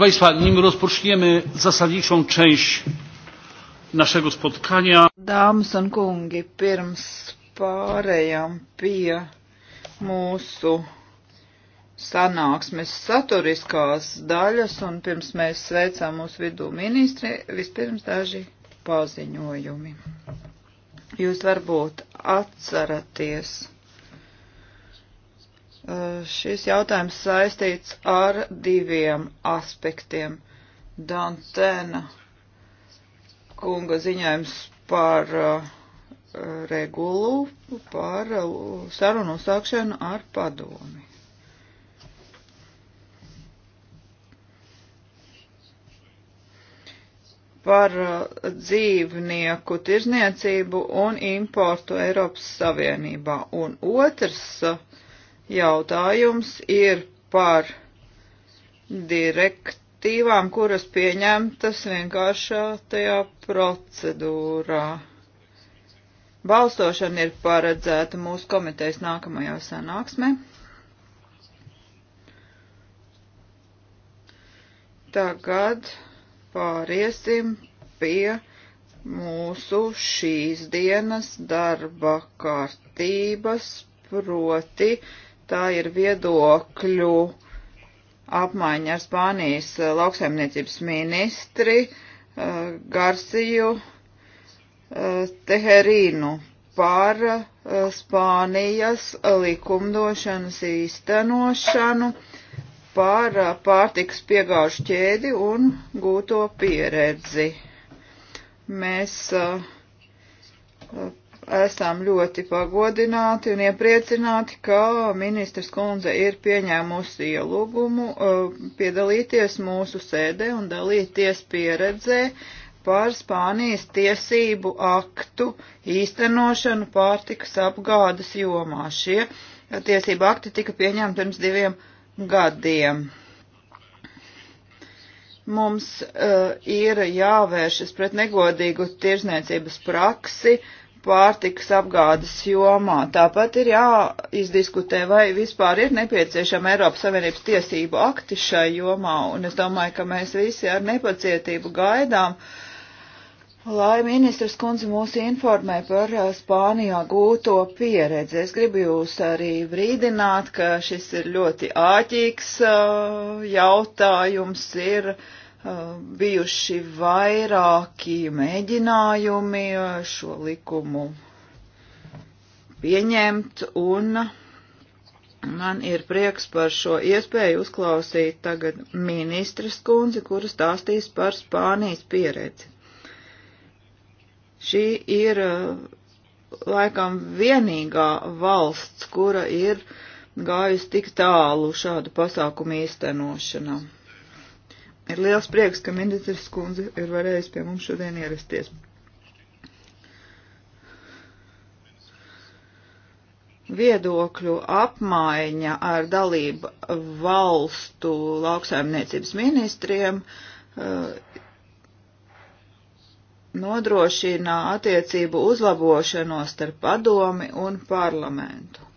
Państwa, nim rozpoczniemy zasadniczą część naszego spotkania. Dāmas un kungi, pirms pārējām pie mūsu sanāksmes saturiskās daļas un pirms mēs sveicām mūsu vidū ministri, vispirms daži paziņojumi. Jūs varbūt atceraties Eh, šis jautājums saistīts ar diviem aspektiem. Dantēna kunga ziņojums par uh, regulu, par uh, sarunu sākšanu ar padomi. par uh, dzīvnieku tirzniecību un importu Eiropas Savienībā. Un otrs uh, Jautājums ir par direktīvām, kuras pieņemtas vienkāršā tajā procedūrā. Balsošana ir paredzēta mūsu komitejas nākamajā sanāksmē. Tagad pāriesim pie mūsu šīs dienas darba kārtības proti tā ir viedokļu apmaiņa ar Spānijas eh, lauksaimniecības ministri eh, Garciju eh, Teherīnu par Spānijas likumdošanas īstenošanu par pārtiks piegāžu ķēdi un gūto pieredzi. Mēs esam ļoti pagodināti un iepriecināti, ka ministrs kundze ir pieņēmusi ielūgumu uh, piedalīties mūsu sēdē un dalīties pieredzē par Spānijas tiesību aktu īstenošanu pārtikas apgādes jomā. Šie tiesību akti tika pieņemti pirms diviem gadiem mums uh, ir jāvēršas pret negodīgu tirzniecības praksi pārtikas apgādes jomā. Tāpat ir jāizdiskutē, vai vispār ir nepieciešama Eiropas Savienības tiesību akti šai jomā, un es domāju, ka mēs visi ar nepacietību gaidām, lai ministrs kundze mūs informē par Spānijā gūto pieredzi. Es gribu jūs arī brīdināt, ka šis ir ļoti āķīgs jautājums. ir uh, Uh, bijuši vairāki mēģinājumi uh, šo likumu pieņemt, un man ir prieks par šo iespēju uzklausīt tagad ministras kundzi, kura stāstīs par Spānijas pieredzi. Šī ir uh, laikam vienīgā valsts, kura ir gājusi tik tālu šādu pasākumu īstenošanā. Ir liels prieks, ka ministrs kundze ir varējusi pie mums šodien ierasties. Viedokļu apmaiņa ar dalību valstu lauksaimniecības ministriem uh, nodrošina attiecību uzlabošanos starp padomi un parlamentu.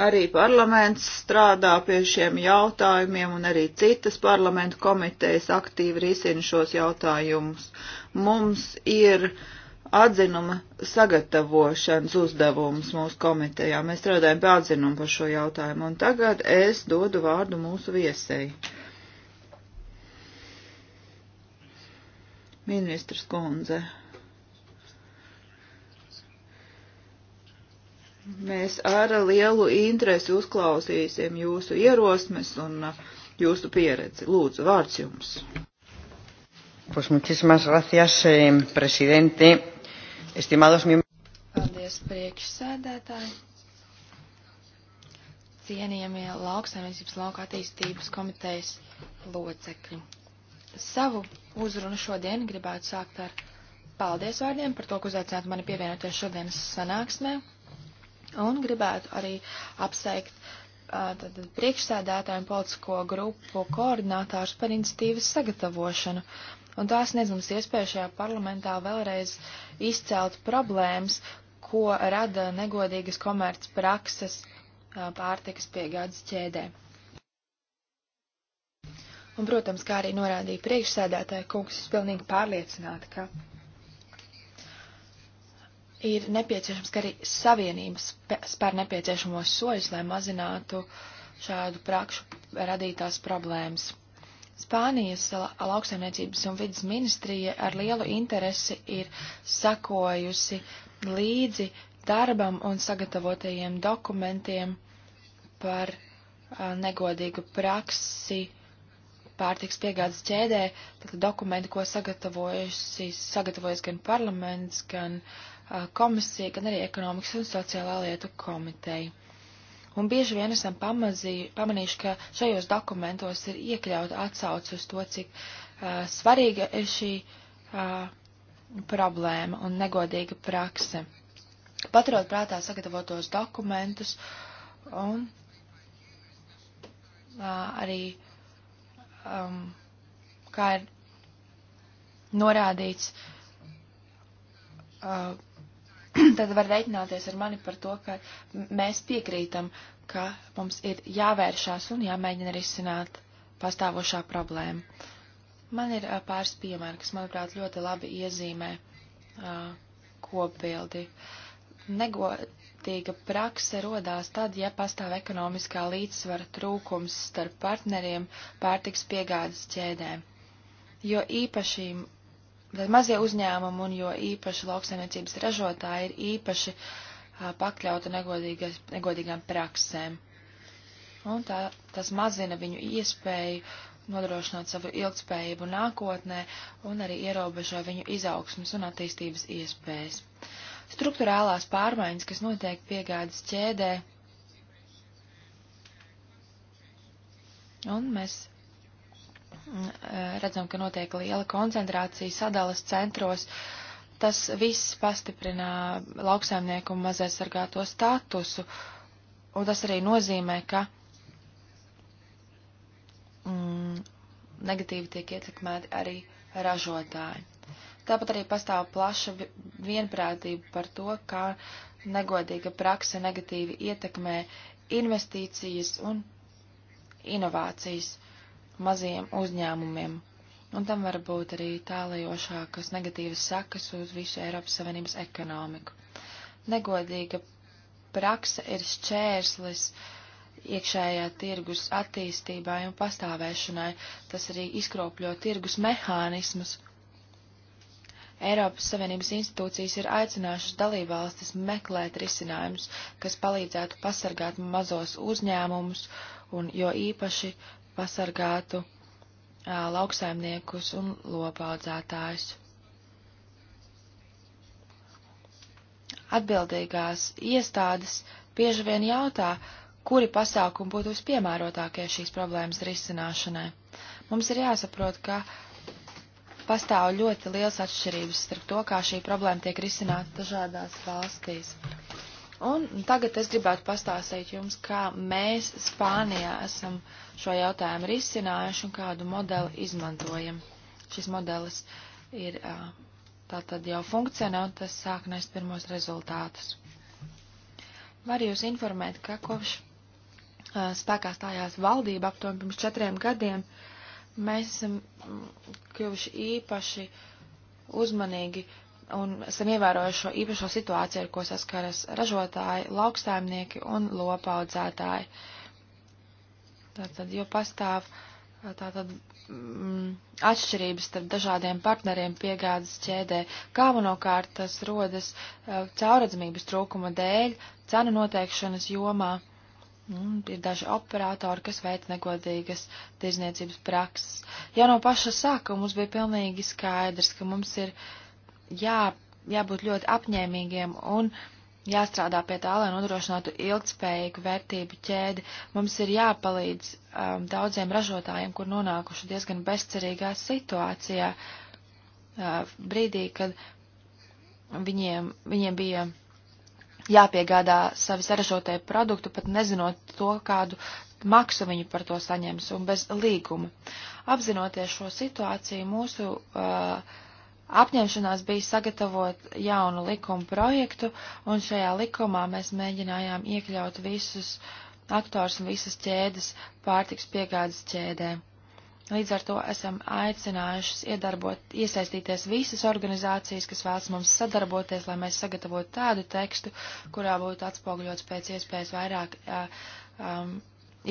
Arī parlaments strādā pie šiem jautājumiem un arī citas parlamentu komitejas aktīvi risina šos jautājumus. Mums ir atzinuma sagatavošanas uzdevums mūsu komitejā. Mēs strādājam pie atzinuma par šo jautājumu. Un tagad es dodu vārdu mūsu viesēji. Ministrs Kunze. Mēs ar lielu interesi uzklausīsim jūsu ierosmes un uh, jūsu pieredzi. Lūdzu, vārds jums. Pues muchísimas gracias, eh, presidente. Estimados miembros. Paldies, priekšsēdētāji. Cienījamie lauksaimniecības lauka attīstības komitejas locekļi. Savu uzrunu šodien gribētu sākt ar paldies vārdiem par to, ka uzaicināt mani pievienoties šodienas sanāksmē. Un gribētu arī apsveikt priekšsēdētāju un politisko grupu koordinātārus par iniciatīvas sagatavošanu. Un tās sniedz mums iespēju šajā parlamentā vēlreiz izcelt problēmas, ko rada negodīgas komerc prakses pārtikas piegādes ķēdē. Un, protams, kā arī norādīja priekšsēdētāja kungs, es pilnīgi pārliecināta, ka ir nepieciešams, ka arī savienības spēr nepieciešamos soļus, lai mazinātu šādu prakšu radītās problēmas. Spānijas lauksaimniecības un vidas ministrija ar lielu interesi ir sakojusi līdzi darbam un sagatavotajiem dokumentiem par a, negodīgu praksi pārtiks piegādes ķēdē, tad dokumenti, ko sagatavojas gan parlaments, gan uh, Eh, komisija, gan arī ekonomikas un sociālā lietu komiteja. Un bieži vien esam pamazī, pamanījuši, ka šajos dokumentos ir iekļauta atsauce uz to, cik uh, svarīga ir šī uh, problēma un negodīga prakse. Paturot prātā sagatavotos dokumentus un uh, arī, um, kā ir norādīts, uh, tad var reiķināties ar mani par to, ka mēs piekrītam, ka mums ir jāvēršās un jāmēģina risināt pastāvošā problēma. Man ir pāris piemēri, kas, manuprāt, ļoti labi iezīmē uh, kopbildi. Negotīga prakse rodās tad, ja pastāv ekonomiskā līdzsvara trūkums starp partneriem pārtiks piegādes ķēdēm, jo īpašīm Tad mazie uzņēmumi un jo īpaši lauksaimniecības ražotāji ir īpaši a, pakļauti negodīgām praksēm. Un tā, tas mazina viņu iespēju nodrošināt savu ilgspējību nākotnē un arī ierobežo viņu izaugsmas un attīstības iespējas. Struktūrālās pārmaiņas, kas notiek piegādes ķēdē, un mēs redzam, ka notiek liela koncentrācija sadalas centros. Tas viss pastiprinā lauksaimnieku mazaisargāto statusu, un tas arī nozīmē, ka mm, negatīvi tiek ietekmēti arī ražotāji. Tāpat arī pastāv plaša vienprātība par to, kā negodīga prakse negatīvi ietekmē investīcijas un inovācijas. Uh, mazajiem uzņēmumiem. Un tam var būt arī tālajošākas negatīvas sakas uz visu Eiropas Savienības ekonomiku. Negodīga praksa ir šķērslis iekšējā tirgus attīstībai un pastāvēšanai. Tas arī izkropļo tirgus mehānismus. Eiropas Savienības institūcijas ir aicinājušas dalībvalstis meklēt risinājumus, kas palīdzētu pasargāt mazos uzņēmumus un jo īpaši pasargātu lauksaimniekus un lopaudzētājus. Atbildīgās iestādes bieži vien jautā, kuri pasākumi būtu vispiemērotākie šīs problēmas risināšanai. Mums ir jāsaprot, ka pastāv ļoti liels atšķirības starp to, kā šī problēma tiek risināta dažādās valstīs. Un tagad es gribētu pastāstīt jums, kā mēs Spānijā esam šo jautājumu risinājuši un kādu modeli izmantojam. Šis modelis ir tātad jau funkcionē un tas sāk nest pirmos rezultātus. Var jūs informēt, ka kopš spēkā stājās valdība aptuveni pirms četriem gadiem, mēs esam kļuvuši īpaši uzmanīgi un esam ievērojuši šo īpašo situāciju, ar ko saskaras ražotāji, lauksaimnieki un lopaudzētāji. Tātad, jo pastāv tātad mm, atšķirības starp dažādiem partneriem piegādes ķēdē. Galvenokārt tas rodas uh, cauradzamības trūkuma dēļ, cenu noteikšanas jomā. Mm, ir daži operatori, kas veic negodīgas tirzniecības prakses. Jau no paša sākuma mums bija pilnīgi skaidrs, ka mums ir uh, jā, jābūt ļoti apņēmīgiem un jāstrādā pie tā, lai nodrošinātu ilgspējīgu vērtību ķēdi. Mums ir jāpalīdz um, daudziem ražotājiem, kur nonākuši diezgan bezcerīgā situācijā, uh, brīdī, kad viņiem, viņiem bija jāpiegādā savi saražotie produktu, pat nezinot to, kādu maksu viņi par to saņems un bez līguma. Apzinoties šo situāciju, mūsu uh, apņemšanās bija sagatavot jaunu likumu projektu, un šajā likumā mēs mēģinājām iekļaut visus aktors un visas ķēdes pārtiks piegādes ķēdē. Līdz ar to esam aicinājušas iedarbot, iesaistīties visas organizācijas, kas vēlas mums sadarboties, lai mēs sagatavotu tādu tekstu, kurā būtu atspoguļots pēc iespējas vairāk um,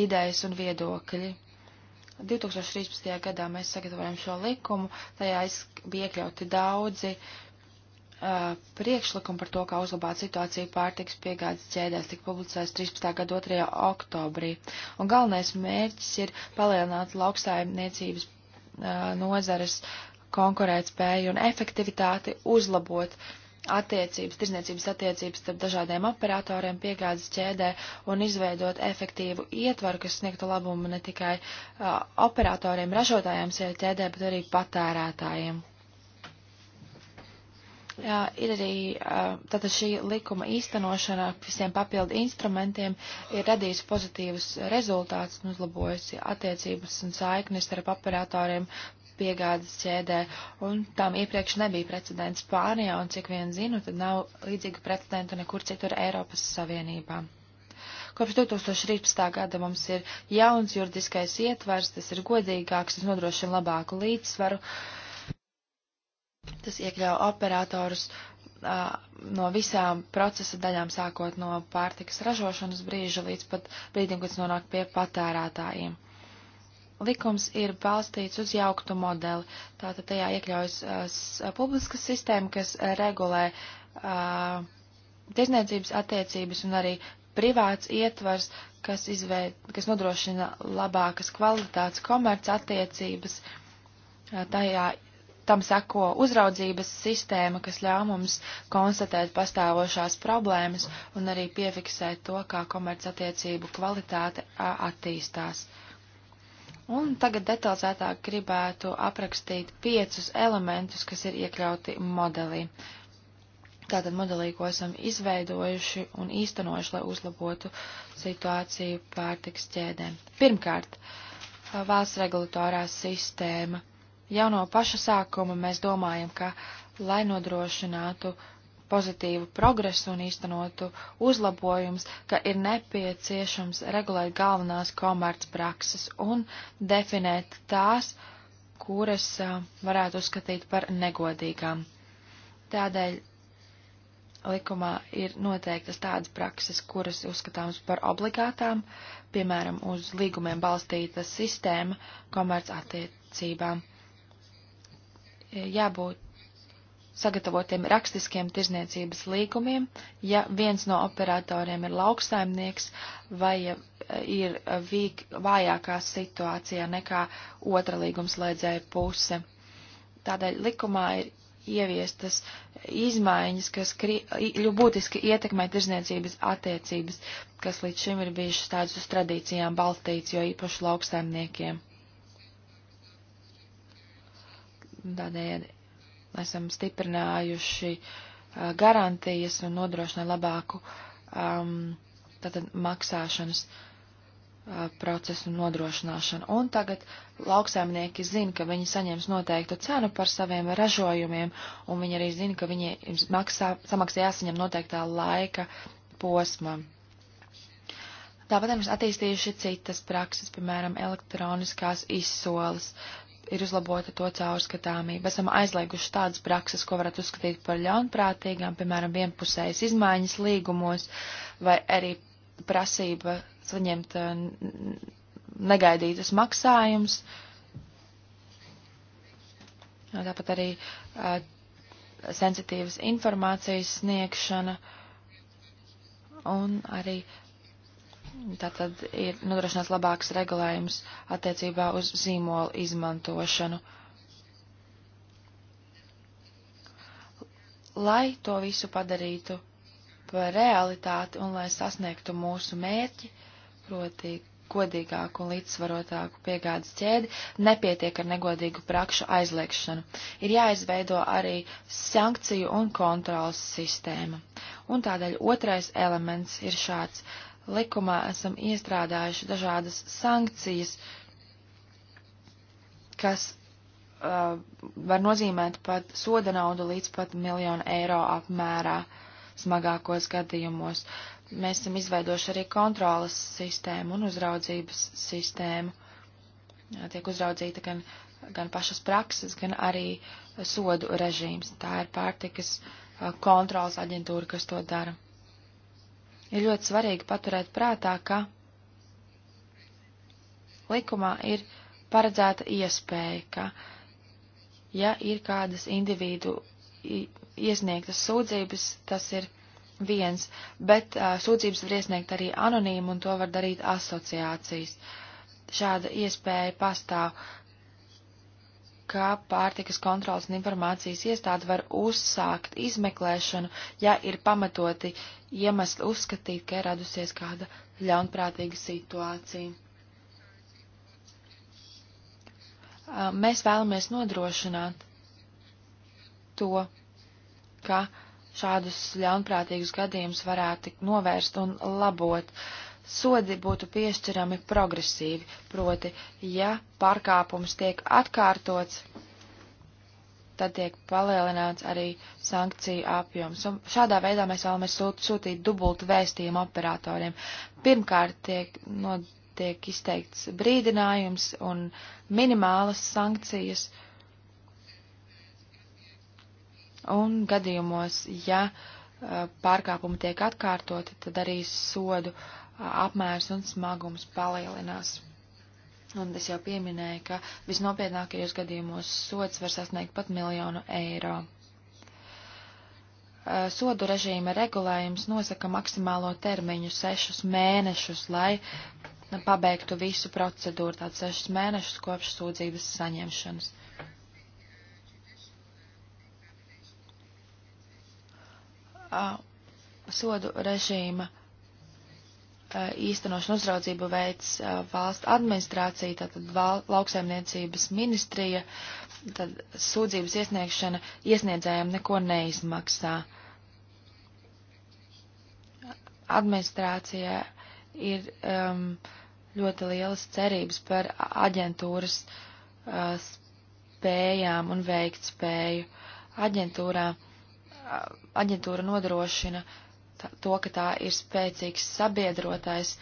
idejas un viedokļi. 2013. gadā mēs sagatavojam šo likumu, tajā bija iekļauti daudzi uh, priekšlikumi par to, kā uzlabāt situāciju pārtiks piegādes ķēdēs, tika publicēts 13. gada 2. oktobrī. Un galvenais mērķis ir palielināt lauksaimniecības uh, nozares konkurētspēju un efektivitāti, uzlabot uh, attiecības, tirzniecības attiecības starp dažādiem operatoriem piegādes ķēdē un izveidot efektīvu ietvaru, kas sniegtu labumu ne tikai uh, operatoriem, ražotājiem šajā ķēdē, bet arī patērētājiem. Jā, ir arī tātad šī likuma īstenošana visiem papildu instrumentiem ir radījusi pozitīvus rezultātus un uzlabojusi attiecības un saiknes ar operatoriem, piegādes ķēdē, un tam iepriekš nebija precedents Spānijā, un cik vien zinu, tad nav līdzīga precedenta nekur citur Eiropas Savienībā. Kopš 2013. gada mums ir jauns juridiskais ietvars, tas ir godīgāks, tas nodrošina labāku līdzsvaru, tas iekļauj operatorus uh, no visām procesa daļām, sākot no pārtikas ražošanas brīža līdz pat brīdim, kad tas nonāk pie patērētājiem likums ir balstīts uz jauktu modeli. Tātad tajā iekļaujas uh, uh publiska sistēma, kas uh, regulē uh, tirzniecības attiecības un arī privāts ietvars, kas, izvēd, kas nodrošina labākas kvalitātes komerc attiecības. Uh, tajā tam seko uzraudzības sistēma, kas ļauj mums konstatēt pastāvošās problēmas un arī piefiksēt to, kā komerc attiecību kvalitāte uh, attīstās. Uh, Un tagad detalizētāk gribētu aprakstīt piecus elementus, kas ir iekļauti modelī. Tātad modelī, ko esam izveidojuši un īstenojuši, lai uzlabotu situāciju pārtiks ķēdēm. Pirmkārt, valsts regulatorā sistēma. Jau no paša sākuma mēs domājam, ka, lai nodrošinātu uh, pozitīvu progresu un īstenotu uzlabojums, ka ir nepieciešams regulēt galvenās komercprakses un definēt tās, kuras a, varētu uzskatīt par negodīgām. Tādēļ likumā ir noteiktas tādas prakses, kuras uzskatāmas par obligātām, piemēram, uz līgumiem balstīta sistēma komerc attiecībām. Jābūt sagatavotiem rakstiskiem tirzniecības līgumiem, ja viens no operatoriem ir lauksaimnieks vai e, ir vīk, vājākā situācijā nekā otra līgumslēdzēja puse. Tādēļ likumā ir ieviestas izmaiņas, kas kri, būtiski ietekmē tirzniecības attiecības, kas līdz šim ir bijušas tādas uz tradīcijām balstīts, jo īpaši lauksaimniekiem. Tādējādi esam stiprinājuši uh, garantijas un nodrošina labāku um, tātad maksāšanas uh, procesu nodrošināšanu. Un tagad lauksēmnieki zina, ka viņi saņems noteiktu cenu par saviem ražojumiem, un viņi arī zina, ka viņiem maksā, samaksā jāsaņem noteiktā laika posma. Tāpat esam attīstījuši citas prakses, piemēram, elektroniskās izsoles ir uzlabota to caurskatāmība. Esam aizlieguši tādas prakses, ko varat uzskatīt par ļaunprātīgām, piemēram, vienpusējas izmaiņas līgumos vai arī prasība saņemt eh, negaidītas maksājums. Tāpat arī uh, sensitīvas informācijas sniegšana un arī uh, Tātad ir nodrošināts labāks regulējums attiecībā uz zīmolu izmantošanu. Lai to visu padarītu par realitāti un lai sasniegtu mūsu mērķi, proti godīgāku un līdzsvarotāku piegādes ķēdi, nepietiek ar negodīgu prakšu aizliekšanu. Ir jāizveido arī sankciju un kontrolas sistēma. Un tādēļ otrais elements ir šāds likumā esam iestrādājuši dažādas sankcijas, kas uh, var nozīmēt pat soda naudu līdz pat miljonu eiro apmērā smagākos gadījumos. Mēs esam izveidojuši arī kontrolas sistēmu un uzraudzības sistēmu. Tiek uzraudzīta gan, gan pašas prakses, gan arī sodu režīms. Tā ir pārtikas uh, kontrolas aģentūra, kas to dara ir ļoti svarīgi paturēt prātā, ka likumā ir paredzēta iespēja, ka, ja ir kādas individu iesniegtas sūdzības, tas ir viens, bet uh, sūdzības var iesniegt arī anonīmi, un to var darīt asociācijas. Šāda iespēja pastāv ka pārtikas kontrolas un informācijas iestāde var uzsākt izmeklēšanu, ja ir pamatoti iemesli uzskatīt, ka ir radusies kāda ļaunprātīga situācija. Mēs vēlamies nodrošināt to, ka šādus ļaunprātīgus gadījumus varētu novērst un labot. Uh, sodi būtu piešķirami progresīvi, proti, ja pārkāpums tiek atkārtots, tad tiek palielināts arī sankciju apjoms. Un šādā veidā mēs vēlamies sūtīt dubultu vēstījumu operatoriem. Pirmkārt, tiek, no, tiek izteikts brīdinājums un minimālas sankcijas. Un gadījumos, ja eh, pārkāpumi tiek atkārtoti, tad arī sodu uh, apmērs un smagums palielinās. Un es jau pieminēju, ka visnopietnākajos gadījumos sots var sasniegt pat miljonu eiro. Sodu režīma regulējums nosaka maksimālo termiņu sešus mēnešus, lai pabeigtu visu procedūru, tāds sešus mēnešus kopš sūdzības saņemšanas. Sodu režīma Eh, īstenošanu uzraudzību veids eh, valsts administrācija, tātad val, lauksaimniecības ministrija, tad sūdzības iesniegšana iesniedzējiem neko neizmaksā. Administrācijā ir um, ļoti lielas cerības par aģentūras uh, spējām un veikt spēju. Aģentūrā, aģentūra nodrošina uh, tā, to, ka tā ir spēcīgs sabiedrotais,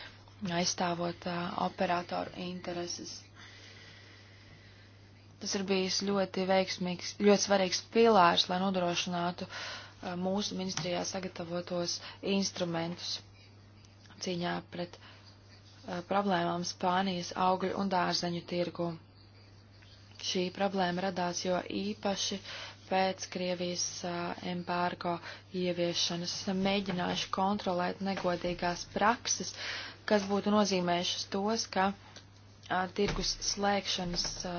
aizstāvot uh, operatoru intereses. Tas ir bijis ļoti veiksmīgs, ļoti svarīgs pilārs, lai nodrošinātu uh, mūsu ministrijā sagatavotos instrumentus cīņā pret uh, problēmām Spānijas augļu un dārzeņu tirgu. Šī problēma radās jo īpaši uh, pēc Krievijas embargo ieviešanas. Esam mēģinājuši kontrolēt negodīgās prakses, kas būtu nozīmējušas tos, ka a, tirgus slēgšanas a,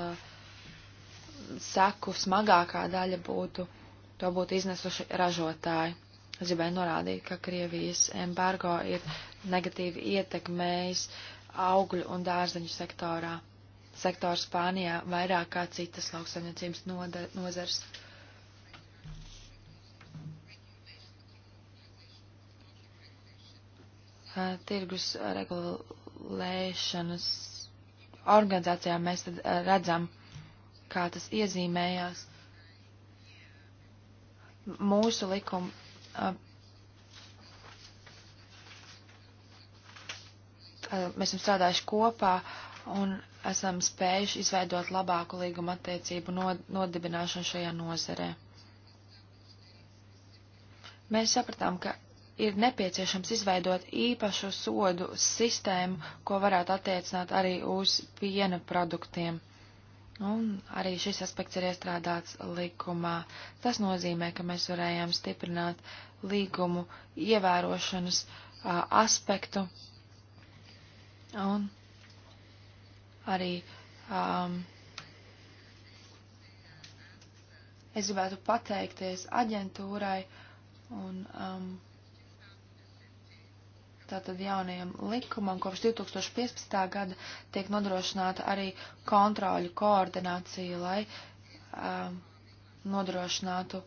saku smagākā daļa būtu, to būtu iznesuši ražotāji. Es gribēju norādīt, ka Krievijas embargo ir negatīvi ietekmējis augļu un dārzeņu sektorā. Sektors Spānijā vairāk kā citas lauksaimniecības nozars. tirgus regulēšanas organizācijām mēs tad redzam, kā tas iezīmējās mūsu likuma. Mēs esam strādājuši kopā un esam spējuši izveidot labāku līguma attiecību nodibināšanu šajā nozerē. Mēs sapratām, ka ir nepieciešams izveidot īpašu sodu sistēmu, ko varētu attiecināt arī uz piena produktiem. Un arī šis aspekts ir iestrādāts likumā. Tas nozīmē, ka mēs varējām stiprināt līgumu ievērošanas a, aspektu un arī um, es gribētu pateikties aģentūrai un um, Tātad jaunajam likumam kopš 2015. gada tiek nodrošināta arī kontroļu koordinācija, lai um, nodrošinātu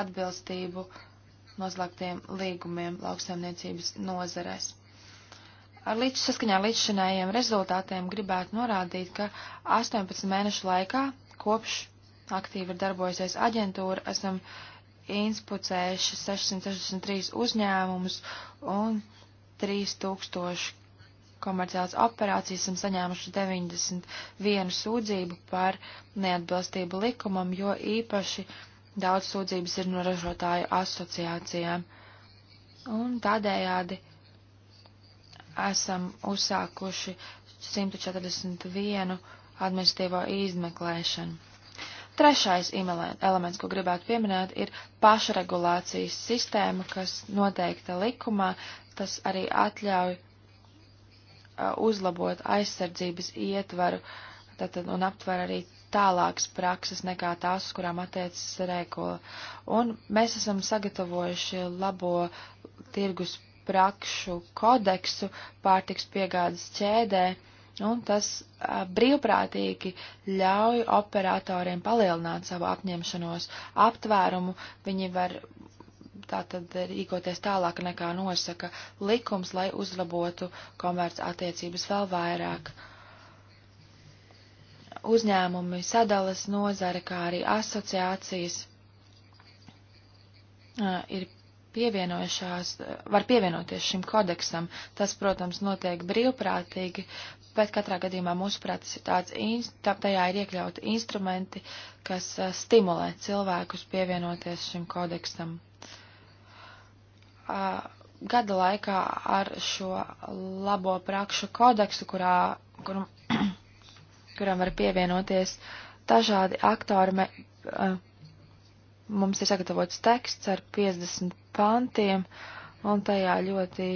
atbilstību noslēgtiem līgumiem lauksaimniecības nozarēs. Ar līdz saskaņā līdzšinējiem rezultātiem gribētu norādīt, ka 18 mēnešu laikā, kopš aktīvi ir darbojusies aģentūra, esam inspicējuši 663 uzņēmumus un 3000 komerciālas operācijas esam saņēmuši 91 sūdzību par neatbilstību likumam, jo īpaši daudz sūdzības ir no ražotāju asociācijām. Un tādējādi esam uzsākuši 141 administratīvo izmeklēšanu. Trešais elements, ko gribētu pieminēt, ir pašregulācijas sistēma, kas noteikta likumā, Tas arī atļauj uh, uzlabot aizsardzības ietvaru tātad, un aptver arī tālākas prakses nekā tās, uz kurām attiecas regula. Un mēs esam sagatavojuši labo tirgus prakšu kodeksu pārtiks piegādes ķēdē, un tas a, uh, brīvprātīgi ļauj operatoriem palielināt savu apņemšanos aptvērumu. Viņi var tā tad rīkoties tālāk nekā nosaka likums, lai uzlabotu komerc attiecības vēl vairāk. Uzņēmumi, sadalas nozare, kā arī asociācijas ir pievienojušās, var pievienoties šim kodeksam. Tas, protams, notiek brīvprātīgi, bet katrā gadījumā mūsuprāt tas ir tāds, tajā ir iekļauti instrumenti, kas stimulē cilvēkus pievienoties šim kodeksam gada laikā ar šo labo prakšu kodeksu, kurā, kur, kuram var pievienoties dažādi aktori. Me, mums ir sagatavots teksts ar 50 pantiem, un tajā ļoti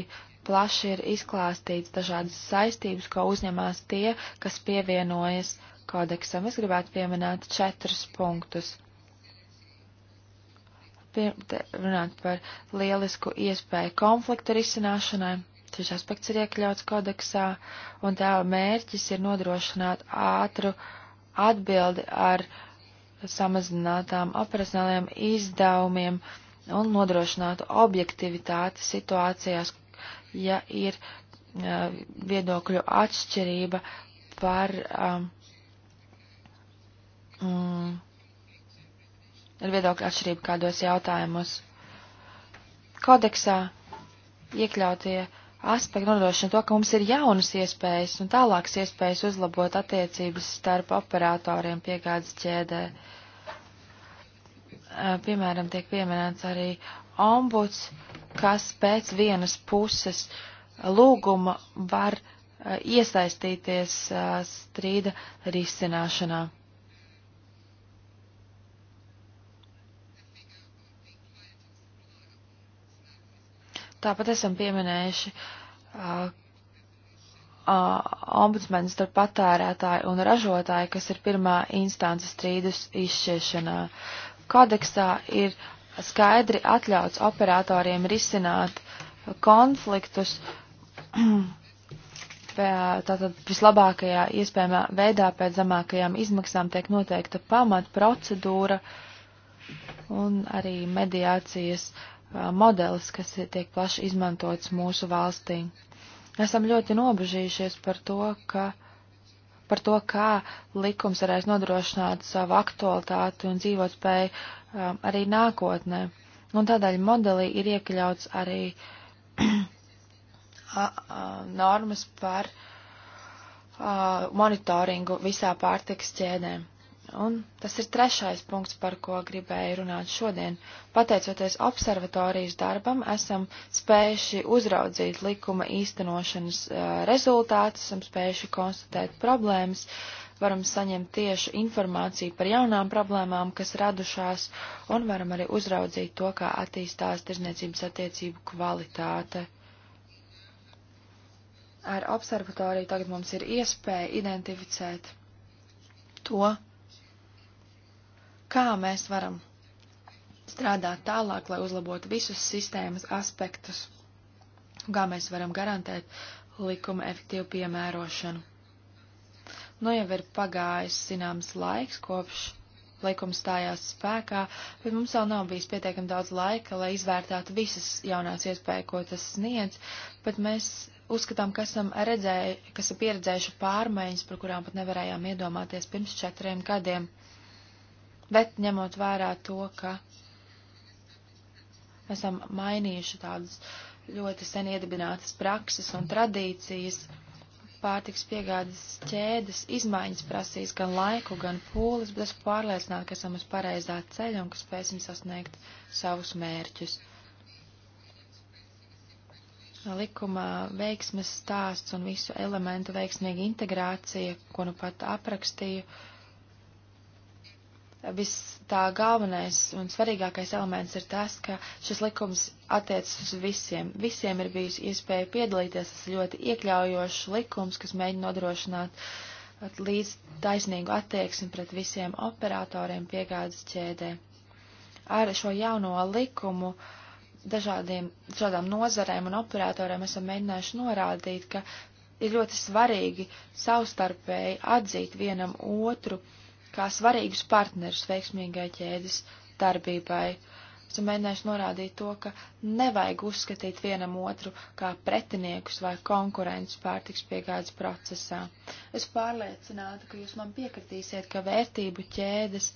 plaši ir izklāstīts dažādas saistības, ko uzņemās tie, kas pievienojas kodeksam. Es gribētu pieminēt četrus punktus runāt par lielisku iespēju konflikta risināšanai. Šis aspekts ir iekļauts kodeksā, un tā mērķis ir nodrošināt ātru atbildi ar samazinātām operacionālajiem izdevumiem un nodrošinātu objektivitāti situācijās, ja ir uh, viedokļu atšķirība par um, mm, ir viedokļa atšķirība kādos jautājumos. Kodeksā iekļautie aspekti nodrošina to, ka mums ir jaunas iespējas un tālākas iespējas uzlabot attiecības starp operatoriem piegādes ķēdē. Piemēram, tiek pieminēts arī ombuds, kas pēc vienas puses lūguma var iesaistīties strīda risināšanā. Tāpat esam pieminējuši uh, uh, ombudsmenis starp patērētāju un ražotāju, kas ir pirmā instance strīdus izšķiešanā. Kodeksā ir skaidri atļauts operatoriem risināt konfliktus tātad vislabākajā iespējamā veidā pēc zemākajām izmaksām tiek noteikta pamatprocedūra un arī mediācijas uh, modelis, kas tiek plaši izmantots mūsu valstī. Esam ļoti nobežījušies par to, ka par to, kā likums varēs nodrošināt savu aktualitāti un dzīvotspēju um, arī nākotnē. Un tādēļ modelī ir iekļauts arī normas par uh, monitoringu visā pārtiks ķēdēm. Un tas ir trešais punkts, par ko gribēju runāt šodien. Pateicoties observatorijas darbam, esam spējuši uzraudzīt likuma īstenošanas uh, rezultātus, esam spējuši konstatēt problēmas, varam saņemt tiešu informāciju par jaunām problēmām, kas radušās, un varam arī uzraudzīt to, kā attīstās tirzniecības attiecību kvalitāte. Ar observatoriju tagad mums ir iespēja identificēt to, kā mēs varam strādāt tālāk, lai uzlabotu visus sistēmas aspektus, kā mēs varam garantēt likuma efektīvu piemērošanu. Nu jau ir pagājis zināms laiks kopš likums stājās spēkā, bet mums vēl nav bijis pietiekami daudz laika, lai izvērtētu visas jaunās iespējas, ko tas sniedz, bet mēs uzskatām, ka esam redzēju, kas ir pieredzējuši pārmaiņas, par kurām pat nevarējām iedomāties pirms četriem gadiem. Bet ņemot vērā to, ka esam mainījuši tādas ļoti sen iedibinātas prakses un tradīcijas, pārtiks piegādes ķēdes izmaiņas prasīs gan laiku, gan pūles, bet esmu pārliecināta, ka esam uz pareizā ceļa un ka spēsim sasniegt savus mērķus. Likuma veiksmes stāsts un visu elementu veiksmīga integrācija, ko nu pat aprakstīju, uh, viss tā galvenais un svarīgākais elements ir tas, ka šis likums attiecas uz visiem. Visiem ir bijusi iespēja piedalīties. Tas ir ļoti iekļaujošs likums, kas mēģina nodrošināt līdz taisnīgu attieksmi pret visiem operatoriem piegādes ķēdē. Ar šo jauno likumu dažādiem, dažādām nozarēm un operatoriem esam mēģinājuši norādīt, ka ir ļoti svarīgi savstarpēji atzīt vienam otru kā svarīgus partnerus veiksmīgai ķēdes darbībai. Es mēģināšu norādīt to, ka nevajag uzskatīt vienam otru kā pretiniekus vai konkurentus pārtiks piegādes procesā. Es pārliecināta, ka jūs man piekritīsiet, ka vērtību ķēdes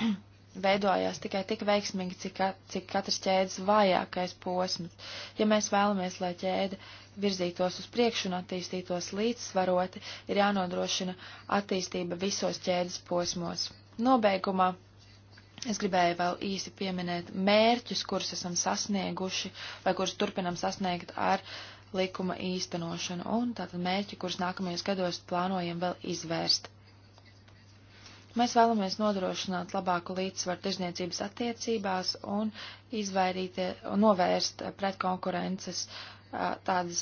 veidojās tikai tik veiksmīgi, cik, cik katrs ķēdes vājākais posms. Ja mēs vēlamies, lai ķēde virzītos uz priekšu un attīstītos līdzsvaroti, ir jānodrošina attīstība visos ķēdes posmos. Nobeigumā es gribēju vēl īsi pieminēt mērķus, kurus esam sasnieguši vai kurus turpinam sasniegt ar likuma īstenošanu un tātad mērķi, kurus nākamajos gados plānojam vēl izvērst. Mēs vēlamies nodrošināt labāku līdzsvaru tirzniecības attiecībās un izvairīt, novērst pretkonkurences uh, tādas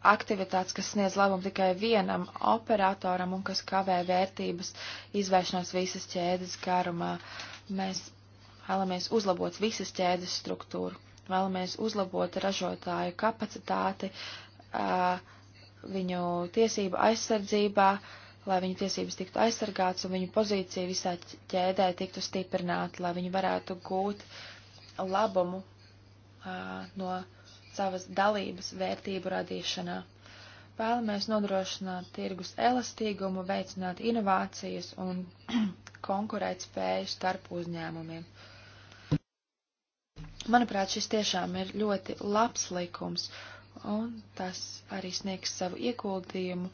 aktivitātes, kas sniedz labumu tikai vienam operatoram un kas kavē vērtības izvēršanos visas ķēdes garumā. Mēs vēlamies uzlabot visas ķēdes struktūru, vēlamies uzlabot ražotāju kapacitāti viņu tiesību aizsardzībā, lai viņu tiesības tiktu aizsargāts un viņu pozīcija visā ķēdē tiktu stiprināta, lai viņi varētu gūt labumu no savas dalības vērtību radīšanā. Vēlamies nodrošināt tirgus elastīgumu, veicināt inovācijas un konkurēt spēju starp uzņēmumiem. Manuprāt, šis tiešām ir ļoti labs likums, un tas arī sniegs savu ieguldījumu,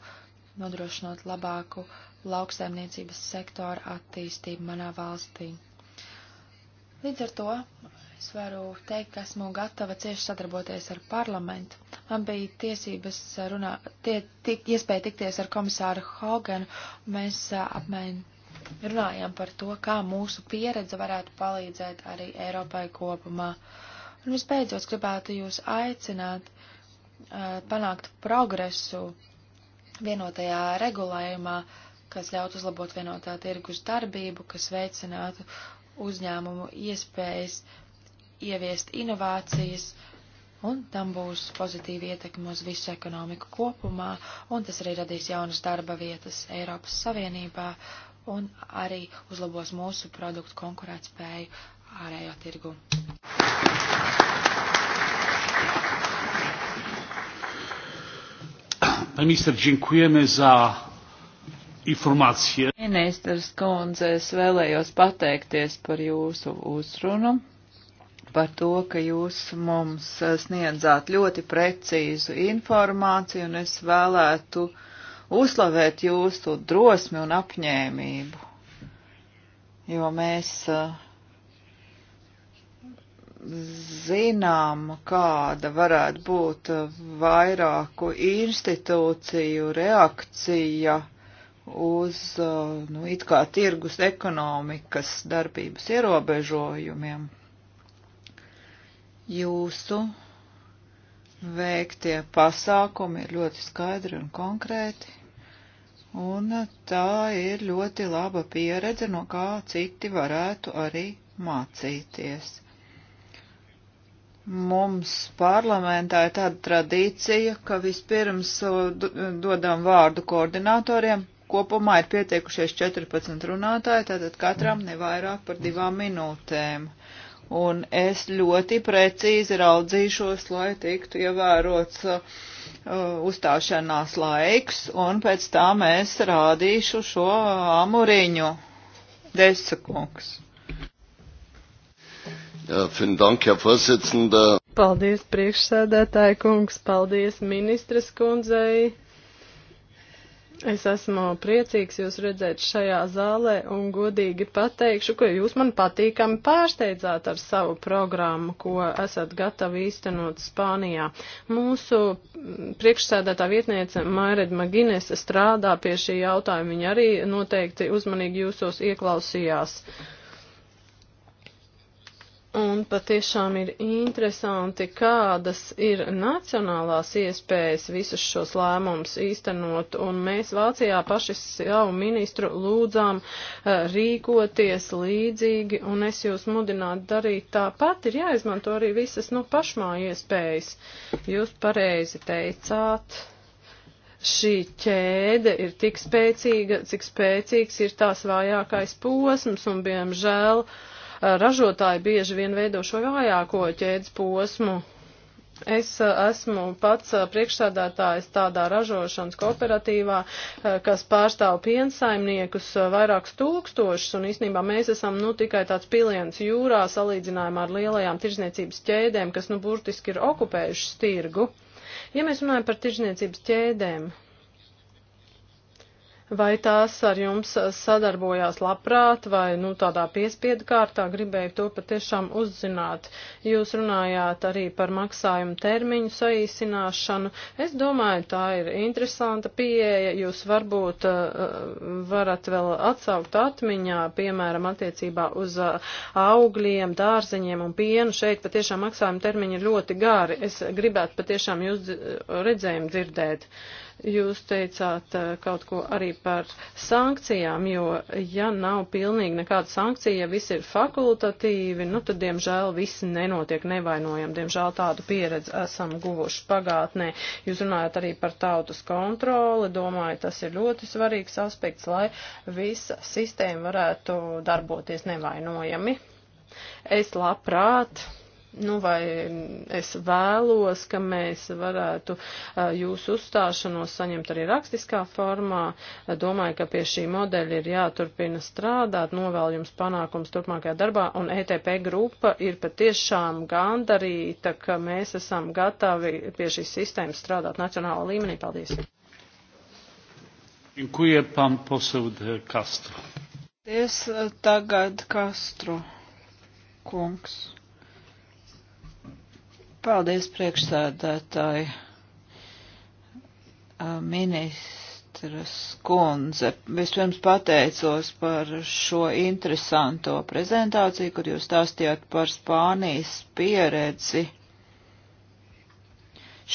nodrošinot labāku lauksaimniecības sektora attīstību manā valstī. Līdz ar to Es varu teikt, ka esmu gatava cieši sadarboties ar parlamentu. Man bija tiesības runā, tie, tik, iespēja tikties ar komisāru Hoganu. Mēs apmēram runājām par to, kā mūsu pieredze varētu palīdzēt arī Eiropai kopumā. Un visbeidzot, gribētu jūs aicināt uh, panākt progresu vienotajā regulējumā, kas ļaut uzlabot vienotā tirgus darbību, kas veicinātu uzņēmumu iespējas uh, ieviest inovācijas, un tam būs pozitīva ietekme uz visu ekonomiku kopumā, un tas arī radīs jaunas darba vietas Eiropas Savienībā, un arī uzlabos mūsu produktu konkurētspēju ārējo tirgu. Pani minister, dziękujemy za informācija. Ministrs kundze, es vēlējos pateikties par jūsu uzrunu par to, ka jūs mums sniedzāt ļoti precīzu informāciju, un es vēlētu uzslavēt jūsu drosmi un apņēmību, jo mēs eh, zinām, kāda varētu būt vairāku institūciju reakcija uz, eh, nu, it kā tirgus ekonomikas darbības ierobežojumiem jūsu veiktie pasākumi ir ļoti skaidri un konkrēti, un tā ir ļoti laba pieredze, no kā citi varētu arī mācīties. Mums parlamentā ir tāda tradīcija, ka vispirms dodam vārdu koordinatoriem. Kopumā ir pietiekušies 14 runātāji, tātad katram nevairāk par divām minūtēm. Uh, un es ļoti precīzi raudzīšos, lai tiktu ievērots uh, uzstāšanās laiks, un pēc tā mēs rādīšu šo amuriņu. Desakungs. Ja, dank, Paldies, priekšsēdētāji kungs, paldies ministres kundzei Es esmu priecīgs jūs redzēt šajā zālē un godīgi pateikšu, ka jūs man patīkami pārsteidzāt ar savu programmu, ko esat gatavi īstenot Spānijā. Mūsu priekšsēdētā vietniece Maired Magines strādā pie šī jautājuma. Viņa arī noteikti uzmanīgi jūsos ieklausījās. Uh, Un patiešām ir interesanti, kādas ir nacionālās iespējas visus šos lēmumus īstenot. Un mēs Vācijā paši savu ministru lūdzām eh, rīkoties līdzīgi, un es jūs mudinātu darīt tāpat. Ir jāizmanto arī visas nu, pašmā iespējas. Jūs pareizi teicāt šī ķēde ir tik spēcīga, cik spēcīgs ir tās vājākais posms, un, diemžēl, uh, ražotāji bieži vien veido šo vājāko ķēdes posmu. Es uh, esmu pats uh, priekšsādātājs tādā ražošanas kooperatīvā, uh, kas pārstāv piensaimniekus vairākus tūkstošus, un īstenībā mēs esam nu tikai tāds piliens jūrā salīdzinājumā ar lielajām tirzniecības ķēdēm, kas nu burtiski ir okupējušas tirgu. Ja mēs runājam par tirzniecības ķēdēm, vai tās ar jums eh, sadarbojās labprāt vai nu, tādā piespiedu kārtā, gribēju to patiešām uzzināt. Jūs runājāt arī par maksājumu termiņu saīsināšanu. Es domāju, tā ir interesanta pieeja. Jūs varbūt uh, varat vēl atsaukt atmiņā, piemēram, attiecībā uz uh, augļiem, dārzeņiem un pienu. Šeit patiešām maksājuma termiņi ir ļoti gari. Es gribētu patiešām jūs redzējumu dzirdēt. Uh, Jūs teicāt eh, kaut ko arī par sankcijām, jo ja nav pilnīgi nekāda sankcija, ja viss ir fakultatīvi, nu tad, diemžēl, viss nenotiek nevainojam. Diemžēl tādu pieredzi esam guvuši pagātnē. Jūs runājat arī par tautas kontroli, domāju, tas ir ļoti svarīgs aspekts, lai visa sistēma varētu darboties nevainojami. Es labprāt nu, vai es vēlos, ka mēs varētu jūsu uzstāšanos saņemt arī rakstiskā formā. Domāju, ka pie šī modeļa ir jāturpina strādāt, novēl jums panākums turpmākajā darbā, un ETP grupa ir patiešām gandarīta, ka mēs esam gatavi pie šīs sistēmas strādāt nacionālā līmenī. Paldies! Dziękuję pan poseł de Castro. Jest tagad Castro kungs. Paldies priekšsēdētāji ministras kundze. Vispirms pateicos par šo interesanto prezentāciju, kur jūs stāstījāt par Spānijas pieredzi.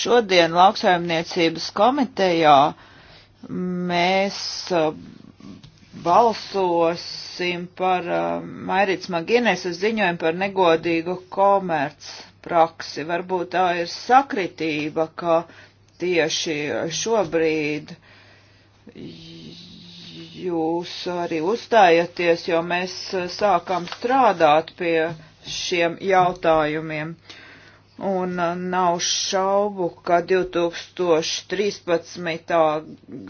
Šodien lauksaimniecības komitejā mēs balsosim par Mairits Magineses ziņojumu par negodīgu komerci praksi. Varbūt tā ir sakritība, ka tieši šobrīd jūs arī uzstājaties, jo mēs sākam strādāt pie šiem jautājumiem. Un nav šaubu, ka 2013.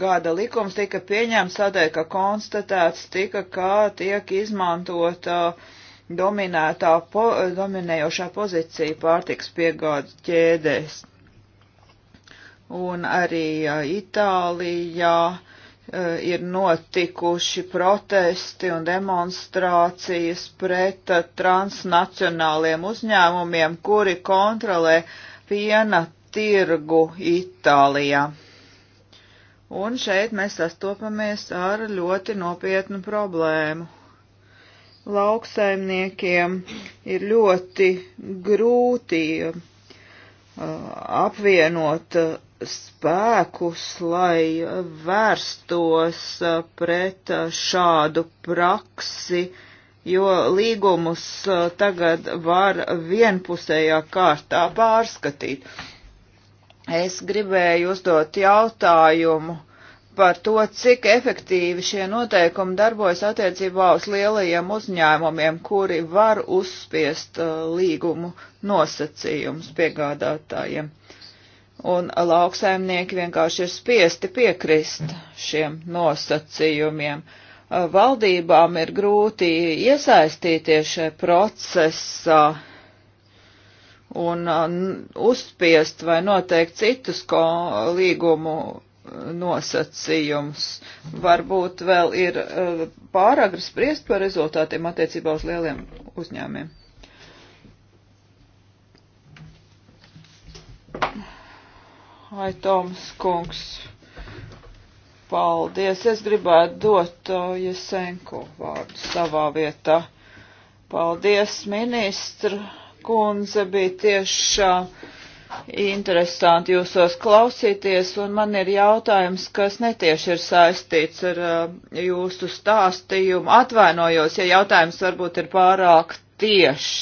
gada likums tika pieņemts tādēļ, ka konstatēts tika, kā tiek izmantota uh, dominētā, po, dominējošā pozīcija pārtiks piegādes ķēdēs. Un arī Itālijā ir notikuši protesti un demonstrācijas pret transnacionāliem uzņēmumiem, kuri kontrolē piena tirgu Itālijā. Un šeit mēs sastopamies ar ļoti nopietnu problēmu lauksaimniekiem ir ļoti grūti uh, apvienot uh, spēkus, lai vērstos uh, pret šādu praksi, jo līgumus tagad var vienpusējā kārtā pārskatīt. Es gribēju uzdot jautājumu par to, cik efektīvi šie noteikumi darbojas attiecībā uz lielajiem uzņēmumiem, kuri var uzspiest uh, līgumu nosacījumus piegādātājiem. Un lauksaimnieki vienkārši ir spiesti piekrist šiem nosacījumiem. Uh, valdībām ir grūti iesaistīties šajā procesā un uh, uzspiest vai noteikt citus ko, līgumu nosacījums. Varbūt vēl ir eh, pāragri spriest par rezultātiem attiecībā uz lieliem uzņēmiem. Ai, Toms Kungs, paldies. Es gribētu dot eh, Jesenko vārdu savā vietā. Paldies, ministra kundze, bija tiešām. Uh, interesanti jūsos klausīties, un man ir jautājums, kas netieši ir saistīts ar uh, jūsu stāstījumu. Atvainojos, ja jautājums varbūt ir pārāk tieši.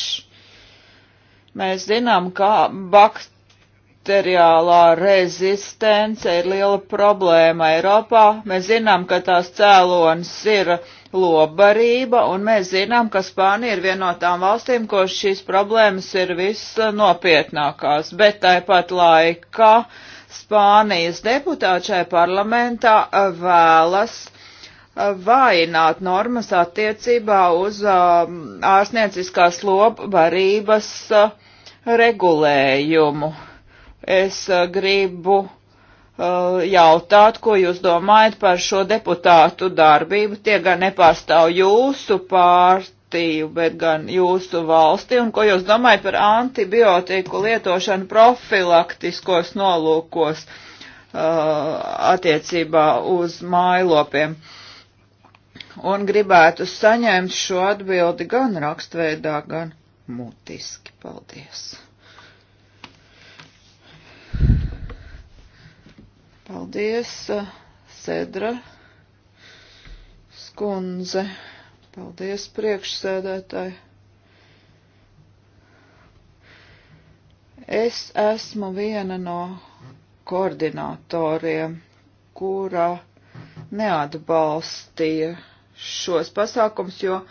Mēs zinām, ka bakteriālā rezistence ir liela problēma Eiropā. Mēs zinām, ka tās cēlonis ir lobarība, un mēs zinām, ka Spānija ir viena no tām valstīm, ko šīs problēmas ir visnopietnākās, bet tāpat laikā Spānijas deputāti šajā parlamentā eh, vēlas eh, vājināt normas attiecībā uz ehm, ārstnieciskās lobarības eh, regulējumu. Es gribu Uh, jautāt, ko jūs domājat par šo deputātu darbību. Tie gan nepārstāv jūsu pārtīju, bet gan jūsu valsti, un ko jūs domājat par antibiotiku lietošanu profilaktiskos nolūkos uh, attiecībā uz mājlopiem. Un gribētu saņemt šo atbildi gan rakstveidā, gan mutiski. Paldies! Paldies, Sedra skundze. Paldies, priekšsēdētāji. Es esmu viena no koordinatoriem, kura neatbalstīja šos pasākums, jo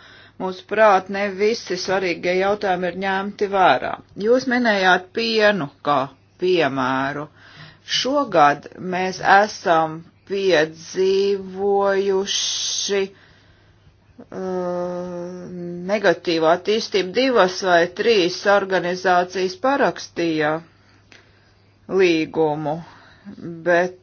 mūsu prāt ne visi svarīgie jautājumi ir ņemti vērā. Jūs minējāt pienu kā piemēru. Šogad mēs esam piedzīvojuši uh, negatīvu attīstību divas vai trīs organizācijas parakstīja līgumu, bet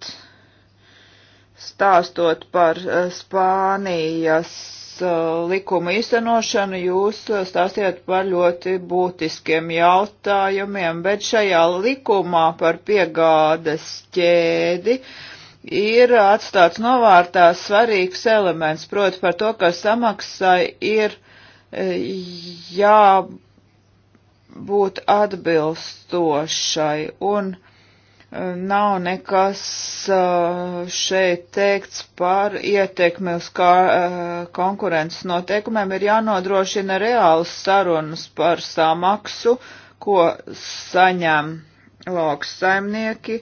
stāstot par uh, Spānijas Uh, likuma īstenošanu jūs uh, stāstījāt par ļoti būtiskiem jautājumiem, bet šajā likumā par piegādes ķēdi ir atstāts novārtā svarīgs elements, proti par to, ka samaksai ir e, jābūt atbilstošai un nav nekas uh, šeit teikts par ietekmi uz kā, uh, konkurences noteikumiem. Ir jānodrošina reāls sarunas par samaksu, ko saņem lauks saimnieki.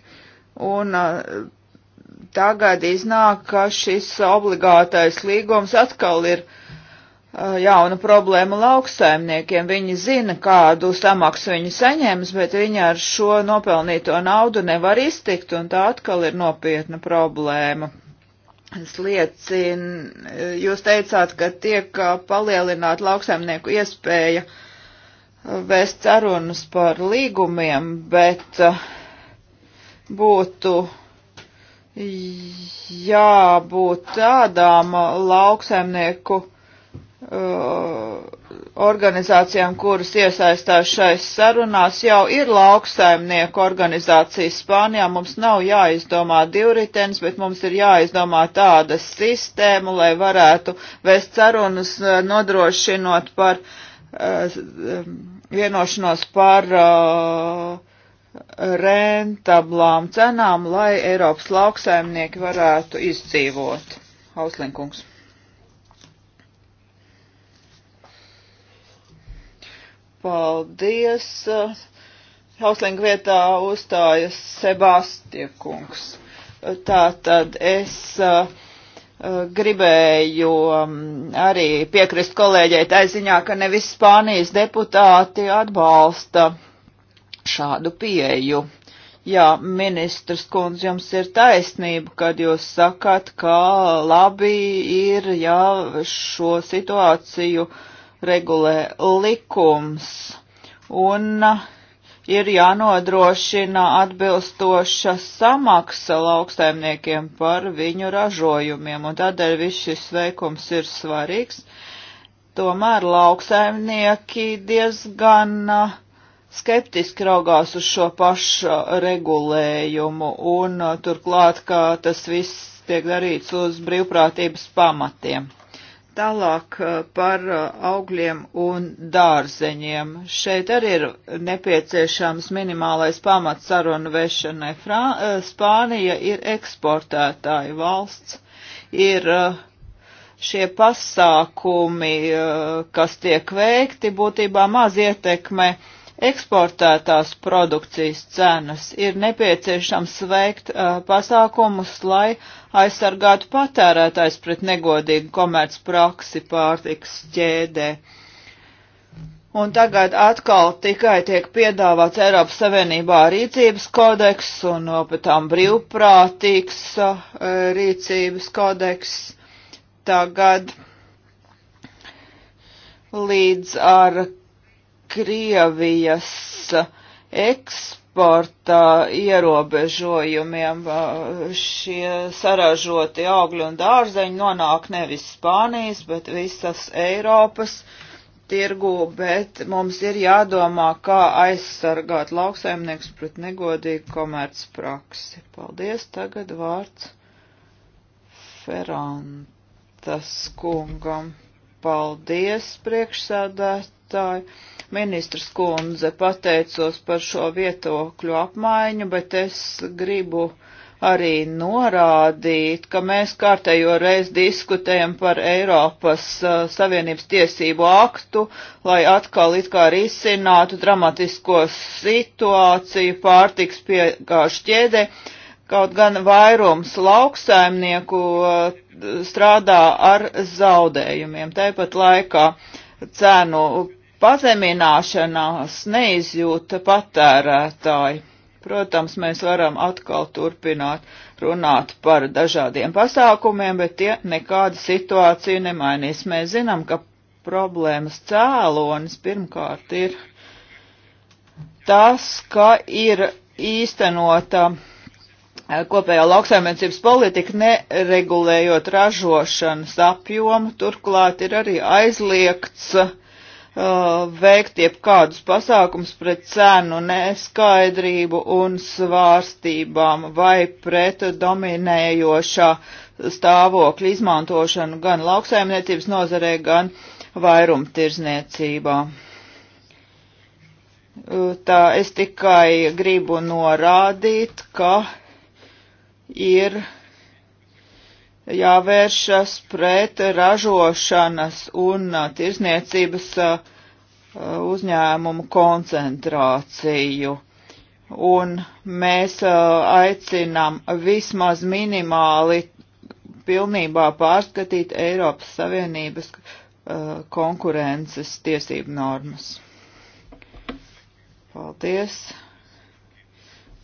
Un uh, tagad iznāk, ka šis obligātais līgums atkal ir Eh, jauna problēma lauksaimniekiem. Viņi zina, kādu samaksu viņi saņems, bet viņi ar šo nopelnīto naudu nevar iztikt, un tā atkal ir nopietna problēma. Es liecinu, eh, jūs teicāt, ka tiek eh, palielināta lauksaimnieku iespēja vēst sarunas par līgumiem, bet būtu jābūt tādām lauksaimnieku Uh, organizācijām, kuras iesaistās šais sarunās, jau ir lauksaimnieku organizācijas Spānijā. Mums nav jāizdomā divritens, bet mums ir jāizdomā tāda sistēma, lai varētu vēst sarunas uh, nodrošinot par uh, um, vienošanos par rentablām cenām, lai Eiropas lauksaimnieki varētu izdzīvot. Hauslinkungs. Paldies. Hauslinga vietā uzstājas Sebastiekungs. Tā tad es uh, uh gribēju um, arī piekrist kolēģei tā ziņā, ka nevis Spānijas deputāti atbalsta šādu pieeju. Jā, ministrs kundz, jums ir taisnība, kad jūs sakat, ka labi ir, ja šo situāciju uh, regulē likums un uh, ir jānodrošina atbilstoša samaksa lauksaimniekiem par viņu ražojumiem, un tādēļ viss šis veikums ir svarīgs. Tomēr lauksaimnieki diezgan uh, skeptiski raugās uz šo pašu regulējumu, un uh, turklāt, kā tas viss tiek darīts uz brīvprātības pamatiem. Tālāk eh, par eh, augļiem un dārzeņiem. Šeit arī ir nepieciešams minimālais pamats sarunu vešanai. Frā, eh, Spānija ir eksportētāja valsts, ir šie pasākumi, kas tiek veikti, būtībā maz ietekme uh, eksportētās produkcijas cenas. Ir nepieciešams veikt uh, pasākumus, lai aizsargātu patērētājs pret negodīgu komercpraksi pārtiks ķēdē. Un tagad atkal tikai tiek piedāvāts Eiropas Savienībā rīcības kodeks un nopatām brīvprātīgs uh, rīcības kodeks. Tagad līdz ar Krievijas eksporta ierobežojumiem šie saražoti augļi un dārzeņi nonāk nevis Spānijas, bet visas Eiropas tirgu, bet mums ir jādomā, kā aizsargāt lauksaimnieks pret negodīgu komercpraksi. Paldies, tagad vārds Ferantas kungam. Paldies, priekšsēdēt priekšsēdētāji. Ministrs kundze pateicos par šo vietokļu apmaiņu, bet es gribu arī norādīt, ka mēs kārtējo reizi diskutējam par Eiropas uh, Savienības tiesību aktu, lai atkal it kā risinātu dramatisko situāciju pārtiks piegāžu ķēdē. Kaut gan vairums lauksaimnieku uh, strādā ar zaudējumiem. Tāpat laikā cēnu pazemināšanās neizjūta patērētāji. Protams, mēs varam atkal turpināt runāt par dažādiem pasākumiem, bet tie nekāda situācija nemainīs. Mēs zinām, ka problēmas cēlonis pirmkārt ir tas, ka ir īstenota eh, kopējā lauksaimniecības politika neregulējot ražošanas apjomu, turklāt ir arī aizliegts uh, Uh, veikt jebkādus pasākums pret cenu neskaidrību un svārstībām vai pret dominējošā stāvokļa izmantošanu gan lauksaimniecības nozarē, gan vairumtirzniecībā. Uh, tā es tikai gribu norādīt, ka ir jāvēršas pret ražošanas un tirsniecības uzņēmumu koncentrāciju. Un mēs aicinām vismaz minimāli pilnībā pārskatīt Eiropas Savienības konkurences tiesību normas. Paldies.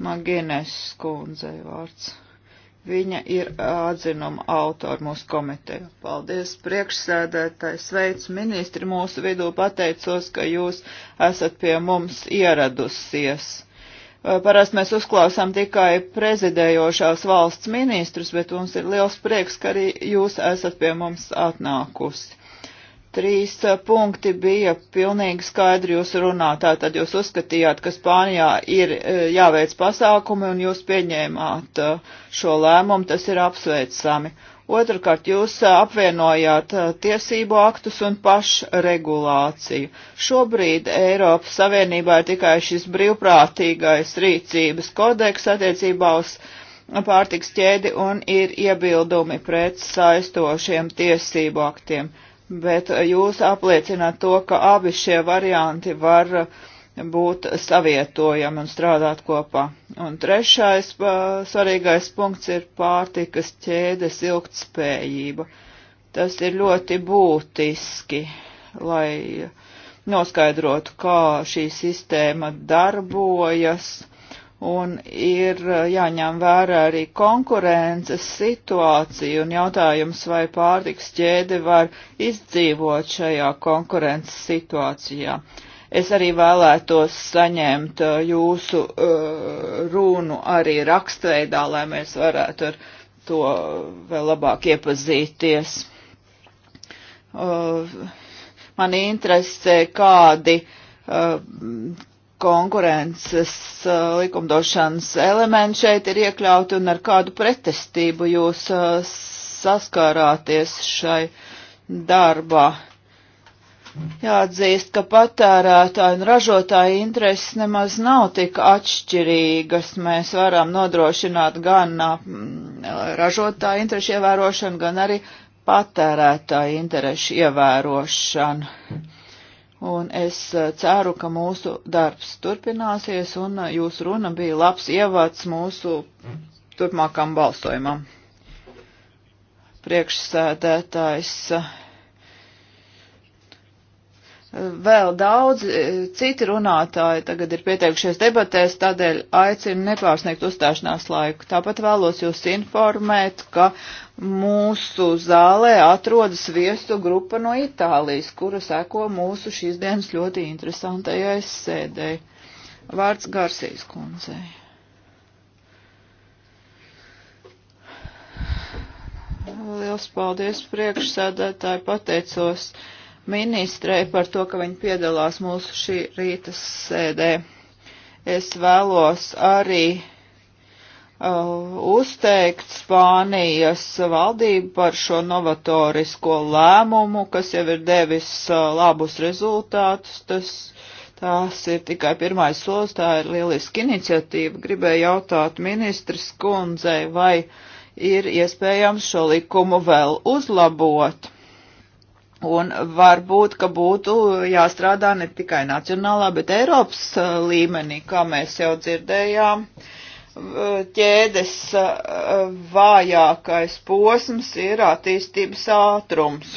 Magines skundzei vārds. Viņa ir atzinuma autora mūsu komiteju. Paldies priekšsēdētāji, sveic ministri mūsu vidū, pateicos, ka jūs esat pie mums ieradusies. Parasti mēs uzklausām tikai prezidējošās valsts ministrus, bet mums ir liels prieks, ka arī jūs esat pie mums atnākusi trīs uh, punkti bija pilnīgi skaidri jūsu runā. Tātad jūs uzskatījāt, ka Spānijā ir uh, jāveic pasākumi un jūs pieņēmāt uh, šo lēmumu, tas ir apsveicami. Otrakārt, jūs apvienojāt tiesību aktus un pašregulāciju. Šobrīd Eiropas Savienībā ir tikai šis brīvprātīgais rīcības kodeks attiecībā uz pārtiks ķēdi un ir iebildumi pret saistošiem tiesību aktiem bet jūs apliecināt to, ka abi šie varianti var būt savietojami un strādāt kopā. Un trešais svarīgais punkts ir pārtikas ķēdes ilgtspējība. Tas ir ļoti būtiski, lai noskaidrotu, kā šī sistēma darbojas un ir uh, jāņem vērā arī konkurences situācija un jautājums, vai pārtiks ķēde var izdzīvot šajā konkurences situācijā. Es arī vēlētos saņemt uh, jūsu uh, runu arī rakstveidā, lai mēs varētu ar to vēl labāk iepazīties. Uh, man interesē, kādi uh, konkurences eh, likumdošanas elementi šeit ir iekļauti un ar kādu pretestību jūs eh, saskārāties šai darbā. Jāatzīst, ka patērētāji un ražotāji intereses nemaz nav tik atšķirīgas. Mēs varam nodrošināt gan eh, ražotāju interešu ievērošanu, gan arī patērētāju interešu ievērošanu un es eh, ceru, ka mūsu darbs turpināsies, un eh, jūsu runa bija labs ievads mūsu turpmākam balsojumam. Priekšsēdētājs eh, Vēl daudz e, citi runātāji tagad ir pieteikušies debatēs, tādēļ aicinu nepārsniegt uzstāšanās laiku. Tāpat vēlos jūs informēt, ka mūsu zālē atrodas viestu grupa no Itālijas, kura seko mūsu šīs dienas ļoti interesantajai sēdēji. Vārds Garsīs kundzei. Liels paldies priekšsēdētāji, pateicos ministrei par to, ka viņi piedalās mūsu šī rīta sēdē. Es vēlos arī uh, uzteikt Spānijas valdību par šo novatorisko lēmumu, kas jau ir devis uh, labus rezultātus. Tas, tās ir tikai pirmais solis, tā ir lieliska iniciatīva. Gribēju jautāt ministrs kundzei, vai ir iespējams šo likumu vēl uzlabot Un varbūt, ka būtu jāstrādā ne tikai nacionālā, bet Eiropas uh, līmenī, kā mēs jau dzirdējām. Uh, ķēdes uh, vājākais posms ir attīstības ātrums.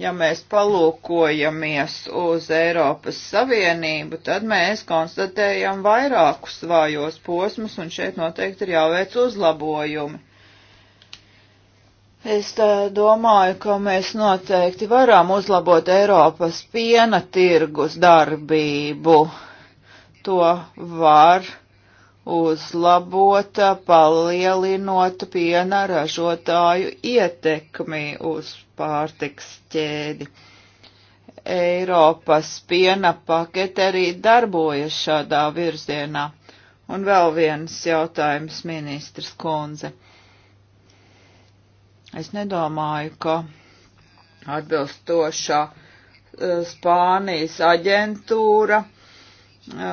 Ja mēs palūkojamies uz Eiropas Savienību, tad mēs konstatējam vairākus vājos posmus, un šeit noteikti ir jāveic uzlabojumi Es domāju, ka mēs noteikti varam uzlabot Eiropas piena tirgus darbību. To var uzlabot, palielinot piena ražotāju ietekmi uz pārtiks ķēdi. Eiropas piena pakete arī darbojas šādā virzienā. Un vēl viens jautājums ministrs Kunze Es nedomāju, ka atbilstošā e, Spānijas aģentūra e,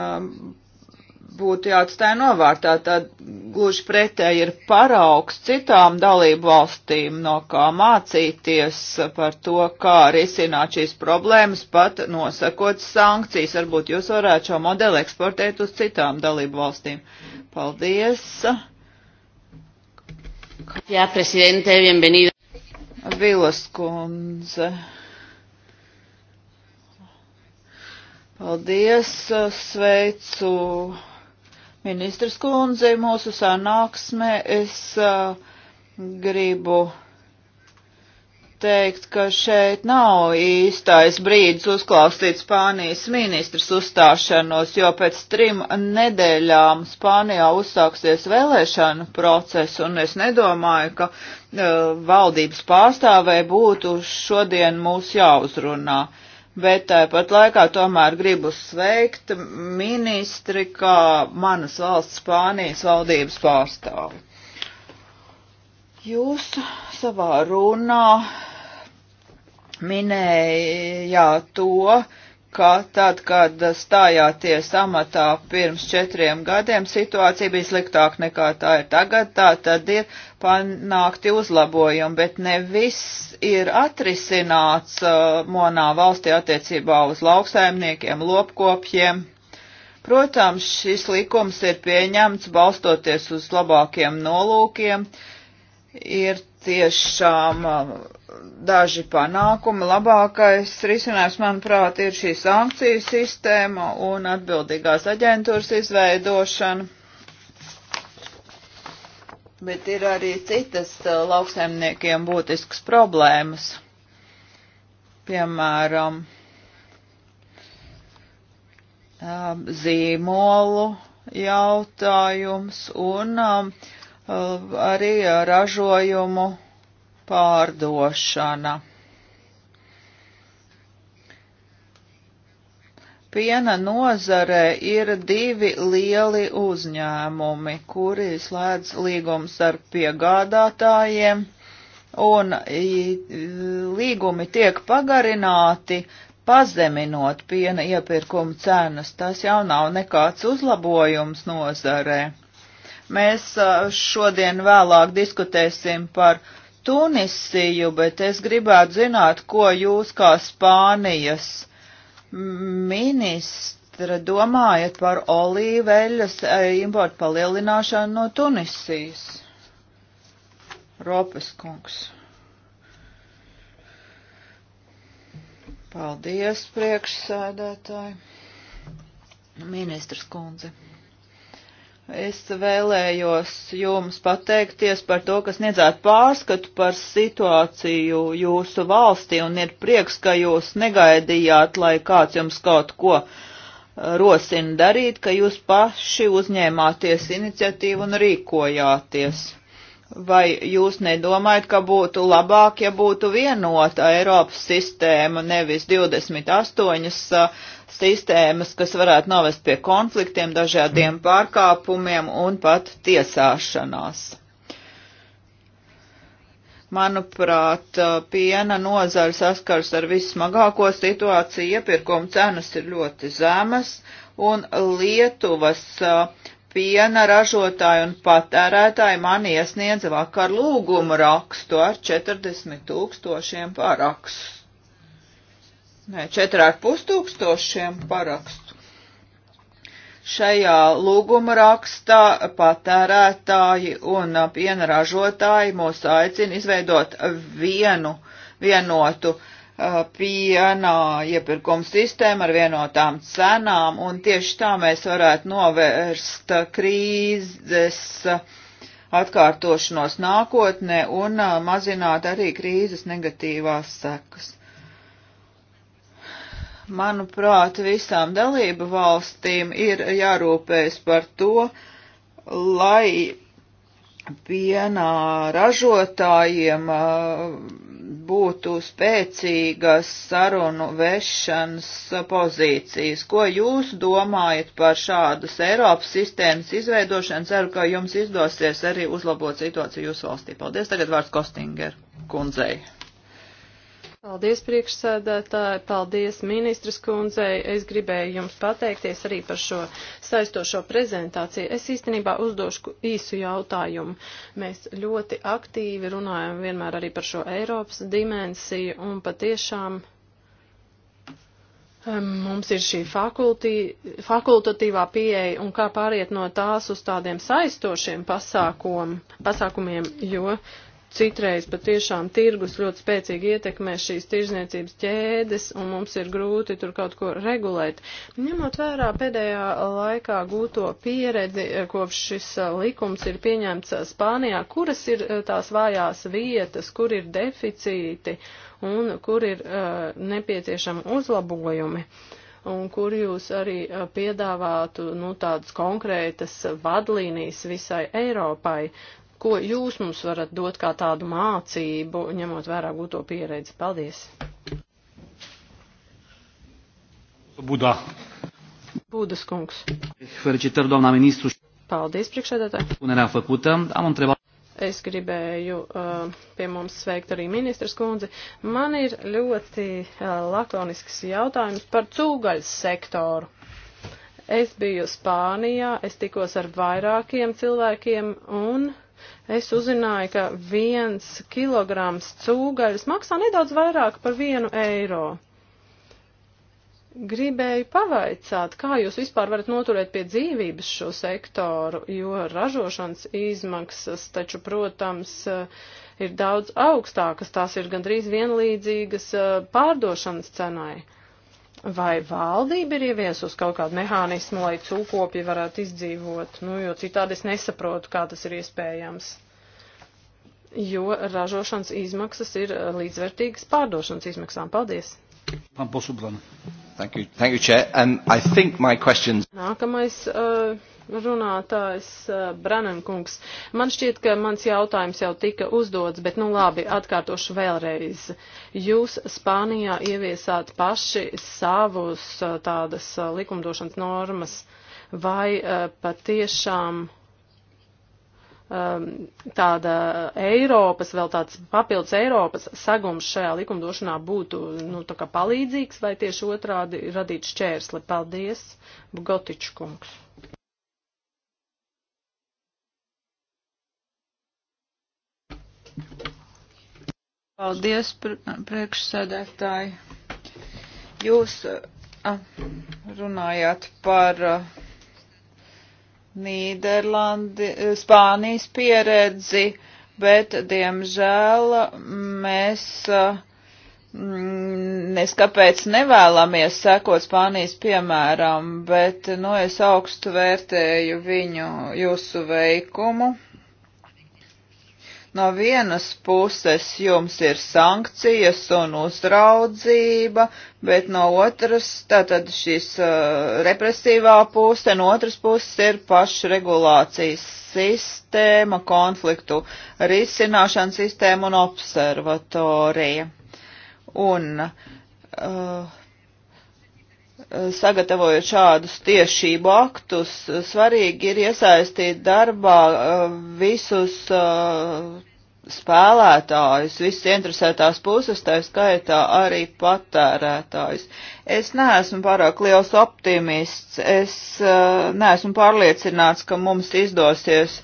būtu jāatstāj novārtā. Tad gluži pretēji ir paraugs citām dalību valstīm, no kā mācīties par to, kā risināt šīs problēmas, pat nosakot sankcijas. Varbūt jūs varētu šo modeli eksportēt uz citām dalību valstīm. Paldies! Jā, prezidente, bienvenido. Vilas kundze. Paldies, sveicu ministrs kundzi mūsu sanāksmē. Es uh, gribu teikt, ka šeit nav īstais brīdis uzklausīt Spānijas ministrs uzstāšanos, jo pēc trim nedēļām Spānijā uzsāksies vēlēšanu process, un es nedomāju, ka uh, valdības pārstāvē būtu šodien mūs jāuzrunā. Bet tāpat laikā tomēr gribu sveikt ministri kā manas valsts Spānijas valdības pārstāvi. Jūs savā runā minēja to, ka tad, kad stājāties amatā pirms četriem gadiem, situācija bija sliktāka nekā tā ir tagad, tā tad ir panākti uzlabojumi, bet ne viss ir atrisināts uh, monā valstī attiecībā uz lauksaimniekiem, lopkopjiem. Protams, šis likums ir pieņemts balstoties uz labākiem nolūkiem, ir tiešām uh, daži panākumi. Labākais risinājums, manuprāt, ir šī sankciju sistēma un atbildīgās aģentūras izveidošana. Bet ir arī citas eh, lauksaimniekiem būtiskas problēmas. Piemēram, um, zīmolu jautājums un um, uh, arī ražojumu pārdošana. Piena nozarē ir divi lieli uzņēmumi, kuri slēdz līgums ar piegādātājiem, un līgumi tiek pagarināti, pazeminot piena iepirkuma cenas. Tas jau nav nekāds uzlabojums nozarē. Mēs šodien vēlāk diskutēsim par uh, Tunisiju, bet es gribētu zināt, ko jūs kā Spānijas ministra domājat par olīveļas eh, importu palielināšanu no Tunisijas. Ropes kungs. Paldies, priekšsēdētāji. Ministrs kundze. Es vēlējos jums pateikties par to, kas niedzētu pārskatu par situāciju jūsu valstī, un ir prieks, ka jūs negaidījāt, lai kāds jums kaut ko eh, rosina darīt, ka jūs paši uzņēmāties iniciatīvu un rīkojāties. Vai jūs nedomājat, ka būtu labāk, ja būtu vienota Eiropas sistēma, nevis 28 sistēmas, kas varētu novest pie konfliktiem, dažādiem mm. pārkāpumiem un pat tiesāšanās. Manuprāt, piena nozara saskars ar vismagāko situāciju, iepirkuma cenas ir ļoti zemas, un Lietuvas piena ražotāji un patērētāji man iesniedza vakar lūgumu rakstu ar 40 tūkstošiem parakstu nē, četrāk pustūkstošiem parakstu. Šajā lūguma rakstā patērētāji un piena ražotāji mūs aicina izveidot vienu vienotu uh, piena iepirkuma sistēmu ar vienotām cenām, un tieši tā mēs varētu novērst krīzes atkārtošanos nākotnē un uh, mazināt arī krīzes negatīvās sekas. Manuprāt, visām dalību valstīm ir jārūpējas par to, lai pienā ražotājiem uh, būtu spēcīgas sarunu vešanas pozīcijas. Ko jūs domājat par šādas Eiropas sistēmas izveidošanu? Ceru, ka jums izdosies arī uzlabot situāciju jūsu valstī. Paldies. Tagad vārds Kostinger kundzei. Paldies, priekšsēdētāji, paldies ministras kundzei. Es gribēju jums pateikties arī par šo saistošo prezentāciju. Es īstenībā uzdošu īsu jautājumu. Mēs ļoti aktīvi runājam vienmēr arī par šo Eiropas dimensiju un patiešām Mums ir šī fakultī, fakultatīvā pieeja un kā pāriet no tās uz tādiem saistošiem pasākum, pasākumiem, jo uh, Citreiz patiešām tirgus ļoti spēcīgi ietekmē šīs tirzniecības ķēdes, un mums ir grūti tur kaut ko regulēt. Ņemot vērā pēdējā laikā gūto pieredzi, eh, kopš šis eh, likums ir pieņemts eh, Spānijā, kuras ir tās vājās vietas, kur ir deficīti un kur ir uh, nepieciešami uzlabojumi. Un kur jūs arī piedāvātu nu, tādas konkrētas vadlīnijas visai Eiropai. Uh, Ko jūs mums varat dot kā tādu mācību, ņemot vērā gūto pieredzi? Paldies! Budā. Budas kungs. Felicitări, doamna ministru. Paldies, priekšsēdētāji. Punerea făcută. Am întrebat. Es gribēju uh, pie mums sveikt arī ministras kundzi. Man ir ļoti uh, lakonisks jautājums par cūgaļas sektoru. Es biju Spānijā, es tikos ar vairākiem cilvēkiem un. Uh, es uzzināju, ka viens kilograms cūgaļas maksā nedaudz vairāk par vienu eiro. Gribēju pavaicāt, kā jūs vispār varat noturēt pie dzīvības šo sektoru, jo ražošanas izmaksas taču, protams, ir daudz augstākas, tās ir gandrīz vienlīdzīgas eh, pārdošanas cenai. Vai valdība ir ieviesusi kaut kādu mehānismu, lai cūkopji varētu izdzīvot? Nu, jo citādi es nesaprotu, kā tas ir iespējams. Jo ražošanas izmaksas ir līdzvērtīgas pārdošanas izmaksām. Paldies! Man posublan. Thank you, thank you, Chair. Um, I think my questions... Nākamais uh, runātājs uh, Brannenkungs. Man šķiet, ka mans jautājums jau tika uzdots, bet nu labi, atkārtošu vēlreiz. Jūs Spānijā ieviesāt paši savus uh, tādas uh, likumdošanas normas vai uh, patiešām Um, tāda Eiropas, vēl tāds papildus Eiropas sagums šajā likumdošanā būtu, nu, tā kā palīdzīgs vai tieši otrādi radīt šķērsli. Paldies, Bugotiču kungs. Paldies, priekšsēdētāji. Jūs runājāt par uh, Nīderlandi, Spānijas pieredzi, bet, diemžēl, mēs mm, neskapēc nevēlamies sekot Spānijas piemēram, bet, nu, es augstu vērtēju viņu, jūsu veikumu. No vienas puses jums ir sankcijas un uzraudzība, bet no otras, tātad šīs uh, represīvā puse, no otras puses ir pašregulācijas sistēma, konfliktu risināšanas sistēma un observatorija. Un uh, sagatavojot šādus tiešību aktus, svarīgi ir iesaistīt darbā uh, visus uh, spēlētājus, visas interesētās puses, tā skaitā arī patērētājus. Es neesmu pārāk liels optimists, es uh, neesmu pārliecināts, ka mums izdosies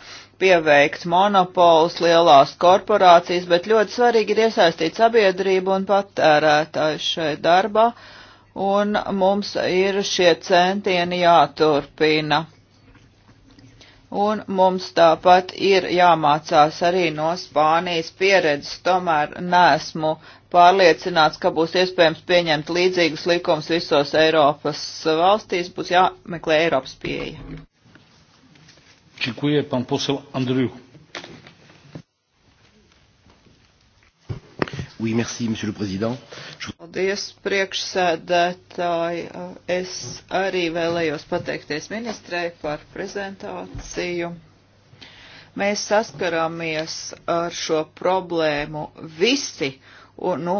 pieveikt monopolus, lielās korporācijas, bet ļoti svarīgi ir iesaistīt sabiedrību un patērētājus šai darbā. Uh, un mums ir šie centieni jāturpina. Un mums tāpat ir jāmācās arī no Spānijas pieredzes. Tomēr nesmu pārliecināts, ka būs iespējams pieņemt līdzīgus likumus visos Eiropas valstīs. Būs jāmeklē Eiropas pieeja. Čikuje, pan posel Andriju. Oui, merci, monsieur le président. Je... Paldies, priekšsēdētāji. Es arī vēlējos pateikties ministrei par prezentāciju. Mēs saskaramies ar šo problēmu visi, un nu,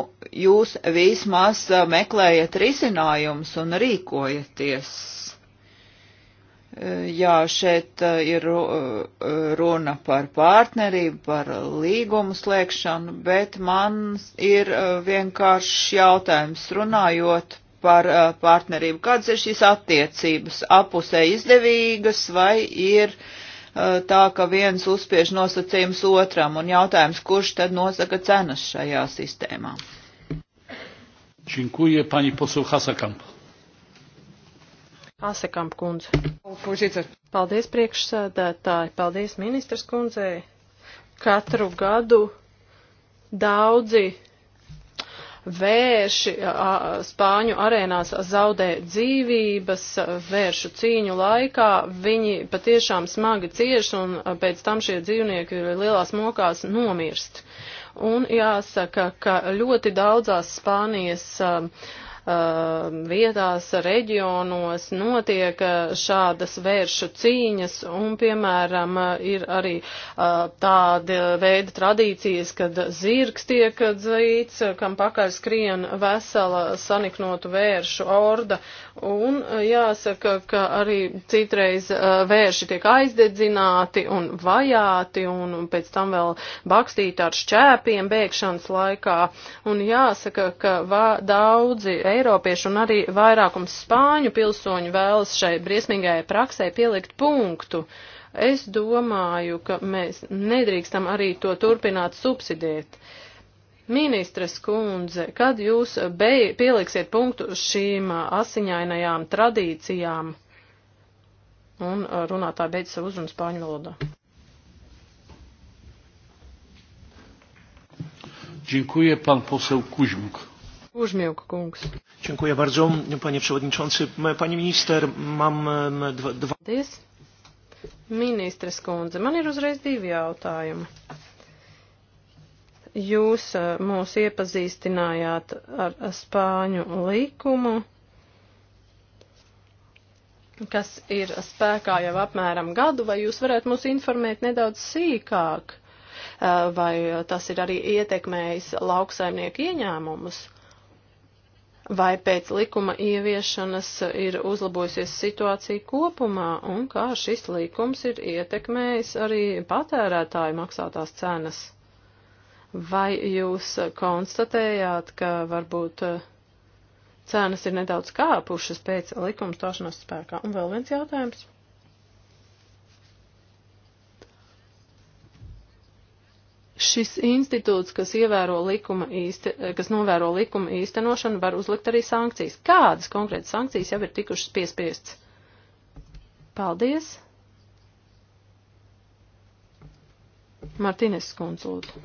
jūs vismaz meklējat risinājumus un rīkojaties Jā, šeit uh, ir uh, runa par partnerību, par līgumu slēgšanu, bet man ir uh, vienkāršs jautājums runājot par partnerību. Kādas ir šīs attiecības? Apusē izdevīgas vai ir tā, ka viens uzspiež nosacījums otram un jautājums, kurš tad nosaka cenas šajā sistēmā? Dziękuję pani poseł Hasakamp. Asekamp kundze. Paldies priekšsēdētāji, paldies ministras kundzei. Katru gadu daudzi vērši Spāņu arēnās zaudē dzīvības, vēršu cīņu laikā. Viņi patiešām smagi cieš un pēc tam šie dzīvnieki lielās mokās nomirst. Un jāsaka, ka ļoti daudzās Spānijas uh, Um, vietās, reģionos notiek uh, šādas vēršu cīņas un, piemēram, uh, ir arī uh, tāda veida tradīcijas, kad zirgs tiek dzīts, kam pakaļ skrien vesela saniknotu vēršu orda un jāsaka, ka arī citreiz vērši tiek aizdedzināti un vajāti un pēc tam vēl bakstīti ar šķēpiem bēgšanas laikā un jāsaka, ka daudzi eiropiešu un arī vairākums spāņu pilsoņu vēlas šai briesmīgajai praksē pielikt punktu. Es domāju, ka mēs nedrīkstam arī to turpināt subsidiēt. Ministres kundze, kad jūs bei, pieliksiet punktu šīm asiņainajām tradīcijām? Un uh, runātāja beidz savu uzrunu spāņu valodā. Dziękuję pan poseł Kuźmuk. Užmjauka kungs. Dziękuję bardzo, panie przewodniczący. Pani minister, mam dva... dva... Paldies. Ministres kundze, man ir uzreiz divi jautājumi. Jūs eh, mūs iepazīstinājāt ar Spāņu likumu, kas ir spēkā jau apmēram gadu, vai jūs varētu mūs informēt nedaudz sīkāk, eh, vai tas ir arī ietekmējis lauksaimnieku ieņēmumus? vai pēc likuma ieviešanas ir uzlabojusies situācija kopumā un kā šis likums ir ietekmējis arī patērētāju maksātās cenas. Vai jūs konstatējāt, ka varbūt eh, cenas ir nedaudz kāpušas pēc likuma stāšanās spēkā? Un vēl viens jautājums. Šis institūts, kas, ievēro likuma īsti, kas novēro likuma īstenošanu, var uzlikt arī sankcijas. Kādas konkrētas sankcijas jau ir tikušas piespiestas? Paldies! Martīnes skundz, lūdzu.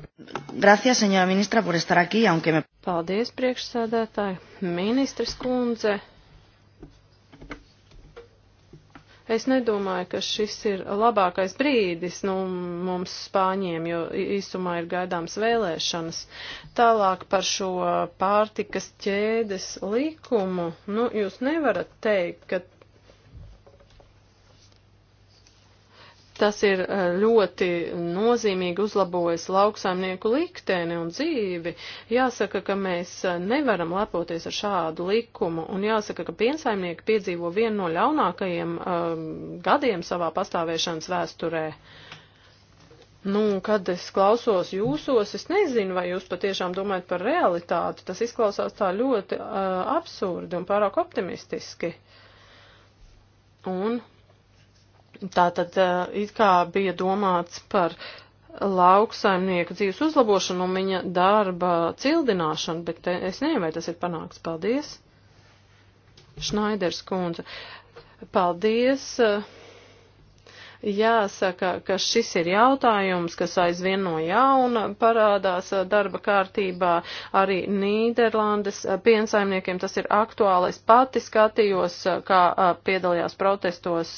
Gracias, señora ministra, por estar aquí, aunque me... Paldies, priekšsēdētāji. Ministres kundze, Es nedomāju, ka šis ir labākais brīdis nu, mums spāņiem, jo īsumā ir gaidāms vēlēšanas. Tālāk par šo pārtikas ķēdes likumu, nu, jūs nevarat teikt, ka Tas ir eh, ļoti nozīmīgi uzlabojis lauksaimnieku likteni un dzīvi. Jāsaka, ka mēs eh, nevaram lepoties ar šādu likumu, un jāsaka, ka piensaimnieki piedzīvo vienu no ļaunākajiem um, gadiem savā pastāvēšanas vēsturē. Nu, kad es klausos jūsos, es nezinu, vai jūs patiešām domājat par realitāti. Tas izklausās tā ļoti uh, absurdi un pārāk optimistiski. Un Tā tad it kā bija domāts par lauksaimnieku dzīves uzlabošanu un viņa darba cildināšanu, bet te, es nezinu, vai tas ir panāks. Paldies! Šnaiders kundze. Paldies! Uh, Jāsaka, ka šis ir jautājums, kas aizvien no jauna parādās darba kārtībā arī Nīderlandes piensaimniekiem. Tas ir aktuāli. Es pati skatījos, kā piedalījās protestos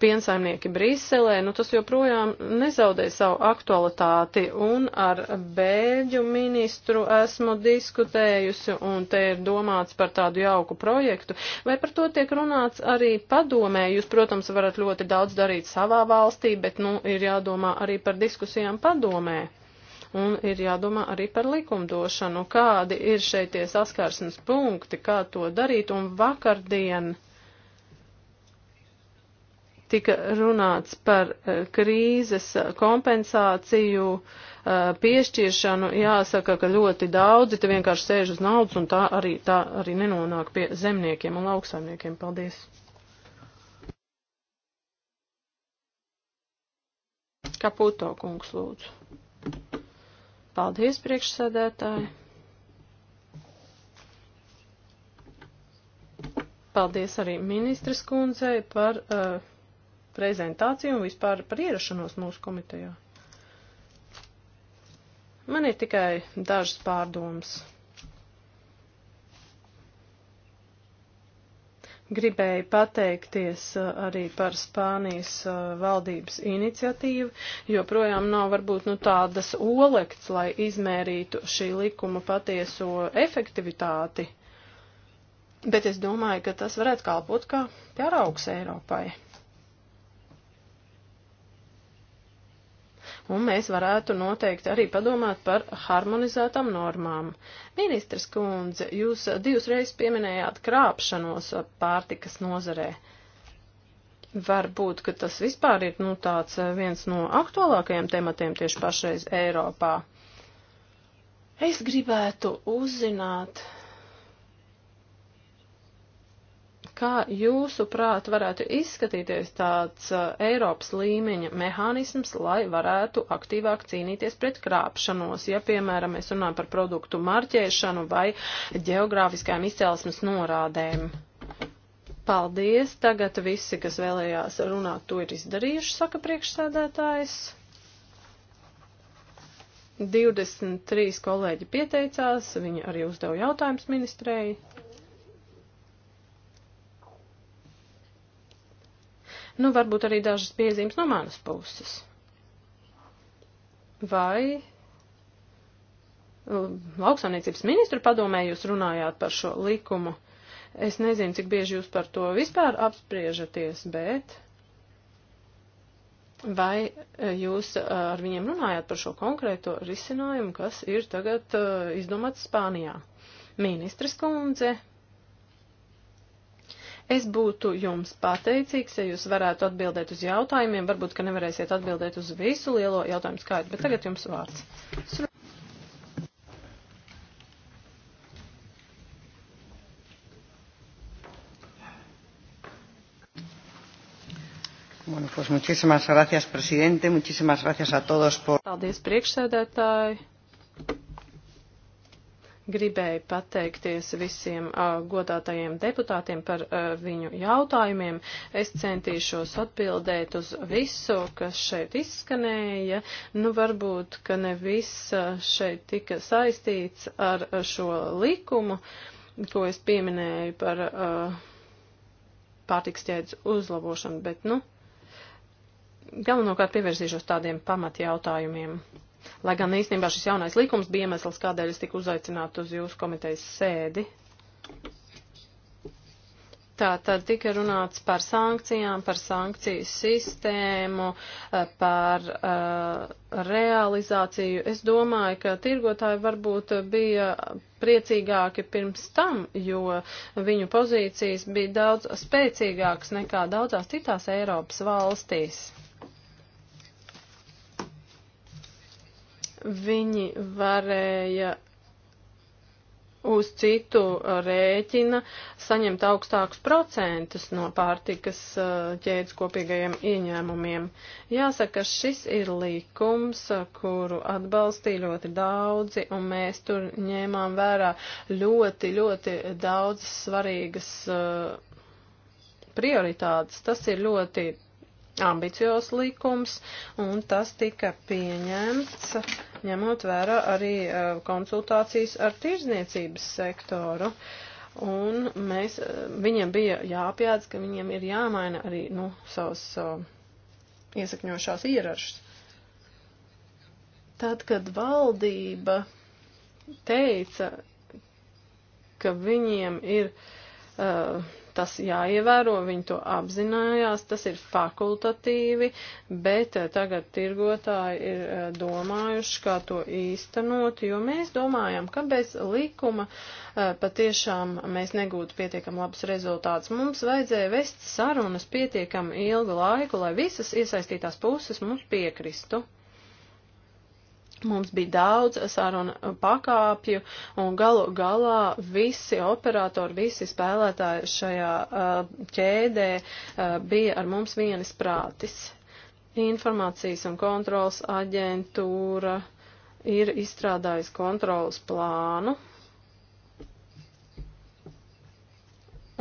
piensaimnieki Briselē. Nu, tas joprojām nezaudē savu aktualitāti. Un ar Bēļu ministru esmu diskutējusi, un te ir domāts par tādu jauku projektu. Vai par to tiek runāts arī padomē? Jūs, protams, varat ļoti daudz darīt savā savā valstī, bet, nu, ir jādomā arī par diskusijām padomē. Un ir jādomā arī par likumdošanu, kādi ir šeit tie saskarsmes punkti, kā to darīt. Un vakardien tika runāts par eh, krīzes kompensāciju eh, piešķiršanu. Jāsaka, ka ļoti daudzi te vienkārši sēž uz naudas un tā arī, tā arī nenonāk pie zemniekiem un lauksaimniekiem. Paldies! Kaputo kungs lūdzu. Paldies, priekšsēdētāji. Paldies arī ministras kundzei par uh, prezentāciju un vispār par ierašanos mūsu komitejā. Man ir tikai dažas pārdomas. Gribēju pateikties uh, arī par Spānijas uh, valdības iniciatīvu, jo projām nav varbūt nu, tādas olekts, lai izmērītu šī likuma patieso efektivitāti. Bet es domāju, ka tas varētu kalpot kā paraugs Eiropai. un mēs varētu noteikti arī padomāt par harmonizētām normām. Ministrs kundze, jūs divas reizes pieminējāt krāpšanos pārtikas nozarē. Varbūt, ka tas vispār ir nu, tāds eh, viens no aktuālākajiem tematiem tieši pašreiz Eiropā. Es gribētu uzzināt, Kā jūsuprāt varētu izskatīties tāds uh, Eiropas līmeņa mehānisms, lai varētu aktīvāk cīnīties pret krāpšanos, ja, piemēram, mēs runājam par produktu marķēšanu vai geogrāfiskajām izcelsmes norādēm? Paldies! Tagad visi, kas vēlējās runāt, to ir izdarījuši, saka priekšsēdētājs. 23 kolēģi pieteicās, viņi arī uzdeva jautājumus ministrēji. Nu, varbūt arī dažas piezīmes no manas puses. Vai lauksaimniecības ministru padomē jūs runājāt par šo likumu? Es nezinu, cik bieži jūs par to vispār apspriežaties, bet vai e, jūs e, ar viņiem runājāt par šo konkrēto risinājumu, kas ir tagad e, izdomāts Spānijā? Ministres kundze, Es būtu jums pateicīgs, ja jūs varētu atbildēt uz jautājumiem. Varbūt, ka nevarēsiet atbildēt uz visu lielo jautājumu skaitu, bet tagad jums vārds. Bueno, pues muchísimas gracias, presidente. Muchísimas gracias a todos por. Paldies, priekšsēdētāji gribēju pateikties visiem uh, godātajiem deputātiem par uh, viņu jautājumiem. Es centīšos atbildēt uz visu, kas šeit izskanēja. Nu, varbūt, ka ne viss uh, šeit tika saistīts ar uh, šo likumu, ko es pieminēju par uh, pārtiks ķēdes uzlabošanu, bet, nu, galvenokārt pievērsīšos tādiem pamatjautājumiem. jautājumiem. Lai gan īstenībā šis jaunais likums bija iemesls, kādēļ es tiku uzaicināta uz jūsu komitejas sēdi. Tā tad tika runāts par sankcijām, par sankciju sistēmu, eh, par uh, realizāciju. Es domāju, ka tirgotāji varbūt bija priecīgāki pirms tam, jo viņu pozīcijas bija daudz spēcīgākas nekā daudzās citās Eiropas valstīs. Viņi varēja uz citu rēķina saņemt augstākus procentus no pārtikas eh, ķēdes kopīgajiem ieņēmumiem. Jāsaka, šis ir likums, kuru atbalstīja ļoti daudzi, un mēs tur ņēmām vērā ļoti, ļoti daudz svarīgas eh, prioritātes. Tas ir ļoti ambiciozs likums, un tas tika pieņemts, ņemot vērā arī uh, konsultācijas ar tirzniecības sektoru. Un mēs, uh, viņiem bija jāpjādz, ka viņiem ir jāmaina arī, nu, savas uh, iesakņošās ierašas. Tad, kad valdība teica, ka viņiem ir uh, Tas jāievēro, viņi to apzinājās, tas ir fakultatīvi, bet eh, tagad tirgotāji ir eh, domājuši, kā to īstenot, jo mēs domājam, ka bez likuma eh, patiešām mēs negūtu pietiekam labus rezultātus. Mums vajadzēja vest sarunas pietiekam ilgu laiku, lai visas iesaistītās puses mums piekristu. Mums bija daudz sarunu pakāpju, un galu galā visi operatori, visi spēlētāji šajā uh, ķēdē uh, bija ar mums vienis prātis. Informācijas un kontrols aģentūra ir izstrādājusi kontrols plānu,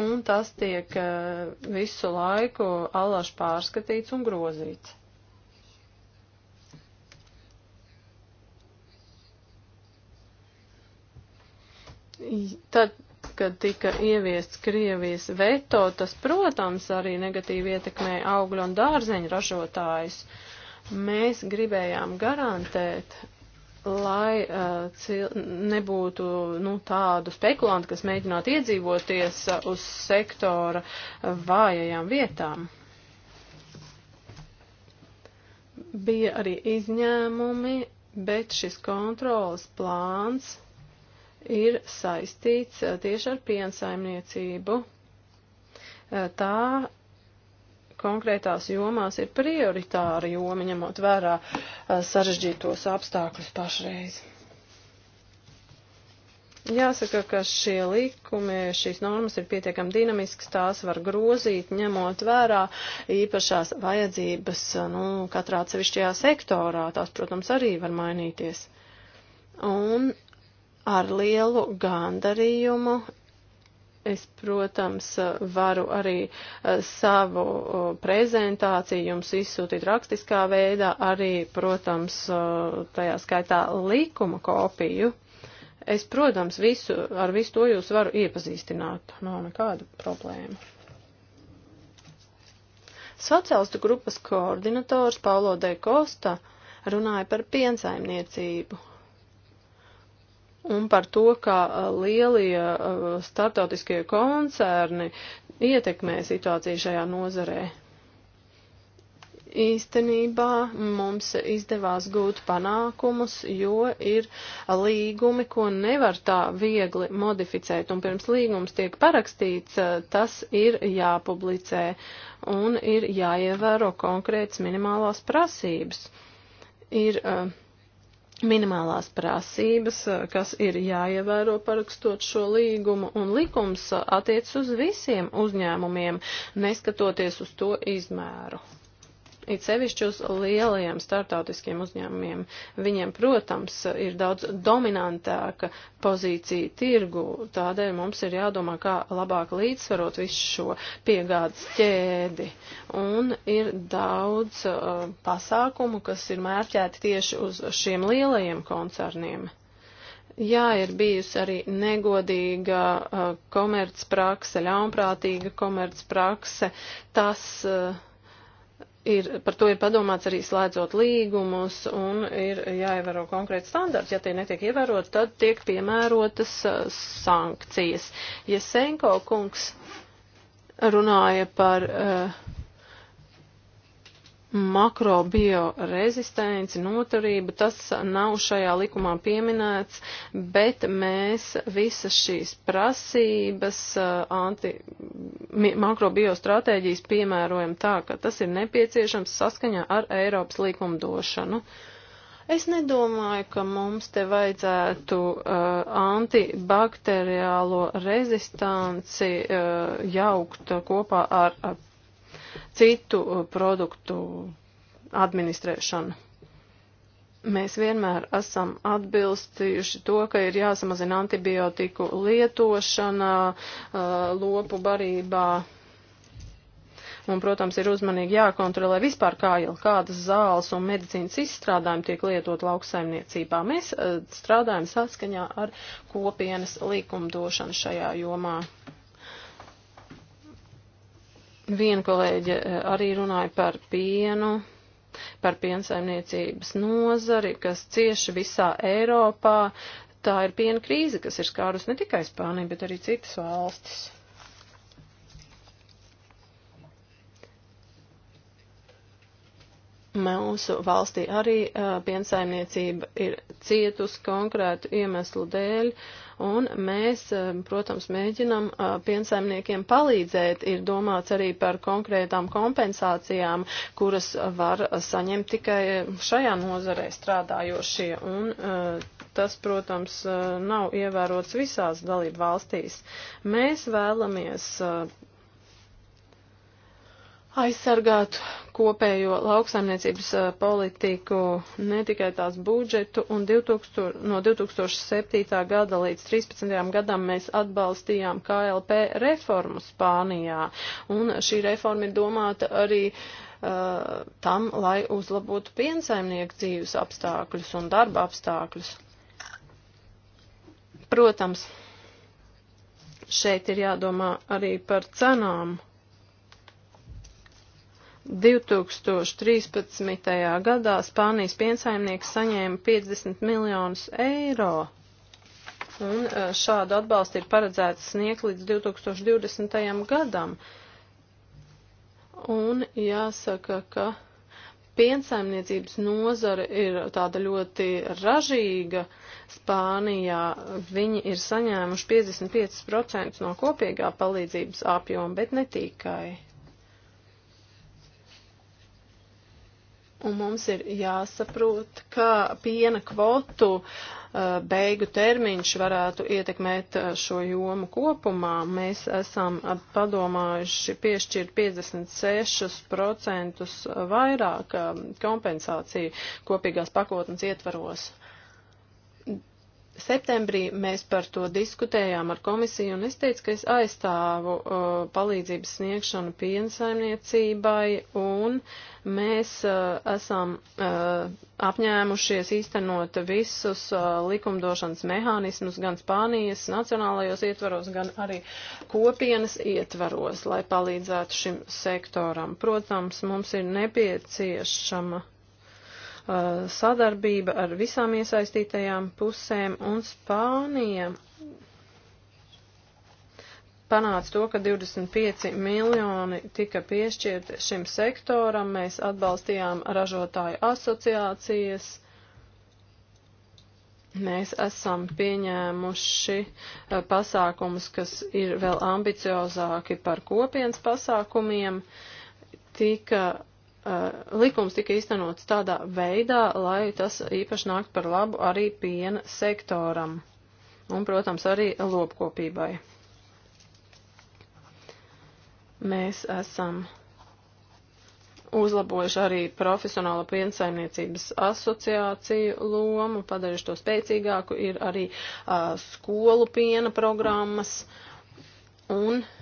un tas tiek uh, visu laiku allaž pārskatīts un grozīts. Tad, kad tika ieviests Krievijas veto, tas, protams, arī negatīvi ietekmēja augļu un dārzeņu ražotājus. Mēs gribējām garantēt, lai uh, cil, nebūtu nu, tādu spekulantu, kas mēģinātu iedzīvoties uh, uz sektora uh, vājajām vietām. Bija arī izņēmumi, bet šis kontrolas plāns ir saistīts eh, tieši ar piensaimniecību. Eh, tā konkrētās jomās ir prioritāra joma, ņemot vērā eh, sarežģītos apstākļus pašreiz. Jāsaka, ka šie likumi, šīs normas ir pietiekami dinamiskas, tās var grozīt, ņemot vērā īpašās vajadzības nu, katrā atsevišķajā sektorā. Tās, protams, arī var mainīties. Un ar lielu gandarījumu. Es, protams, varu arī eh, savu eh, prezentāciju jums izsūtīt rakstiskā veidā, arī, protams, eh, tajā skaitā likuma kopiju. Es, protams, visu, ar visu to jūs varu iepazīstināt. Nav nekāda problēma. Sociālistu grupas koordinators Paulo De Costa runāja par piensaimniecību un par to, kā uh, lielie uh, startautiskie koncerni ietekmē situāciju šajā nozarē. Īstenībā mums izdevās gūt panākumus, jo ir līgumi, ko nevar tā viegli modificēt, un pirms līgums tiek parakstīts, uh, tas ir jāpublicē un ir jāievēro konkrētas minimālās prasības. Ir uh, minimālās prasības, eh, kas ir jāievēro parakstot šo līgumu, un likums eh, attiec uz visiem uzņēmumiem, neskatoties uz to izmēru it sevišķi uz lielajiem startautiskiem uzņēmumiem. Viņiem, protams, ir daudz dominantāka pozīcija tirgu, tādēļ mums ir jādomā, kā labāk līdzsvarot visu šo piegādes ķēdi. Un ir daudz uh, pasākumu, kas ir mērķēti tieši uz šiem lielajiem koncerniem. Jā, ir bijusi arī negodīga uh, komercprakse, ļaunprātīga komercprakse. Tas uh, ir, par to ir padomāts arī slēdzot līgumus un ir jāievēro konkrēti standarti. Ja tie netiek ievērot, tad tiek piemērotas uh, sankcijas. Ja Senko kungs runāja par uh, makrobiorezistenci, noturību, tas nav šajā likumā pieminēts, bet mēs visas šīs prasības uh, anti, makrobiostratēģijas piemērojam tā, ka tas ir nepieciešams saskaņā ar Eiropas likumdošanu. Es nedomāju, ka mums te vajadzētu uh, antibakteriālo rezistanci uh, jaukt kopā ar uh, citu uh, produktu administrēšanu. Mēs vienmēr esam atbilstījuši to, ka ir jāsamazina antibiotiku lietošana uh, lopu barībā. Un, protams, ir uzmanīgi jākontrolē vispār, kā jau kādas zāles un medicīnas izstrādājumi tiek lietot lauksaimniecībā. Mēs uh, strādājam saskaņā ar kopienas likumdošanu šajā jomā. Viena kolēģe eh, arī runāja par pienu, par piensaimniecības nozari, kas cieši visā Eiropā. Tā ir piena krīze, kas ir skārus ne tikai Spāniju, bet arī citas valstis. Mūsu valstī arī uh, piensaimniecība ir cietus konkrētu iemeslu dēļ, un mēs, uh, protams, mēģinam uh, piensaimniekiem palīdzēt. Ir domāts arī par konkrētām kompensācijām, kuras var saņemt tikai šajā nozarē strādājošie, un tas, protams, nav ievērots visās dalību valstīs. Mēs vēlamies aizsargātu kopējo lauksaimniecības eh, politiku, ne tikai tās budžetu, un 2000, no 2007. gada līdz 2013. gadam mēs atbalstījām KLP reformu Spānijā, un šī reforma ir domāta arī uh, tam, lai uzlabotu piensaimnieku dzīves apstākļus un darba apstākļus. Protams, šeit ir jādomā arī par cenām 2013. gadā Spānijas piensaimnieks saņēma 50 miljonus eiro, un e, šādu atbalstu ir paredzēts sniegt līdz 2020. gadam. Un jāsaka, ka piensaimniecības nozara ir tāda ļoti ražīga Spānijā. Viņi ir saņēmuši 55% no kopīgā palīdzības apjoma, bet ne tikai. Un mums ir jāsaprot, kā piena kvotu uh, beigu termiņš varētu ietekmēt uh, šo jomu kopumā. Mēs esam uh, padomājuši piešķirt 56% vairāk um, kompensāciju kopīgās pakotnes ietvaros. Septembrī mēs par to diskutējām ar komisiju un es teicu, ka es aizstāvu uh, palīdzības sniegšanu piensaimniecībai un mēs uh, esam uh, apņēmušies īstenot visus uh, likumdošanas mehānismus gan Spānijas nacionālajos ietvaros, gan arī kopienas ietvaros, lai palīdzētu šim sektoram. Protams, mums ir nepieciešama. Uh, Uh, sadarbība ar visām iesaistītajām pusēm un Spānija panāca to, ka 25 miljoni tika piešķirti šim sektoram. Mēs atbalstījām ražotāju asociācijas. Mēs esam pieņēmuši uh, pasākumus, kas ir vēl ambiciozāki par kopienas pasākumiem. Tika Eh, likums tika iztenots tādā veidā, lai tas īpaši nākt par labu arī piena sektoram un, protams, arī lopkopībai. Mēs esam uzlabojuši arī profesionāla piensaimniecības asociāciju lomu, padarījuši to spēcīgāku, ir arī uh, skolu piena programmas un uh,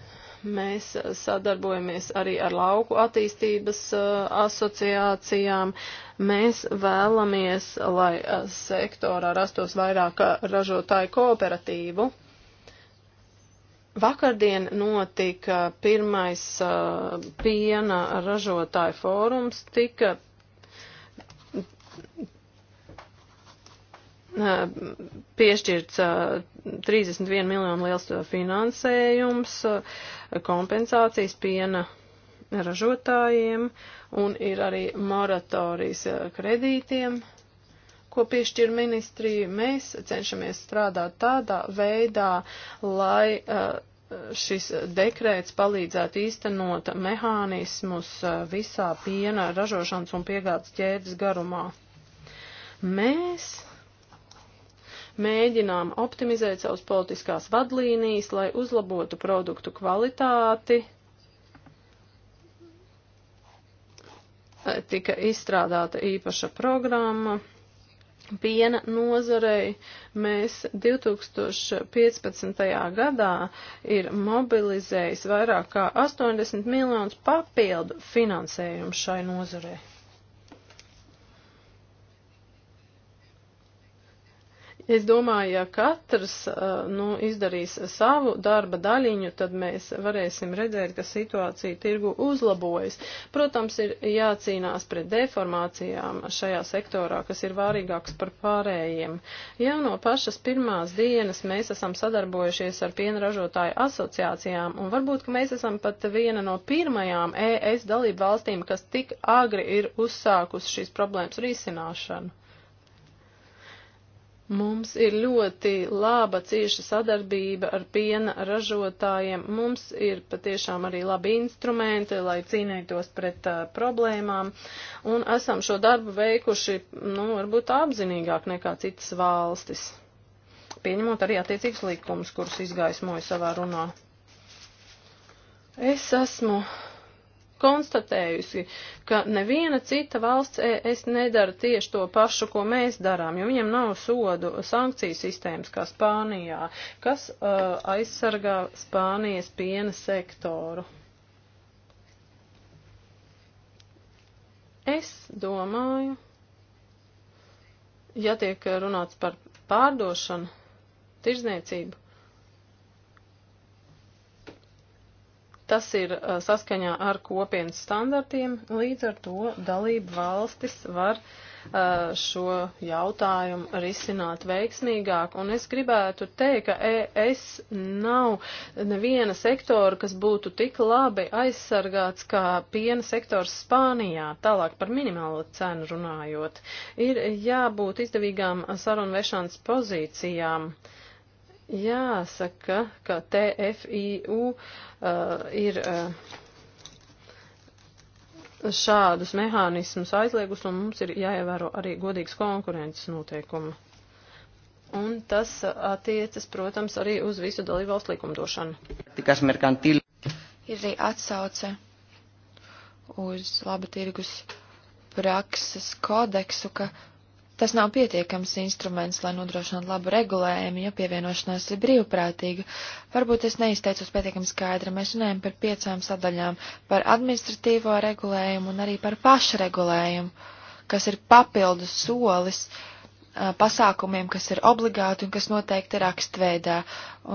Mēs eh, sadarbojamies arī ar lauku attīstības eh, asociācijām. Mēs vēlamies, lai eh, sektorā rastos vairāk ražotāju kooperatīvu. Vakardien notika pirmais piena ražotāju fórums, tika piešķirts 31 miljonu liels finansējums, kompensācijas piena ražotājiem un ir arī moratorijas kredītiem, ko piešķir ministrija. Mēs cenšamies strādāt tādā veidā, lai šis dekrēts palīdzētu īstenot mehānismus visā piena ražošanas un piegādes ķēdes garumā. Mēs mēģinām optimizēt savus politiskās vadlīnijas, lai uzlabotu produktu kvalitāti. Tika izstrādāta īpaša programma piena nozarei. Mēs 2015. gadā ir mobilizējis vairāk kā 80 miljonus papildu finansējumu šai nozarei. Es domāju, ja katrs uh, nu, izdarīs savu darba daļiņu, tad mēs varēsim redzēt, ka situācija tirgu uzlabojas. Protams, ir jācīnās pret deformācijām šajā sektorā, kas ir vārīgāks par pārējiem. Jau no pašas pirmās dienas mēs esam sadarbojušies ar pienražotāju asociācijām, un varbūt, ka mēs esam pat viena no pirmajām ES dalību valstīm, kas tik agri ir uzsākusi šīs problēmas risināšanu. Mums ir ļoti laba cieša sadarbība ar piena ražotājiem. Mums ir patiešām arī labi instrumenti, lai cīnītos pret uh, problēmām. Un esam šo darbu veikuši, nu, varbūt apzinīgāk nekā citas valstis. Pieņemot arī attiecīgus likumus, kurus izgaismoju savā runā. Es esmu konstatējusi, ka neviena cita valsts es nedara tieši to pašu, ko mēs darām, jo viņiem nav sodu sankciju sistēmas kā Spānijā, kas uh, aizsargā Spānijas piena sektoru. Es domāju, ja tiek runāts par pārdošanu, tirzniecību, Tas ir uh, saskaņā ar kopienas standartiem, līdz ar to dalību valstis var uh, šo jautājumu risināt veiksmīgāk. Un es gribētu teikt, ka ES nav neviena sektora, kas būtu tik labi aizsargāts kā piena sektors Spānijā, tālāk par minimālo cenu runājot. Ir jābūt izdevīgām sarunvešanas pozīcijām. Uh, Jāsaka, ka TFIU uh, ir. Uh, šādus mehānismus aizliegus, un mums ir jāievēro arī godīgs konkurences noteikumi. Un tas attiecas, protams, arī uz visu dalībvalstu likumdošanu. Tikas merkantil. Ir arī atsauce uz laba tirgus prakses kodeksu, ka Tas nav pietiekams instruments, lai nodrošinātu labu regulējumu, ja pievienošanās ir brīvprātīga. Varbūt es neizteicos pietiekami skaidri, mēs runājam par piecām sadaļām - par administratīvo regulējumu un arī par pašregulējumu, kas ir papildus solis pasākumiem, kas ir obligāti un kas noteikti rakstveidā,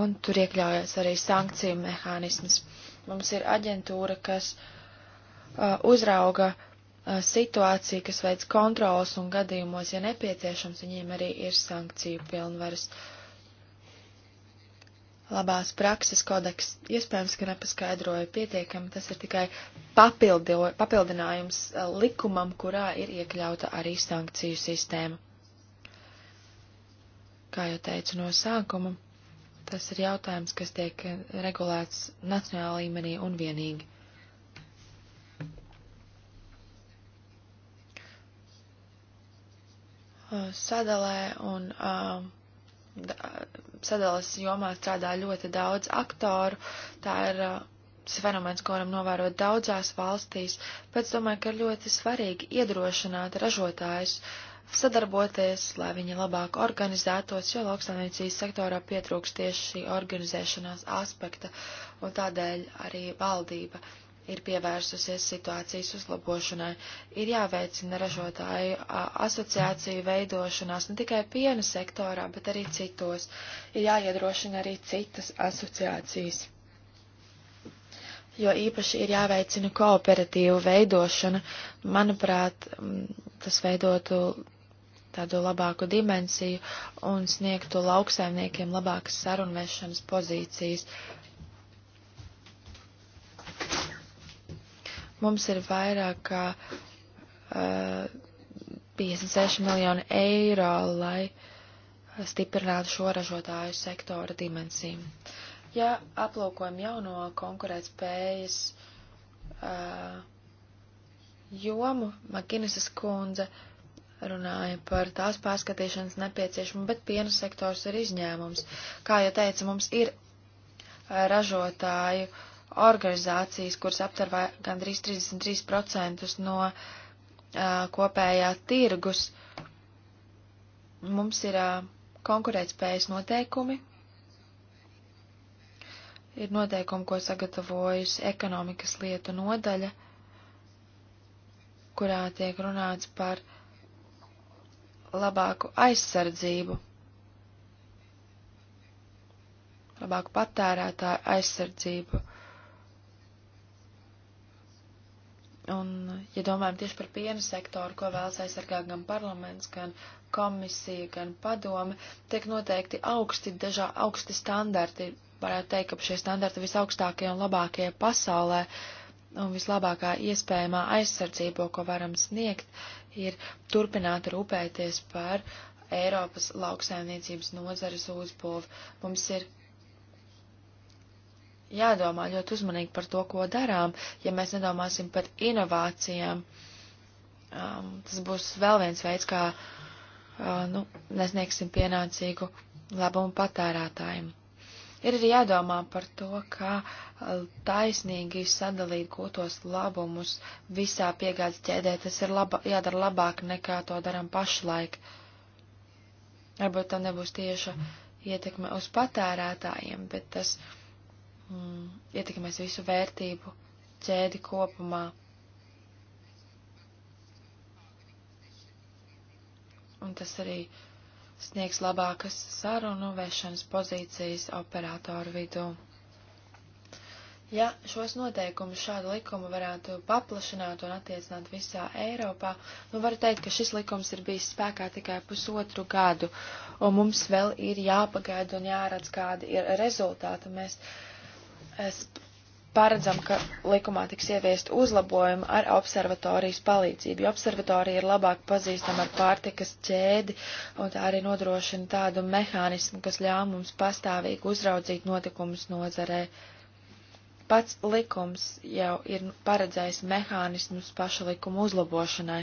un tur iekļaujas arī sankciju mehānismas. Mums ir aģentūra, kas uh, uzrauga uh, Eh, situācija, kas veids kontrolas un gadījumos, ja nepieciešams, viņiem arī ir sankciju pilnvaras. Labās prakses kodeks iespējams, ka nepaskaidroja pietiekami, tas ir tikai papildi, papildinājums eh, likumam, kurā ir iekļauta arī sankciju sistēma. Kā jau teicu no sākuma, tas ir jautājums, kas tiek eh, regulēts nacionālā līmenī un vienīgi. Uh, sadalē un uh, sadales jomā strādā ļoti daudz aktoru. Tā ir uh, fenomens, ko varam novērot daudzās valstīs, bet domāju, ka ir ļoti svarīgi iedrošināt ražotājus sadarboties, lai viņi labāk organizētos, jo lauksaimniecības sektorā pietrūkst tieši šī organizēšanās aspekta, un tādēļ arī valdība ir pievērsusies situācijas uzlabošanai. Ir jāveicina ražotāju asociāciju veidošanās ne tikai piena sektorā, bet arī citos. Ir jāiedrošina arī citas asociācijas. Jo īpaši ir jāveicina kooperatīvu veidošana. Manuprāt, tas veidotu tādu labāku dimensiju un sniegtu lauksaimniekiem labākas sarunvešanas pozīcijas. Uh, Mums ir vairāk kā uh, 56 miljoni eiro, lai stiprinātu šo ražotāju sektora dimensiju. Ja aplūkojam jauno konkurētspējas uh, jomu, Makinisas kundze runāja par tās pārskatīšanas nepieciešamu, bet piena sektors ir izņēmums. Kā jau teica, mums ir ražotāju uh, organizācijas, kuras aptver gandrīz 33% no uh, kopējā tirgus. Mums ir uh, konkurētspējas noteikumi, ir noteikumi, ko sagatavojusi ekonomikas lietu nodaļa, kurā tiek runāts par labāku aizsardzību, labāku patērētāju aizsardzību Un, ja domājam tieši par piena sektoru, ko vēlas aizsargāt gan parlaments, gan komisija, gan padome, tiek noteikti augsti, dažā augsti standarti. Varētu teikt, ka šie standarti visaugstākie un labākie pasaulē un vislabākā iespējamā aizsardzība, ko varam sniegt, ir turpināt rūpēties par Eiropas lauksaimniecības nozares uzbūvi. Mums ir jādomā ļoti uzmanīgi par to, ko darām. Ja mēs nedomāsim par inovācijām, um, tas būs vēl viens veids, kā uh, nu, nesniegsim pienācīgu labumu patērētājiem. Ir arī jādomā par to, kā uh, taisnīgi sadalīt gūtos labumus visā piegādes ķēdē. Tas ir laba, jādara labāk nekā to daram pašlaik. Varbūt tam nebūs tieša ietekme uz patērētājiem, bet tas. Uh, mm, ietekmēs visu vērtību ķēdi kopumā. Un tas arī sniegs labākas sarunu vešanas pozīcijas operātoru vidū. Ja šos noteikumus šādu likumu varētu paplašināt un attiecināt visā Eiropā, nu var teikt, ka šis likums ir bijis spēkā tikai pusotru gadu, un mums vēl ir jāpagaida un jāredz, kādi ir rezultāti. Mēs uh, Es paredzam, ka likumā tiks ieviest uzlabojumi ar observatorijas palīdzību, jo observatorija ir labāk pazīstama ar pārtikas ķēdi, un tā arī nodrošina tādu mehānismu, kas ļauj mums pastāvīgi uzraudzīt notikumus nozarē. Pats likums jau ir paredzējis mehānismus paša likuma uzlabošanai.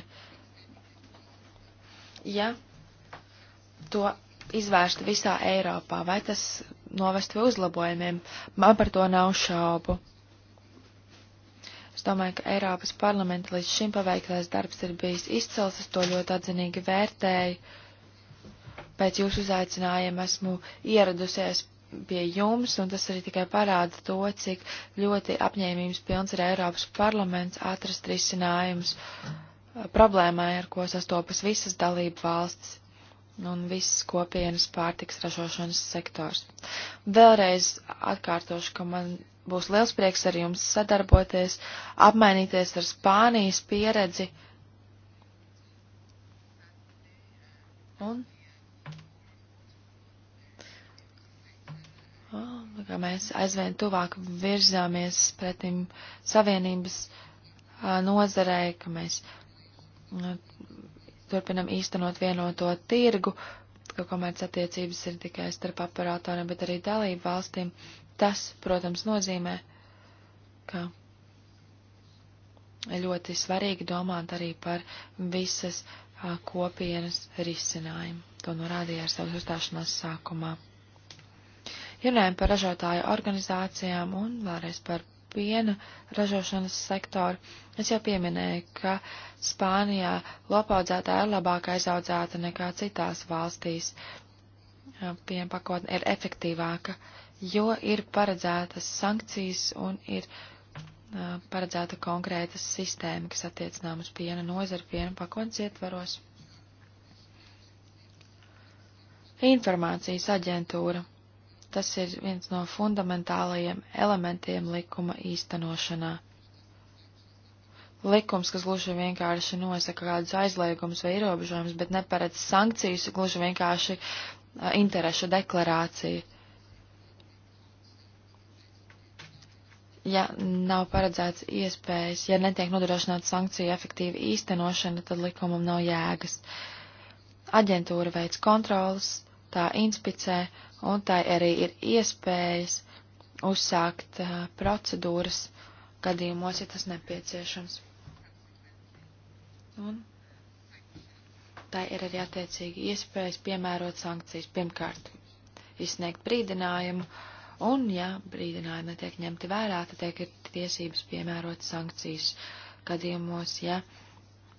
Ja to izvērst visā Eiropā, vai tas novest pie uzlabojumiem. Man par to nav šaubu. Es domāju, ka Eiropas parlamenta līdz šim paveiktais darbs ir bijis izcels, es to ļoti atzinīgi vērtēju. Pēc jūsu uzaicinājuma esmu ieradusies pie jums, un tas arī tikai parāda to, cik ļoti apņēmības pilns ir Eiropas parlaments atrast risinājums uh, problēmai, ar ko sastopas visas dalību valsts un viss kopienas pārtiks ražošanas sektors. Vēlreiz atkārtošu, ka man būs liels prieks ar jums sadarboties, apmainīties ar Spānijas pieredzi. Un? Kā nu, mēs aizvien tuvāk virzāmies pretim savienības nozarei, ka mēs turpinam īstenot vienoto tirgu, ka komerc attiecības ir tikai starp operatoriem, bet arī dalību valstīm. Tas, protams, nozīmē, ka ļoti svarīgi domāt arī par visas a, kopienas risinājumu. To norādīja ar savu uzstāšanās sākumā. Runājam par ražotāju organizācijām un vēlreiz par piena ražošanas sektoru. Es jau pieminēju, ka Spānijā lopaudzētā ir labāk aizaudzēta nekā citās valstīs. Piena pakotne ir efektīvāka, jo ir paredzētas sankcijas un ir paredzēta konkrēta sistēma, kas attiecinām uz piena nozara piena pakotnes ietvaros. Informācijas aģentūra tas ir viens no fundamentālajiem elementiem likuma īstenošanā. Likums, kas gluži vienkārši nosaka kādus aizliegumus vai ierobežojumus, bet neparedz sankcijas, gluži vienkārši interešu deklarācija. Ja nav paredzēts iespējas, ja netiek nodrošināta sankcija efektīva īstenošana, tad likumam nav jēgas. Aģentūra veids kontrolas, tā inspicē, un tai arī ir iespējas uzsākt uh, procedūras gadījumos, ja tas nepieciešams. Un tai ir arī attiecīgi iespējas piemērot sankcijas. Pirmkārt, izsniegt brīdinājumu, un, ja brīdinājumi netiek ņemti vērā, tad tiek ir tiesības piemērot sankcijas gadījumos, ja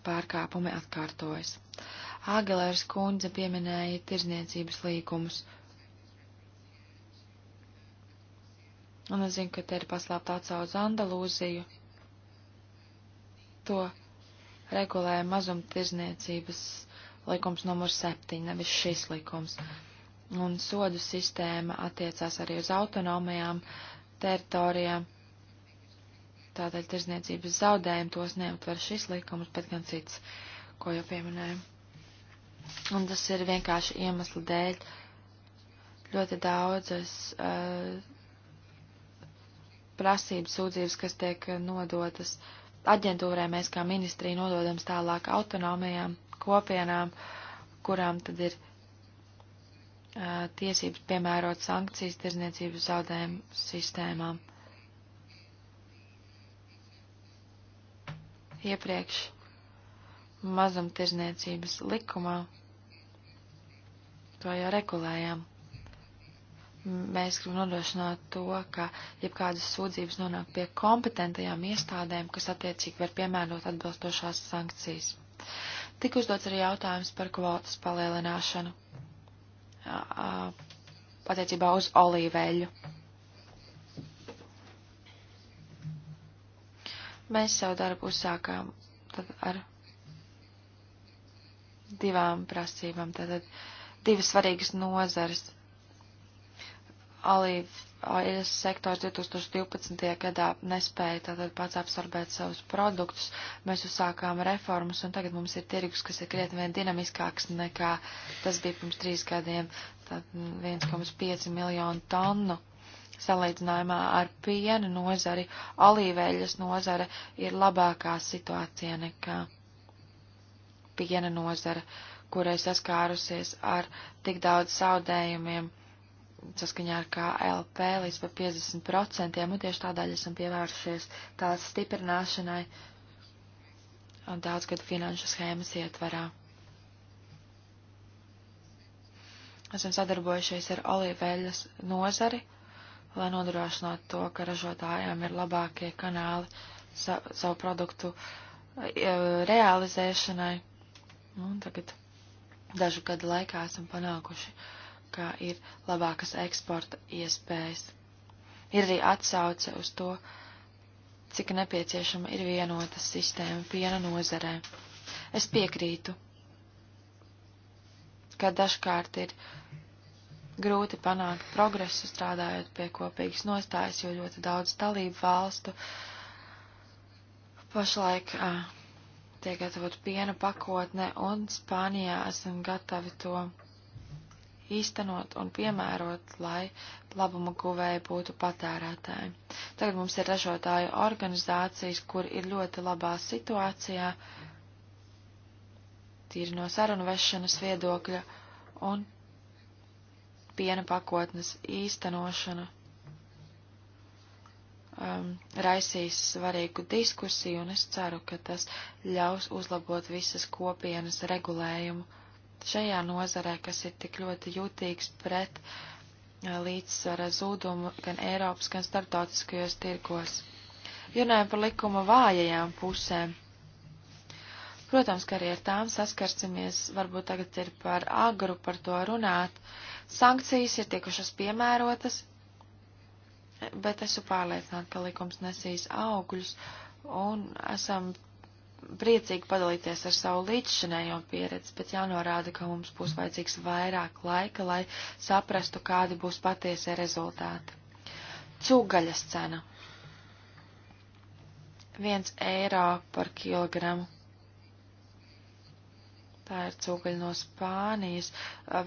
pārkāpumi atkārtojas. Uh, Āgelērs kundze pieminēja tirzniecības līkumus. Un es zinu, ka te ir paslēpta atsauze Andalūziju. To regulēja mazumtirzniecības likums numur 7, nevis šis likums. Un sodu sistēma attiecās arī uz autonomajām teritorijām. Tādēļ tirzniecības zaudējumu tos neaptver šis likums, bet gan cits, ko jau pieminēju. Un tas ir vienkārši iemesli dēļ. Ļoti daudzas uh, prasības, sūdzības, kas tiek nodotas aģentūrai, mēs kā ministrija nododam tālāk autonomijām, kopienām, kurām tad ir uh, tiesības piemērot sankcijas tirzniecības zaudējumu sistēmām. Iepriekš mazumtirzniecības likumā to jau regulējam. Mēs gribam nodrošināt to, ka jebkādas sūdzības nonāk pie kompetentajām iestādēm, kas attiecīgi var piemērot atbilstošās sankcijas. Tik uzdots arī jautājums par kvotas palielināšanu attiecībā uz olīveļu. Mēs savu darbu uzsākām ar divām prasībām. Tātad, uh, divas svarīgas nozares. Olīvas sektors 2012. gadā nespēja tātad pats absorbēt savus produktus. Mēs uzsākām reformas, un tagad mums ir tirgus, kas ir krietni vien dinamiskāks nekā tas bija pirms trīs gadiem. Tad 1,5 miljonu tonu salīdzinājumā ar piena nozari, olīveļas nozare ir labākā situācija nekā piena nozara. Uh, kurai saskārusies ar tik daudz zaudējumiem saskaņā ar KLP līdz pa 50%, un tieši tādēļ esam pievēršies tās stiprināšanai daudzgadu finanšu schēmas ietvarā. Esam sadarbojušies ar olīveļas nozari, lai nodrošinātu to, ka ražotājiem ir labākie kanāli sa savu produktu e, realizēšanai. Un tagad dažu gadu laikā esam panākuši, ka ir labākas eksporta iespējas. Ir arī atsauce uz to, cik nepieciešama ir vienota sistēma piena nozarē. Es piekrītu, ka dažkārt ir grūti panākt progresu strādājot pie kopīgas nostājas, jo ļoti daudz dalību valstu pašlaik. Uh, tiek gatavot piena pakotne, un Spānijā esam gatavi to īstenot un piemērot, lai labuma guvēji būtu patērētāji. Tagad mums ir ražotāju organizācijas, kur ir ļoti labā situācijā, tīri no sarunu vešanas viedokļa un piena pakotnes īstenošana um, raisīs svarīgu diskusiju, un es ceru, ka tas ļaus uzlabot visas kopienas regulējumu šajā nozarē, kas ir tik ļoti jūtīgs pret uh, līdzsvara zūdumu gan Eiropas, gan starptautiskajos tirgos. Runājot par likuma vājajām pusēm. Protams, ka arī ar tām saskarsimies, varbūt tagad ir par agru par to runāt. Sankcijas ir tikušas piemērotas, bet esmu pārliecināta, ka likums nesīs augļus un esam priecīgi padalīties ar savu līdzšanējo pieredzi, bet jānorāda, ka mums būs vajadzīgs vairāk laika, lai saprastu, kādi būs patiesie rezultāti. Cūgaļas cena. 1 eiro par kilogramu. Tā ir cūgaļa no Spānijas.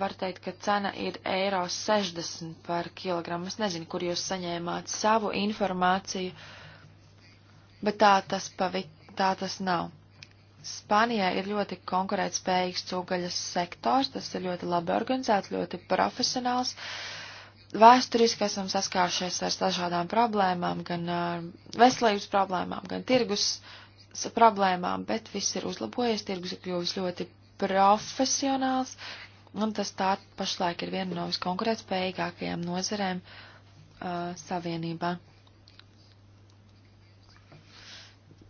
Var teikt, ka cena ir eiro 60 par kilogramu. Es nezinu, kur jūs saņēmāt savu informāciju, bet tā tas, pavi, tā tas nav. Spānijā ir ļoti konkurētspējīgs cūgaļas sektors, tas ir ļoti labi organizēts, ļoti profesionāls. Vēsturiski esam saskāršies ar dažādām problēmām, gan veselības problēmām, gan tirgus problēmām, bet viss ir uzlabojies, tirgus ir kļuvis ļoti profesionāls, un tas tā pašlaik ir viena no viskonkurētspējīgākajām nozerēm uh, savienībā.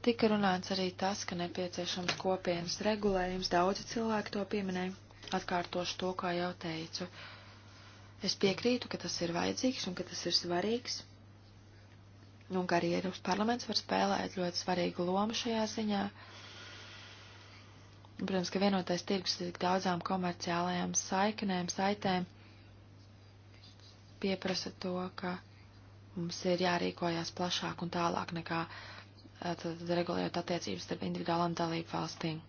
Tika runāts arī tas, ka nepieciešams kopienas regulējums, daudzi cilvēki to pieminēja, atkārtošu to, kā jau teicu. Es piekrītu, ka tas ir vajadzīgs un ka tas ir svarīgs, un ka arī Eiropas parlaments var spēlēt ļoti svarīgu lomu šajā ziņā. Uh, Protams, ka vienotais tirgus ir tik daudzām komerciālajām saiknēm, saitēm pieprasa to, ka mums ir jārīkojās plašāk un tālāk nekā tad regulējot attiecības starp individuālām dalību valstīm.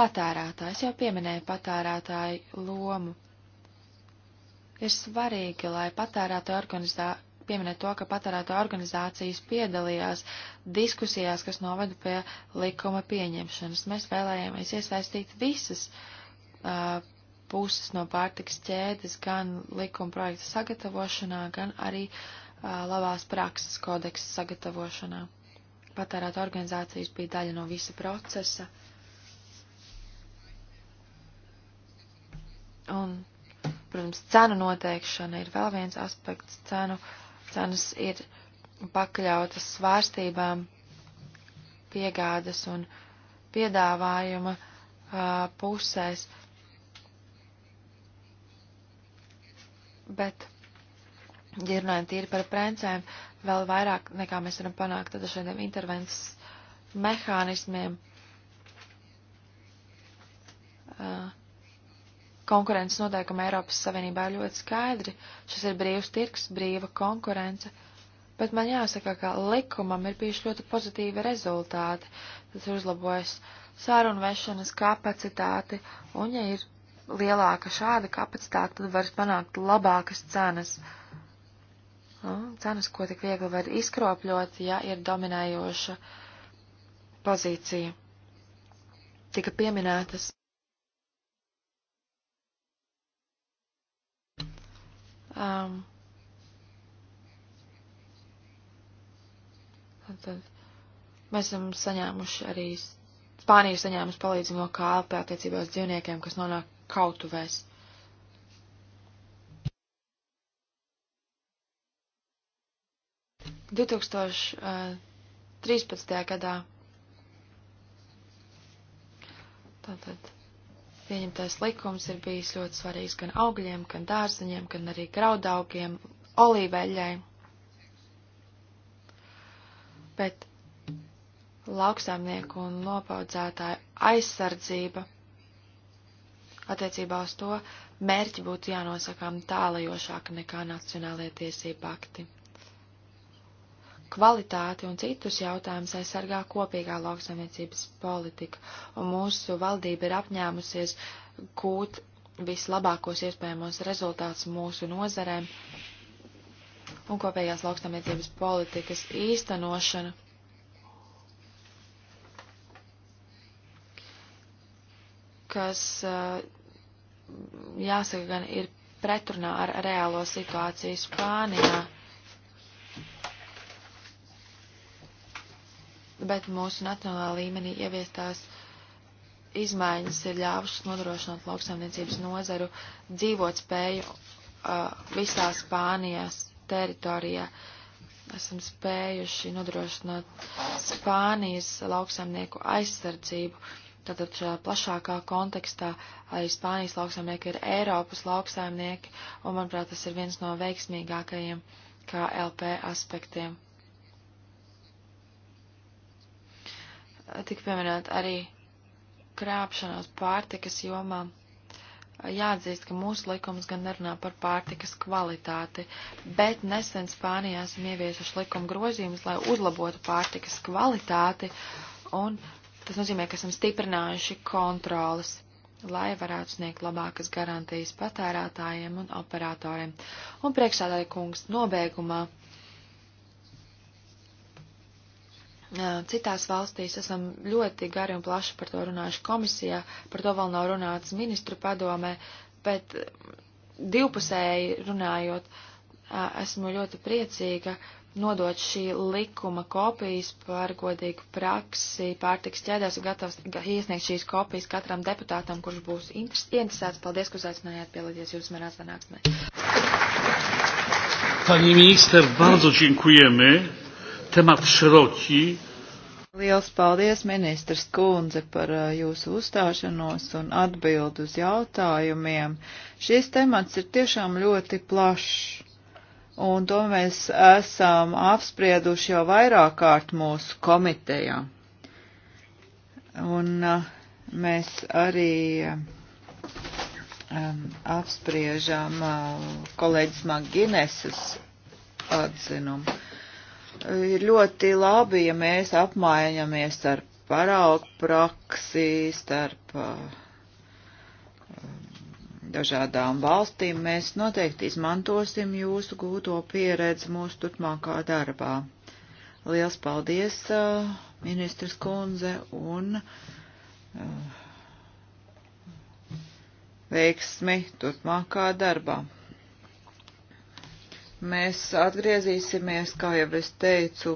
Patērētājs jau pieminēja patērētāju lomu. Ir svarīgi, lai patērētāju organizā, pieminēt to, ka patērēto organizācijas piedalījās diskusijās, kas noveda pie likuma pieņemšanas. Mēs vēlējāmies iesaistīt visas uh, puses no pārtikas ķēdes, gan likuma projekta sagatavošanā, gan arī uh, labās prakses kodeksa sagatavošanā. Patērēto organizācijas bija daļa no visa procesa. Un protams, cenu noteikšana ir vēl viens aspekts. Cenu cenas ir pakļautas svārstībām piegādas un piedāvājuma uh, pusēs. Bet, ja runājam tīri par prencēm, vēl vairāk nekā mēs varam panākt tad ar šādiem intervences mehānismiem. Uh, Konkurences noteikumi Eiropas Savienībā ir ļoti skaidri. Šis ir brīvs tirgs, brīva konkurence. Bet man jāsaka, ka likumam ir bijuši ļoti pozitīvi rezultāti. Tas uzlabojas sārunu vešanas kapacitāti, un ja ir lielāka šāda kapacitāte, tad var panākt labākas cenas. Un nu, cenas, ko tik viegli var izkropļot, ja ir dominējoša pozīcija. Tika pieminētas Um, tad mēs esam saņēmuši arī, Spānija ir saņēmusi palīdzību no KLP attiecībā uz dzīvniekiem, kas nonāk kautuvēs. Divtūkstoš uh, trīspadsmitajā gadā. Tātad pieņemtais likums ir bijis ļoti svarīgs gan augļiem, gan dārzeņiem, gan arī graudaugiem, olīveļai. Bet lauksāmnieku un nopaudzētāju aizsardzība attiecībā uz to mērķi būtu jānosakām tālajošāk nekā nacionālajie tiesība akti kvalitāti un citus jautājumus aizsargā kopīgā lauksaimniecības politika, un mūsu valdība ir apņēmusies gūt vislabākos iespējamos rezultātus mūsu nozarēm un kopējās lauksaimniecības politikas īstenošana. kas, jāsaka, gan ir pretrunā ar reālo situāciju Spānijā. bet mūsu nacionālā līmenī ieviestās izmaiņas ir ļāvušas nodrošināt lauksaimniecības nozaru dzīvot spēju uh, visā Spānijas teritorijā. Esam spējuši nodrošināt Spānijas lauksaimnieku aizsardzību. Tātad šajā plašākā kontekstā arī Spānijas lauksaimnieki ir Eiropas lauksaimnieki, un manuprāt, tas ir viens no veiksmīgākajiem KLP aspektiem. tik pieminēt arī krāpšanos pārtikas jomā. Jāatzīst, ka mūsu likums gan nerunā par pārtikas kvalitāti, bet nesen Spānijā esam ieviesuši likuma grozījumus, lai uzlabotu pārtikas kvalitāti, un tas nozīmē, ka esam stiprinājuši kontrolas, lai varētu sniegt labākas garantijas patērētājiem un operatoriem. Un priekšsādāja kungs nobeigumā Citās valstīs esam ļoti gari un plaši par to runājuši komisijā, par to vēl nav runāts ministru padomē, bet divpusēji runājot, esmu ļoti priecīga nodot šī likuma kopijas par godīgu praksi pārtiks ķēdēs un gatavs iesniegt šīs kopijas katram deputātam, kurš būs interesēts. Paldies, ka uzaicinājāt pielīdzies jūsu manā sanāksmē. Pani minister, bardzo dziękujemy temat szeroki. Liels paldies, ministrs Kundze, par uh, jūsu uzstāšanos un atbildu uz jautājumiem. Šis temats ir tiešām ļoti plašs, un to mēs esam apsprieduši jau vairāk kārt mūsu komitejā. Un uh, mēs arī uh, um, apspriežam uh, kolēģis Magineses atzinumu. Ir ļoti labi, ja mēs apmaiņamies ar paraugu praksi, starp eh, dažādām valstīm. Mēs noteikti izmantosim jūsu gūto pieredzi mūsu turpmākā darbā. Liels paldies, eh, ministrs kundze, un eh, veiksmi turpmākā darbā. Mēs atgriezīsimies, kā jau es teicu,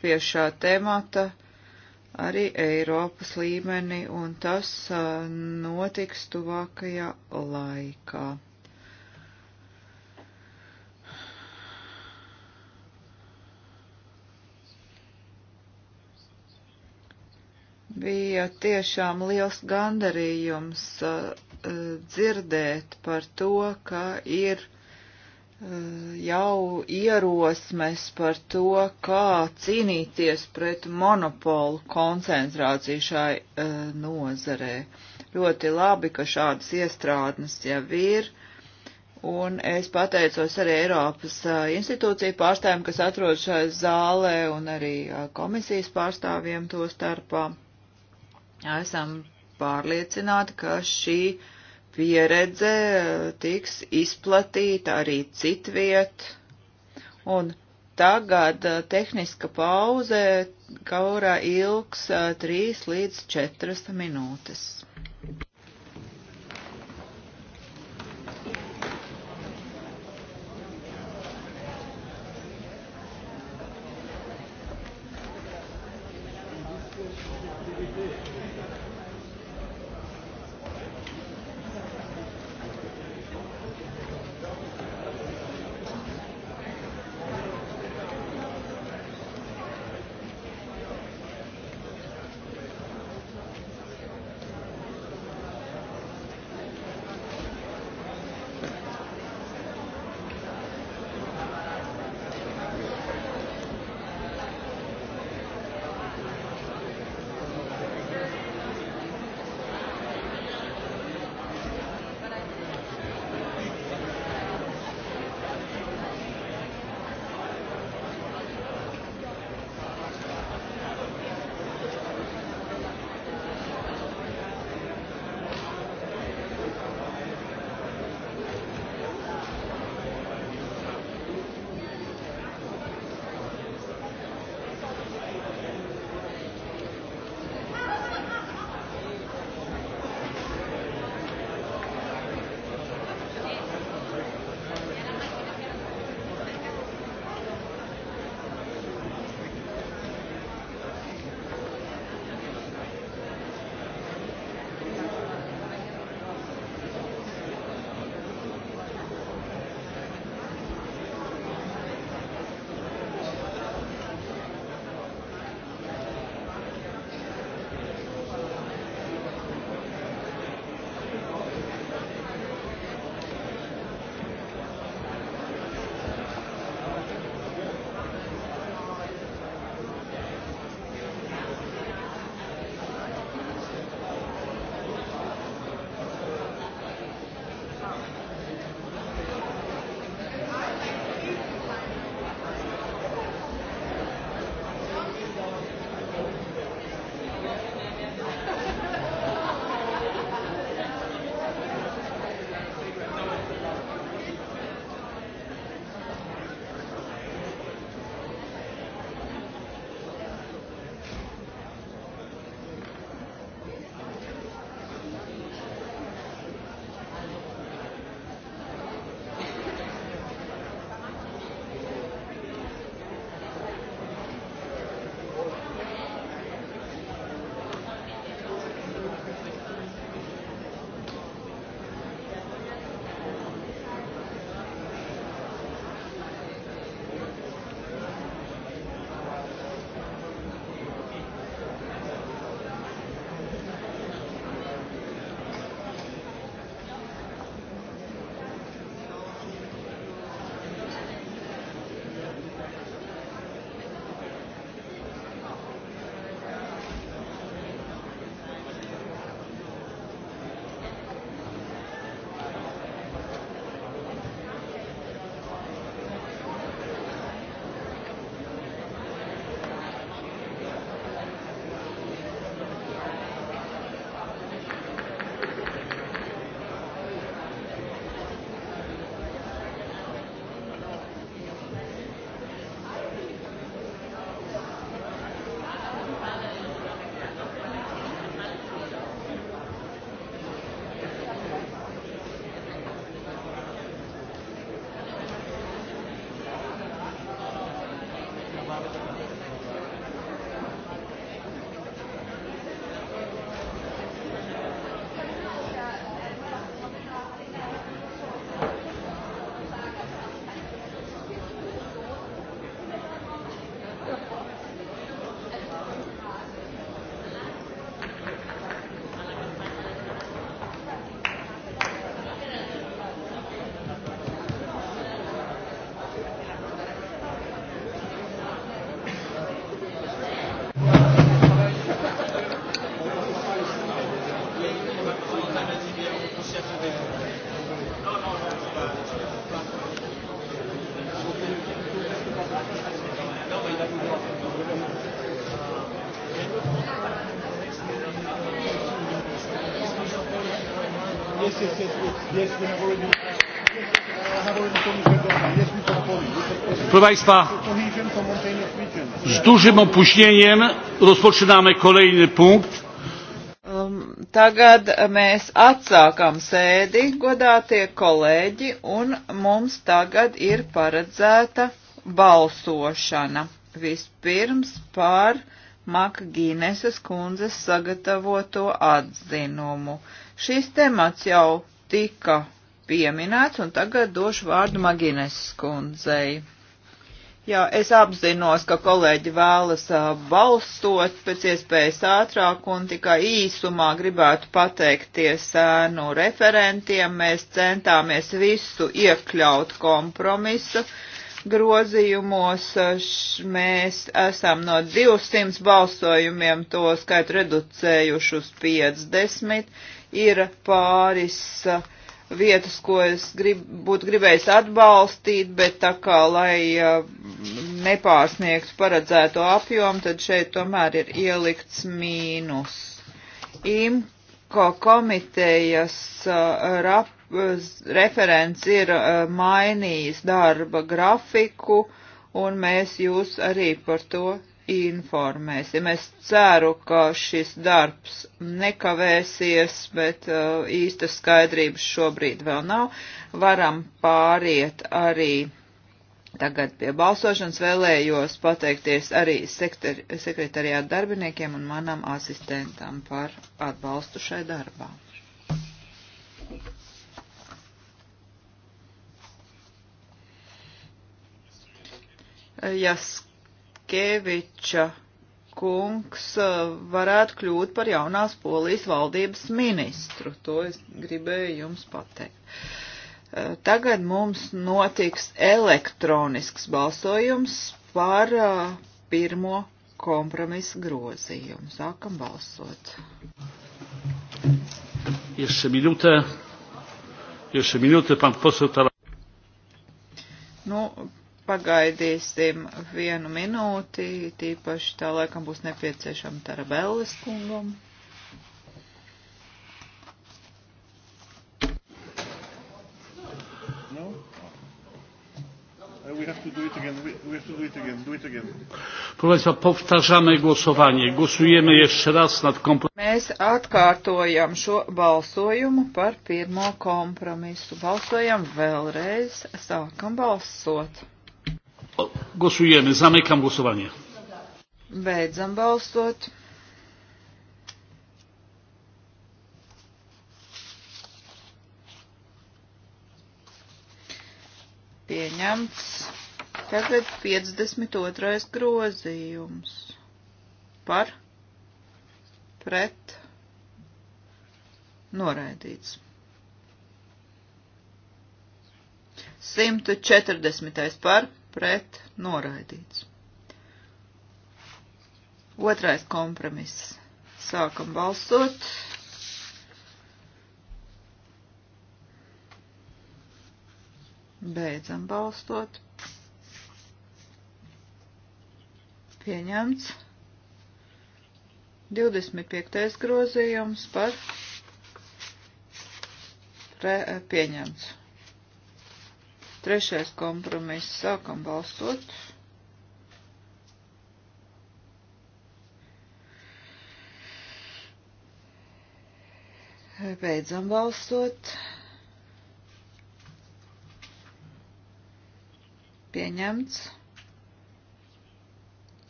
pie šā temata arī Eiropas līmenī, un tas notiks tuvākajā laikā. bija tiešām liels gandarījums dzirdēt par to, ka ir jau ierosmes par to, kā cīnīties pret monopolu koncentrāciju šai uh, nozarē. Ļoti labi, ka šādas iestrādnes jau ir, un es pateicos arī Eiropas uh, institūciju pārstāvjiem, kas atrodas šajā zālē, un arī uh, komisijas pārstāvjiem to starpā. Esam pārliecināti, ka šī uh, pieredze eh, tiks izplatīta arī citviet. Un tagad eh, tehniska pauze, kaurā ilgs 3 eh, līdz 4 minūtes. yes, yes, yes, yes, we have already. Proszę Państwa, z dużym opóźnieniem rozpoczynamy kolejny punkt. Um, tagad mēs atsākam sēdi, godātie kolēģi, un mums tagad ir paredzēta balsošana. Vispirms par Makgīneses kundzes sagatavoto atzinumu. Uh, Šis temats jau tika pieminēts, un tagad došu vārdu Magines skundzei. Jā, es apzinos, ka kolēģi vēlas balsot pēc iespējas ātrāk un tikai īsumā gribētu pateikties ēnu referentiem. Mēs centāmies visu iekļaut kompromisu grozījumos. Mēs esam no 200 balsojumiem to skaitu reducējuši uz 50 ir pāris uh, vietas, ko es grib, būtu gribējis atbalstīt, bet tā kā, lai uh, nepārsniegtu paredzēto apjomu, tad šeit tomēr ir ielikts mīnus. IMKO komitejas uh, rap, referents ir mainījis darba grafiku, un mēs jūs arī par to informēsim. Es ceru, ka šis darbs nekavēsies, bet uh, īsta skaidrības šobrīd vēl nav. Varam pāriet arī tagad pie balsošanas. Vēlējos pateikties arī sekretariāta darbiniekiem un manam asistentam par atbalstu šai darbā. Jas Keviča kungs eh, varētu kļūt par jaunās polijas valdības ministru. To es gribēju jums pateikt. Eh, tagad mums notiks elektronisks balsojums par eh, pirmo kompromisu grozījumu. Sākam balsot. Jeszcze minutę. Jeszcze minutę pan poseł Tarabella. Nu, pagaidīsim vienu minūti, tīpaši tā laikam būs nepieciešama Tarabellis kungam. No? Uh, we have to do it again. We have to do it again. Do it again. Proszę Państwa, powtarzamy głosowanie. Głosujemy jeszcze raz nad kompromisem. Mēs atkārtojam šo balsojumu par pirmo kompromisu. Balsojam vēlreiz, sākam balsot. Głosujemy. Zamykam głosowanie. Beidzam balsot. Pieņemts. Tagad 52. grozījums. Par. Pret. Noraidīts. 140. par pret noraidīts. Otrais kompromiss. Sākam balsot. Beidzam balstot. Pieņemts. 25. grozījums par eh, pieņemts. Trešais kompromiss. Sākam balsot. Beidzam balsot. Pieņemts.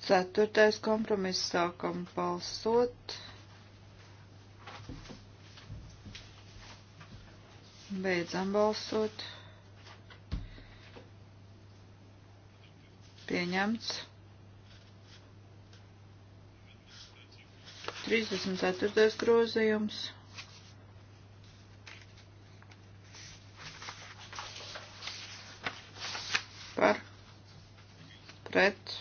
Ceturtais kompromiss. Sākam balsot. Beidzam balsot. Pieņemts. 34. grozījums. Par pret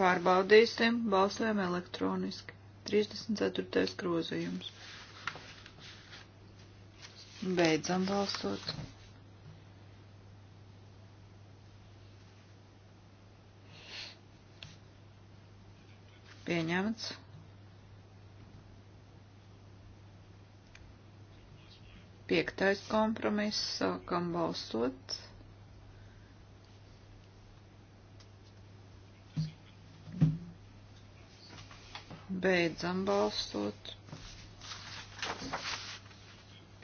pārbaudīsim, balsēm elektroniski. 34. grozījums. Beidzam balsot. Pieņemts. Piektais kompromiss. Sākam balsot. Beidzam balsot.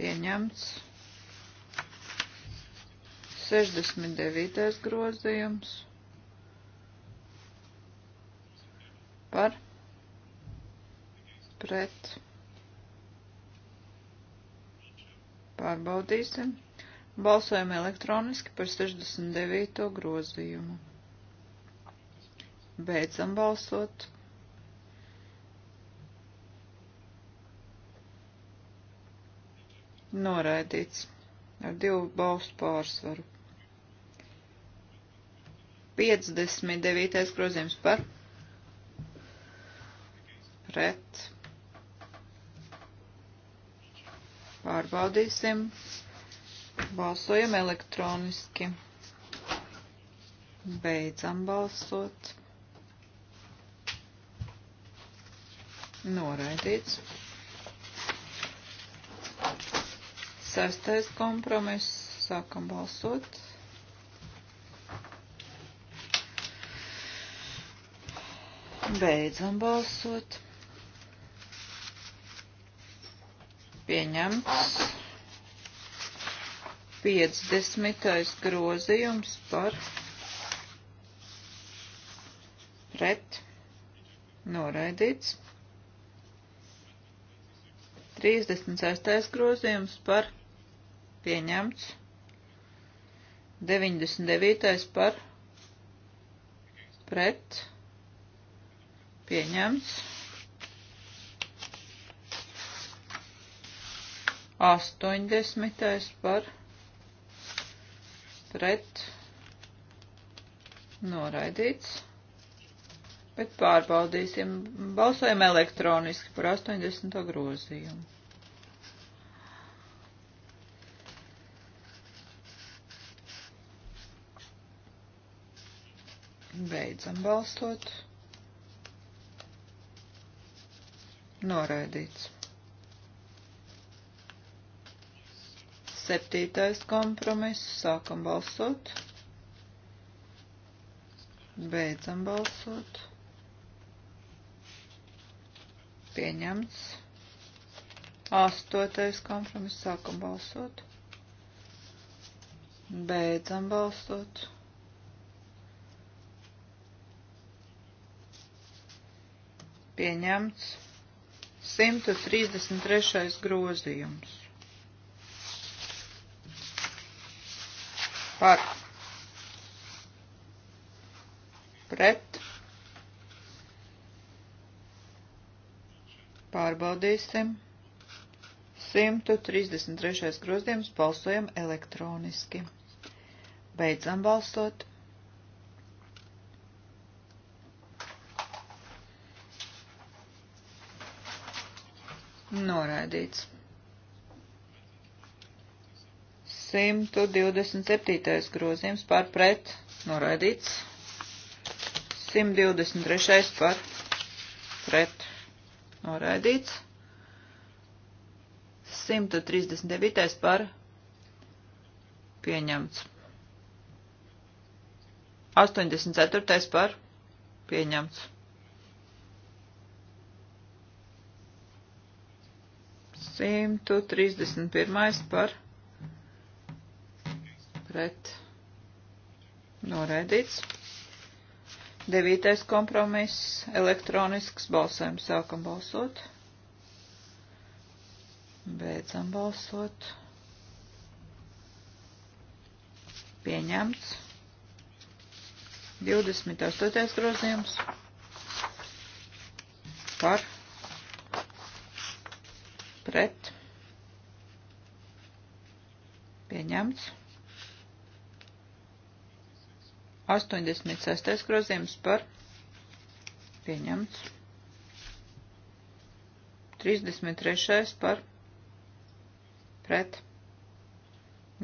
Pieņemts. 69. grozījums. par pret. Pārbaudīsim. Balsojam elektroniski par 69. grozījumu. Beidzam balsot. Noraidīts ar divu balstu pārsvaru. 59. grozījums par pret. Pārbaudīsim. Balsojam elektroniski. Beidzam balsot. Noraidīts. Sestais kompromiss. Sākam balsot. Beidzam balsot. pieņemts. 50. grozījums par pret noraidīts. 36. grozījums par pieņemts. 99. par pret pieņemts. 80. par pret noraidīts. Bet pārbaudīsim. Balsojam elektroniski par 80. grozījumu. Beidzam balsot. Noraidīts. Septītais kompromiss. Sākam balsot. Beidzam balsot. Pieņemts. Astotais kompromiss. Sākam balsot. Beidzam balsot. Pieņemts 133. grozījums. par pret pārbaudīsim 133. grozījums balsojam elektroniski. Beidzam balsot. Noraidīts. 127. grozījums par pret noraidīts. 123. par pret noraidīts. 139. par pieņemts. 84. par pieņemts. 131. par pieņemts pret noraidīts. Devītais kompromiss - elektronisks balsojums. Sākam balsot. Beidzam balsot. Pieņemts. 28. grozījums par pret pieņemts. 86. grozījums par pieņemts. 33. par pret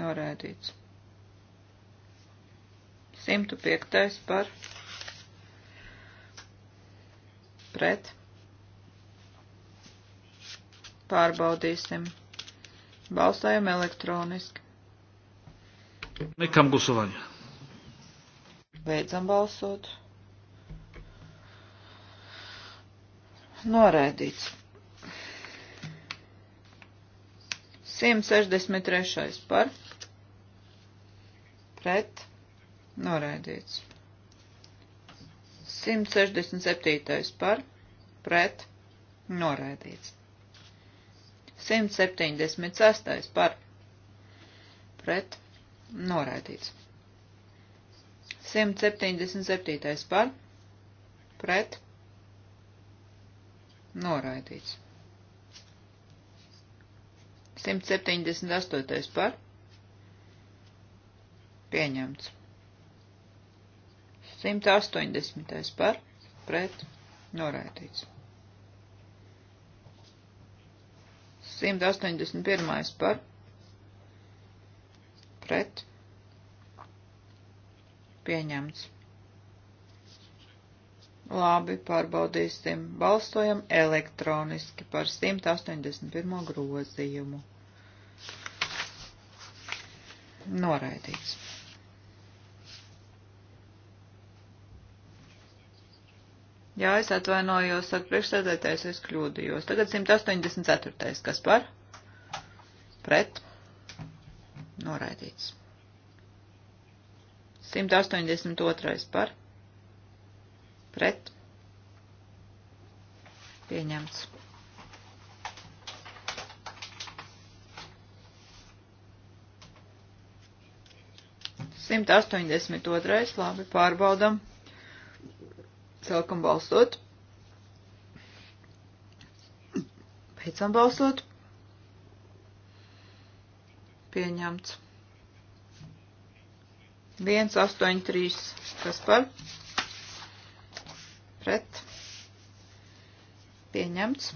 norēdīts. 105. par pret pārbaudīsim. Balsājam elektroniski. Nekam gusovanie. Beidzam balsot. Noraidīts. 163. par pret noraidīts. 167. par pret noraidīts. 176. par pret noraidīts. 177. par pret noraidīts. 178. par pieņemts. 180. par pret noraidīts. 181. par pret noraidīts pieņemts. Labi, pārbaudīsim. Balstojam elektroniski par 181. grozījumu. Noraidīts. Jā, es atvainojos, saka priekšsēdētājs, es kļūdījos. Tagad 184. kas par? Pret. Noraidīts. 182. par pret pieņemts. Simt astoņdesmit otrais, labi, pārbaudam, celkam balsot, beidzam balsot, pieņemts. 183, kas par pret pieņemts.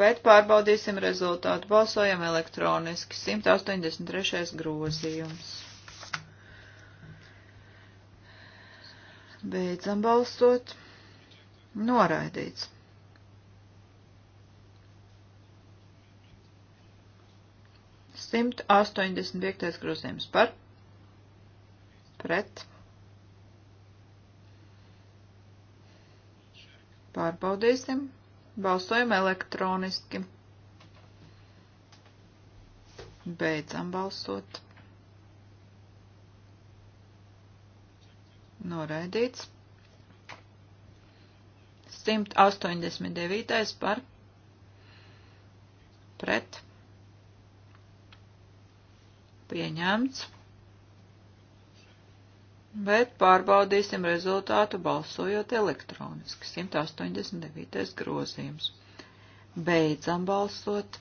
Bet pārbaudīsim rezultātu. Balsojam elektroniski. 183. grozījums. Beidzam balsot. Noraidīts. 185. grozījums par pret. Pārbaudīsim. Balsojam elektroniski. Beidzam balsot. Noraidīts. 189. par pret pieņemts, bet pārbaudīsim rezultātu balsojot elektroniski. 189. grozījums. Beidzam balsot.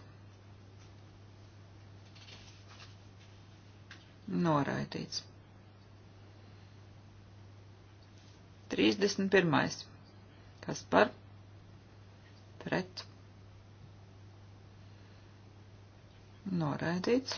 Noraidīts. 31. Kas par? Pret. Noraidīts.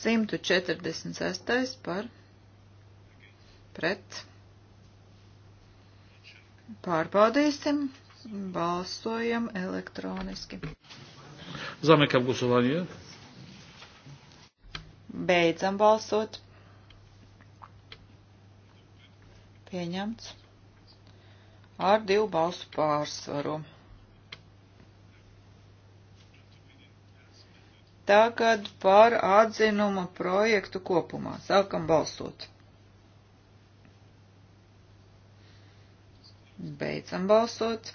146. par pret. Pārbaudīsim, balsojam elektroniski. Zamekam gusovanie. Beidzam balsot. Pieņemts. Ar divu balsu pārsvaru. Tagad par atzinuma projektu kopumā. Sākam balsot. Beidzam balsot.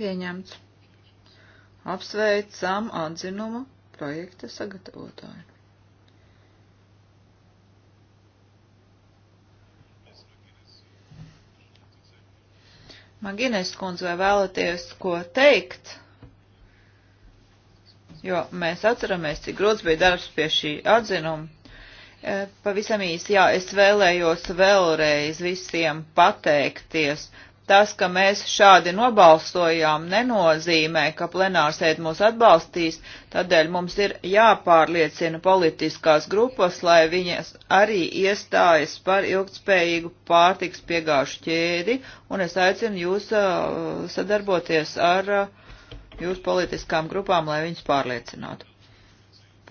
Pieņemts. Apsveicam atzinumu projekta sagatavotāju. Magines kundze, vai vēlaties ko teikt? Jo mēs atceramies, cik grūts bija darbs pie šī atzinuma. E, pavisam īsi, jā, es vēlējos vēlreiz visiem pateikties Tas, ka mēs šādi nobalsojām, nenozīmē, ka plenārsēd mūs atbalstīs, tādēļ mums ir jāpārliecina politiskās grupas, lai viņas arī iestājas par ilgtspējīgu pārtiks piegāšu ķēdi, un es aicinu jūs uh, sadarboties ar uh, jūsu politiskām grupām, lai viņas pārliecinātu.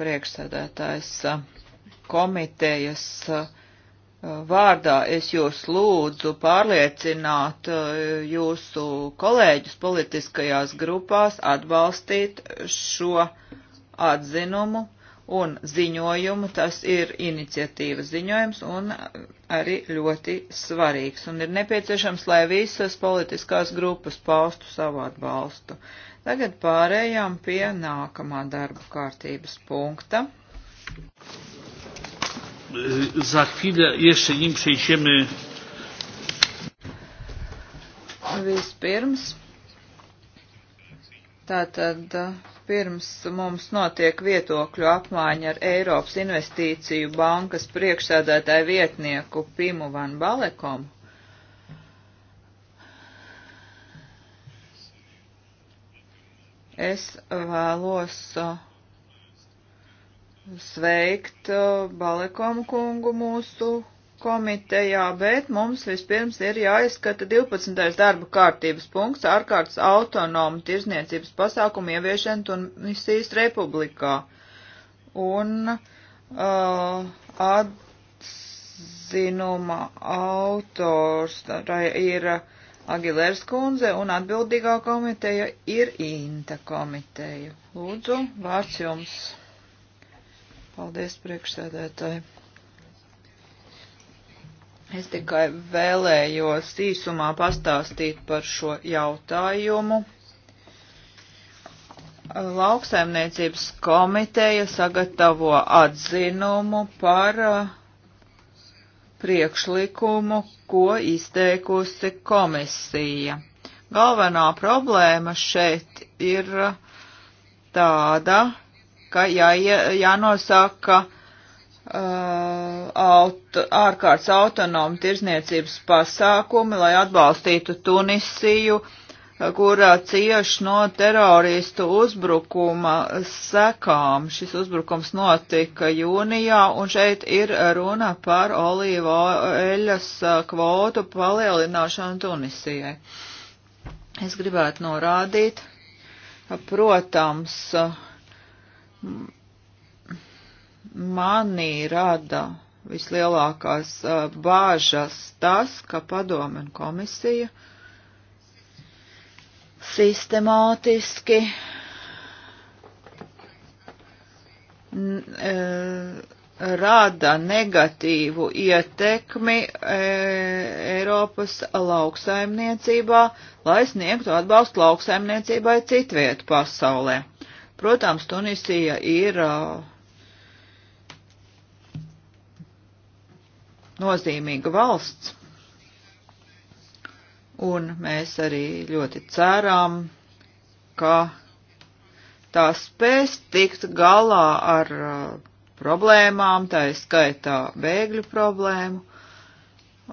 Priekšsēdētājs uh, komitejas. Uh, vārdā es jūs lūdzu pārliecināt uh, jūsu kolēģus politiskajās grupās atbalstīt šo atzinumu un ziņojumu. Tas ir iniciatīvas ziņojums un arī ļoti svarīgs. Un ir nepieciešams, lai visas politiskās grupas paustu savu atbalstu. Tagad pārējām pie nākamā darba kārtības punkta. Thank you za chwilę, jeszcze nim przejdziemy. Vispirms, tātad pirms mums notiek vietokļu apmaiņa ar Eiropas investīciju bankas priekšsēdētāju vietnieku Pimu Van Balekomu, es vēlos uh, sveikt uh, Balekomu kungu mūsu komitejā, bet mums vispirms ir jāizskata 12. darba kārtības punkts ārkārtas autonoma tirzniecības pasākumu ieviešana Tunisijas republikā. Un uh, atzinuma autors ir Agilērs kundze un atbildīgā komiteja ir Inta komiteja. Lūdzu, vārds jums. Paldies, priekšsēdētāji. Es tikai vēlējos īsumā pastāstīt par šo jautājumu. Lauksaimniecības komiteja sagatavo atzinumu par uh, priekšlikumu, ko izteikusi komisija. Galvenā problēma šeit ir uh, tāda, ka jā, jānosaka uh, aut, ārkārtas autonoma tirzniecības pasākumi, lai atbalstītu Tunisiju, kurā cieš no teroristu uzbrukuma sekām. Šis uzbrukums notika jūnijā, un šeit ir runa par olīvo eļas kvotu palielināšanu Tunisijai. Es gribētu norādīt, protams, uh, manī rada vislielākās uh, bāžas tas, ka padome un komisija sistemātiski uh, rada negatīvu ietekmi e, Eiropas lauksaimniecībā, lai sniegtu atbalstu lauksaimniecībai citvietu pasaulē. Protams, Tunisija ir uh, nozīmīga valsts, un mēs arī ļoti ceram, ka tā spēs tikt galā ar uh, problēmām, tā ir skaitā bēgļu problēmu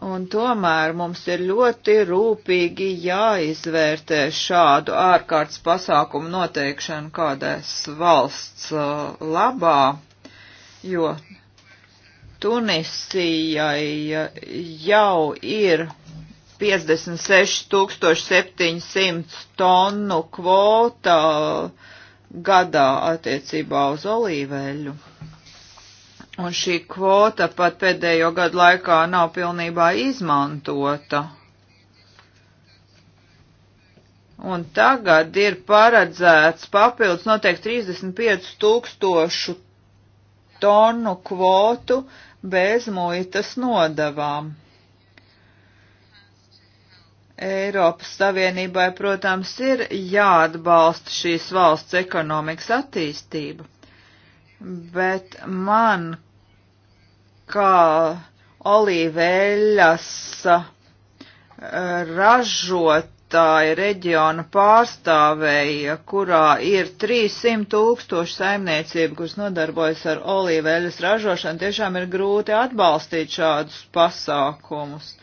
Un tomēr mums ir ļoti rūpīgi jāizvērtē šādu ārkārtas pasākumu noteikšanu kādais valsts uh, labā, jo Tunisijai uh, jau ir 56700 tonu kvota gadā attiecībā uz olīveļu. Un šī kvota pat pēdējo gadu laikā nav pilnībā izmantota. Un tagad ir paredzēts papildus noteikti 35 tūkstošu tonu kvotu bez muitas nodavām. Eiropas Savienībai, protams, ir jāatbalsta šīs valsts ekonomikas attīstība bet man kā olīveļas eh, ražotāja reģiona pārstāvēja, kurā ir 300 tūkstoši saimniecību, kas nodarbojas ar olīveļas ražošanu, tiešām ir grūti atbalstīt šādus pasākumus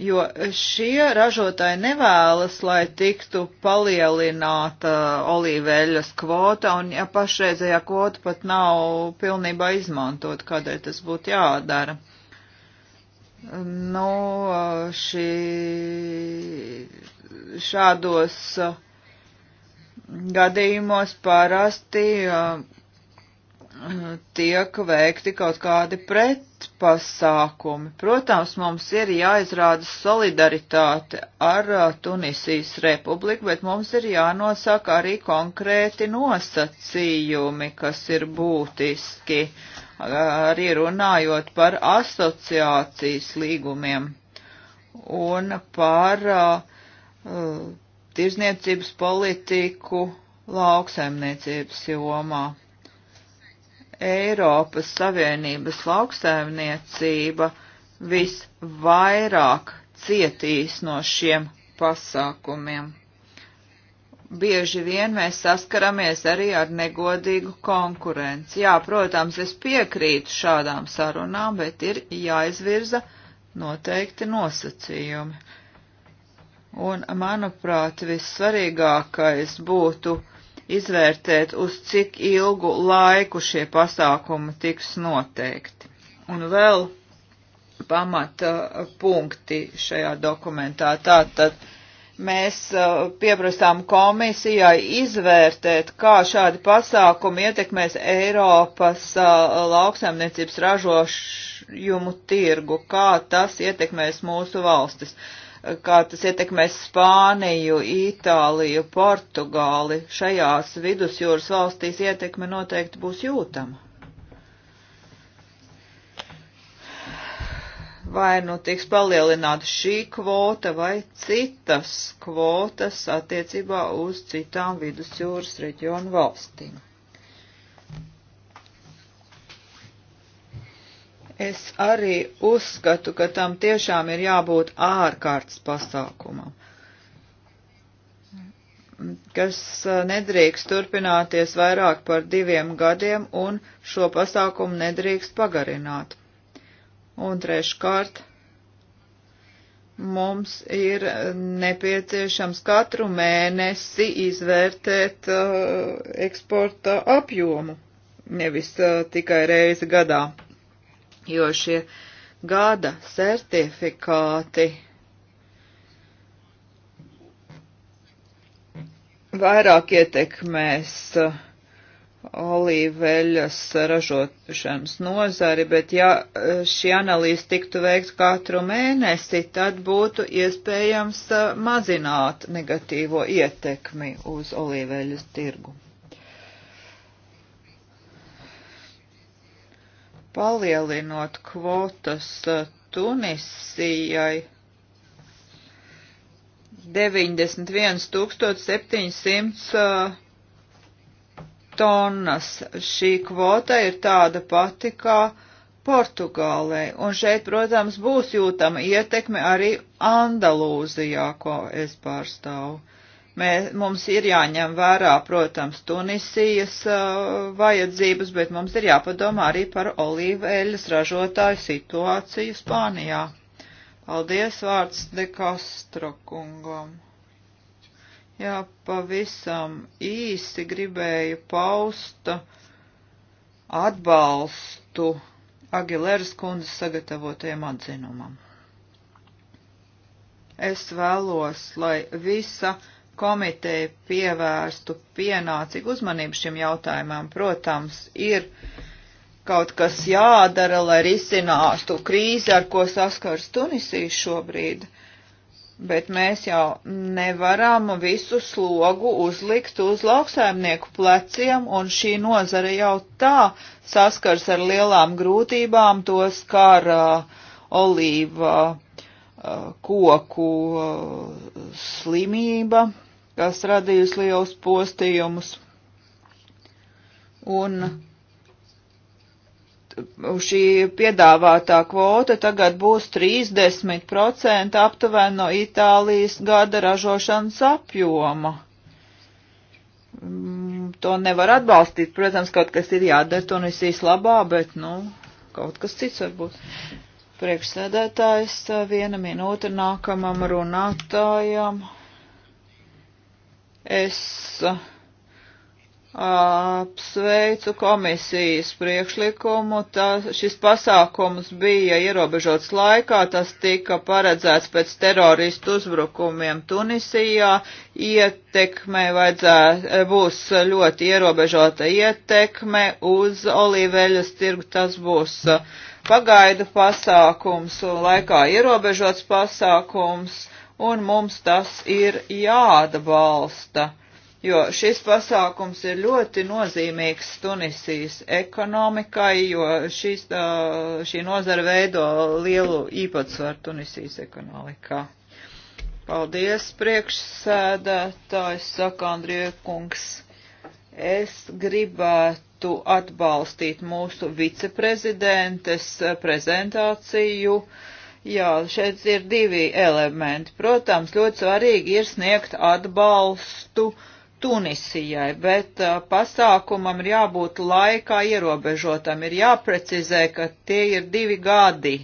jo šie ražotāji nevēlas, lai tiktu palielināta olīveļas kvota, un ja pašreizējā kvota pat nav pilnībā izmantot, kādēļ tas būtu jādara. Nu, šī, šādos uh, gadījumos parasti uh, tiek veikti kaut kādi pret atpasākumi. Protams, mums ir jāizrāda solidaritāte ar uh, Tunisijas republiku, bet mums ir jānosaka arī konkrēti nosacījumi, kas ir būtiski, uh, arī runājot par asociācijas līgumiem un par uh, uh tirzniecības politiku lauksaimniecības jomā. Eiropas Savienības lauksaimniecība visvairāk cietīs no šiem pasākumiem. Bieži vien mēs saskaramies arī ar negodīgu konkurenci. Jā, protams, es piekrītu šādām sarunām, bet ir jāizvirza noteikti nosacījumi. Un, manuprāt, vissvarīgākais būtu uh, izvērtēt, uz cik ilgu laiku šie pasākumi tiks noteikti. Un vēl pamata uh, punkti šajā dokumentā. Tātad mēs uh, pieprasām komisijai izvērtēt, kā šādi pasākumi ietekmēs Eiropas uh, lauksaimniecības ražošanu tirgu, kā tas ietekmēs mūsu valstis. Uh, kā tas ietekmēs Spāniju, Itāliju, Portugāli. Šajās vidusjūras valstīs ietekme noteikti būs jūtama. Vai nu tiks palielināta šī kvota vai citas kvotas attiecībā uz citām vidusjūras reģionu valstīm. Es arī uzskatu, ka tam tiešām ir jābūt ārkārtas pasākumam, kas eh, nedrīkst turpināties vairāk par diviem gadiem un šo pasākumu nedrīkst pagarināt. Un treškārt, mums ir eh, nepieciešams katru mēnesi izvērtēt uh, eksporta apjomu, nevis uh, tikai reizi gadā jo šie gada certifikāti vairāk ietekmēs uh, olīveļas ražošanas nozari, bet ja uh, šī analīze tiktu veikta katru mēnesi, tad būtu iespējams uh, mazināt negatīvo ietekmi uz olīveļas tirgu. palielinot kvotas eh, Tunisijai 91700 eh, tonnas. Šī kvota ir tāda pati kā Portugālei, un šeit, protams, būs jūtama ietekme arī Andalūzijā, ko es pārstāvu. Mē, mums ir jāņem vērā, protams, Tunisijas uh, vajadzības, bet mums ir jāpadomā arī par olīveļas ražotāju situāciju Spānijā. Paldies vārds De Castro kungam. Jā, pavisam īsi gribēju paust atbalstu Agileras kundzes sagatavotajam atzinumam. Es vēlos, lai visa komiteja pievērstu pienācīgu uzmanību šim jautājumam. Protams, ir kaut kas jādara, lai risinātu krīzi, ar ko saskars Tunisijas šobrīd bet mēs jau nevaram visu slogu uzlikt uz lauksaimnieku pleciem, un šī nozare jau tā saskars ar lielām grūtībām, to skar uh, olīva uh, koku uh, slimība kas radījusi liels postījumus. Un šī piedāvātā kvota tagad būs 30% aptuveni no Itālijas gada ražošanas apjoma. Mm, to nevar atbalstīt. Protams, kaut kas ir jādara Tunisijas labā, bet, nu, kaut kas cits varbūt. Priekšsēdētājs viena minūte nākamam runātājam. Es uh, apsveicu komisijas priekšlikumu. Tā, šis pasākums bija ierobežots laikā, tas tika paredzēts pēc teroristu uzbrukumiem Tunisijā. Ietekme vajadzē, būs ļoti ierobežota ietekme uz olīveļas tirgu. Tas būs uh, pagaidu pasākums un laikā ierobežots pasākums un mums tas ir jāatbalsta, jo šis pasākums ir ļoti nozīmīgs Tunisijas ekonomikai, jo šis, šī nozara veido lielu īpatsvaru Tunisijas ekonomikā. Paldies, priekšsēdētājs Sakandriekungs. Es gribētu atbalstīt mūsu viceprezidentes prezentāciju. Uh, Jā, šeit ir divi elementi. Protams, ļoti svarīgi ir sniegt atbalstu Tunisijai, bet uh, pasākumam ir jābūt laikā ierobežotam, ir jāprecizē, ka tie ir divi gadi.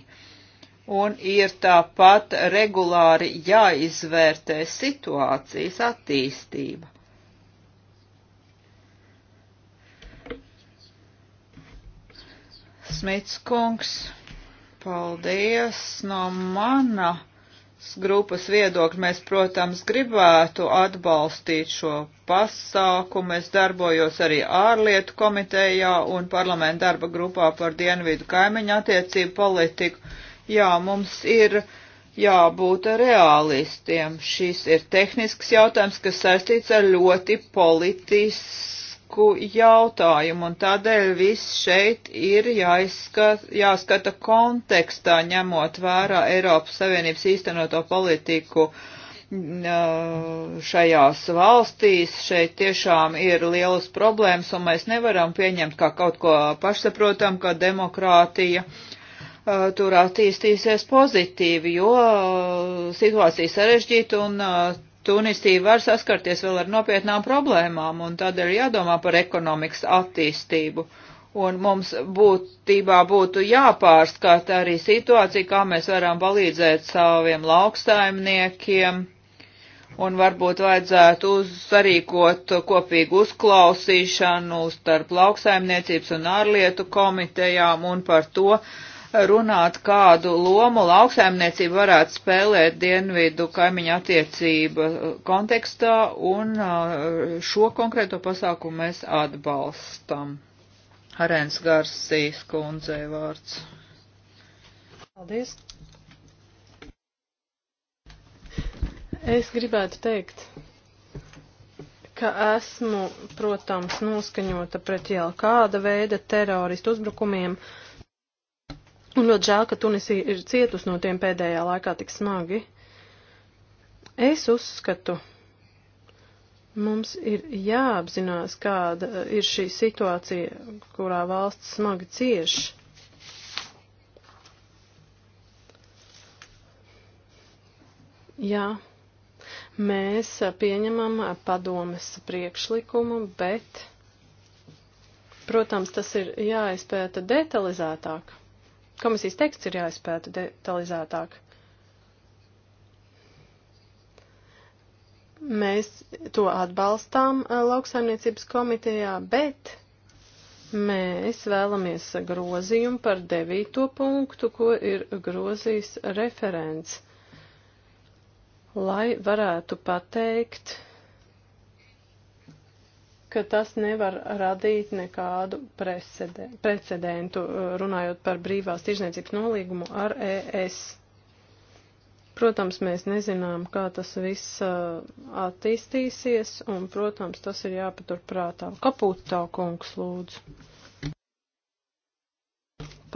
Un ir tāpat regulāri jāizvērtē situācijas attīstība. Smits kungs. Paldies no mana grupas viedokļa mēs, protams, gribētu atbalstīt šo pasākumu. Es darbojos arī ārlietu komitejā un parlamenta darba grupā par dienvidu kaimiņu attiecību politiku. Jā, mums ir jābūt realistiem. Šis ir tehnisks jautājums, kas saistīts ar ļoti politisku cilvēku jautājumu, un tādēļ viss šeit ir jāizskata, jāskata kontekstā, ņemot vērā Eiropas Savienības īstenoto politiku šajās valstīs. Šeit tiešām ir lielas problēmas, un mēs nevaram pieņemt kā kaut ko pašsaprotam, ka demokrātija tur attīstīsies pozitīvi, jo situācija sarežģīta un Tunisija var saskarties vēl ar nopietnām problēmām, un tādēļ jādomā par ekonomikas attīstību. Un mums būtībā būtu jāpārskata arī situācija, kā mēs varam palīdzēt saviem lauksaimniekiem, un varbūt vajadzētu sarīkot kopīgu uzklausīšanu starp lauksaimniecības un ārlietu komitejām un par to, uh, runāt, kādu lomu lauksaimniecība varētu spēlēt dienvidu kaimiņu attiecība uh, kontekstā, un uh, šo konkrēto pasākumu mēs atbalstam. Harēns Garsīs kundzei vārds. Paldies. Es gribētu teikt, ka esmu, protams, noskaņota pret jau kāda veida teroristu uzbrukumiem. Uh, Un ļoti žēl, ka Tunisija ir cietus no tiem pēdējā laikā tik smagi. Es uzskatu, mums ir jāapzinās, kāda ir šī situācija, kurā valsts smagi cieš. Jā, mēs pieņemam padomes priekšlikumu, bet, protams, tas ir jāizpēta detalizētāk. Komisijas teksts ir jāizpēta detalizētāk. Mēs to atbalstām eh, lauksaimniecības komitejā, bet mēs vēlamies grozījumu par devīto punktu, ko ir grozījis referents, lai varētu pateikt, ka tas nevar radīt nekādu precedentu, runājot par brīvās tirzniecības nolīgumu ar ES. Protams, mēs nezinām, kā tas viss attīstīsies, un, protams, tas ir jāpatur prātā. Kapūtā kungs lūdzu.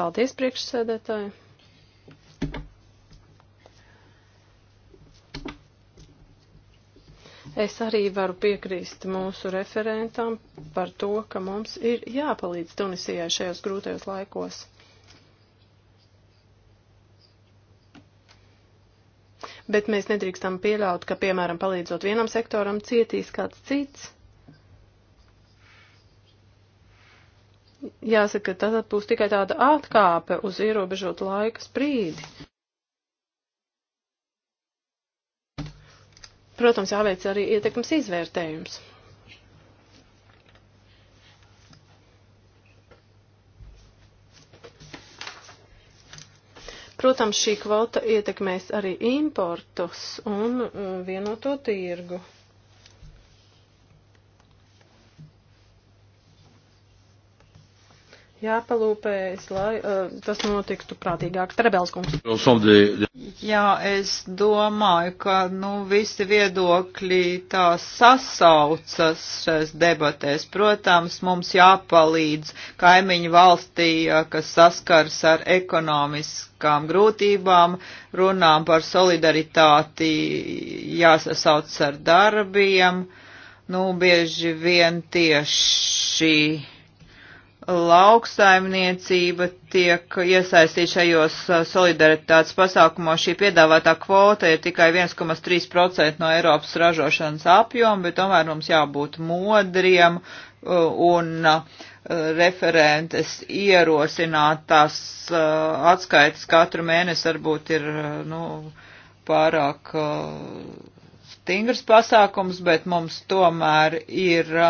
Paldies priekšsēdētāji! Es arī varu piekrīst mūsu referentam par to, ka mums ir jāpalīdz Tunisijai šajos grūtajos laikos. Bet mēs nedrīkstam pieļaut, ka, piemēram, palīdzot vienam sektoram, cietīs kāds cits. Jāsaka, tad būs tikai tāda atkāpe uz ierobežotu laika sprīdi. Protams, jāveic arī ietekmes izvērtējums. Protams, šī kvota ietekmēs arī importus un mm, vienoto tirgu. jāpalūpējas, lai uh, tas notiktu prātīgāk. Trebels kungs. Jā, es domāju, ka nu, visi viedokļi tā sasaucas šajās debatēs. Protams, mums jāpalīdz kaimiņu valstī, eh, kas saskars ar ekonomiskām grūtībām, runām par solidaritāti jāsasauc ar darbiem. Nu, bieži vien tieši lauksaimniecība tiek iesaistīta šajos solidaritātes pasākumos. Šī piedāvātā kvota ir tikai 1,3% no Eiropas ražošanas apjoma, bet tomēr mums jābūt modriem un referentes ierosinātās atskaitas katru mēnesi varbūt ir nu, pārāk stingrs pasākums, bet mums tomēr ir uh,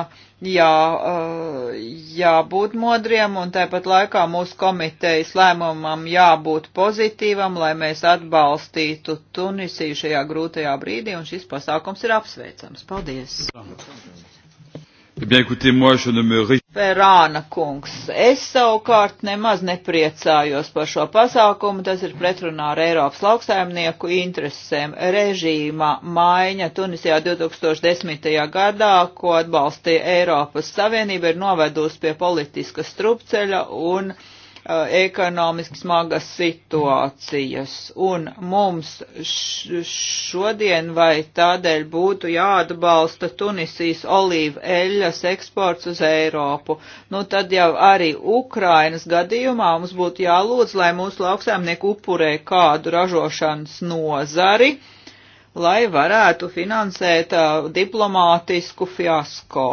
jā, uh, jābūt modriem un tāpat laikā mūsu komitejas lēmumam jābūt pozitīvam, lai mēs atbalstītu Tunisiju šajā grūtajā brīdī, un šis pasākums ir apsveicams. Paldies! Eh bien, écoutez, moi, je ne me Ferāna kungs, es savukārt nemaz nepriecājos par šo pasākumu, tas ir pretrunā ar Eiropas lauksaimnieku interesēm. Režīma maiņa Tunisijā 2010. gadā, ko atbalstīja Eiropas Savienība, ir novedusi pie politiska strupceļa un uh, Uh, ekonomiski smagas situācijas, un mums šodien vai tādēļ būtu jāatbalsta Tunisijas olīvu eļas eksports uz Eiropu. Nu tad jau arī Ukrainas gadījumā mums būtu jālūdz, lai mūsu lauksēmnieku upurē kādu ražošanas nozari, lai varētu finansēt uh, diplomātisku fiasko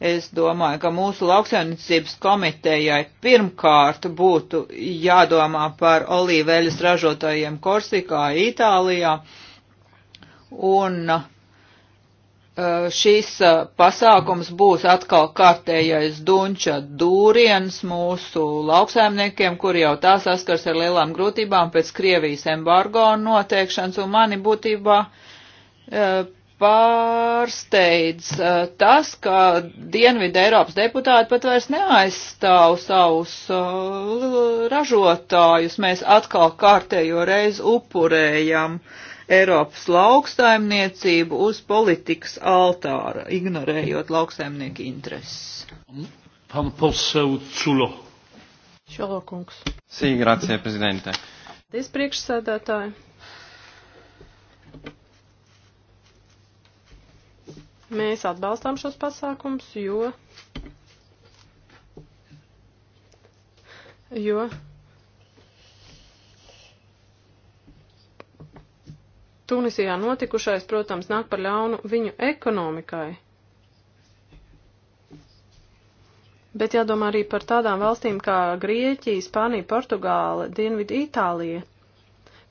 Es domāju, ka mūsu lauksainicības komitejai pirmkārt būtu jādomā par olīveļas ražotājiem Korsikā, Itālijā. Un eh, šis eh, pasākums būs atkal kārtējais dunča dūriens mūsu lauksaimniekiem, kur jau tā saskars ar lielām grūtībām pēc Krievijas embargo noteikšanas, un mani būtībā eh, pārsteidz eh, tas, ka Dienvidu Eiropas deputāti pat vairs neaizstāv savus eh, ražotājus. Mēs atkal kārtējo reizi upurējam Eiropas lauksaimniecību uz politikas altāra, ignorējot lauksaimnieku intereses. Pan poseu Culo. Šalokungs. Sī, grazie, prezidente. Paldies, priekšsēdētāji. Mēs atbalstām šos pasākums, jo, jo Tunisijā notikušais, protams, nāk par ļaunu viņu ekonomikai. Bet jādomā arī par tādām valstīm kā Grieķija, Spānija, Portugāla, Dienvidu Itālija.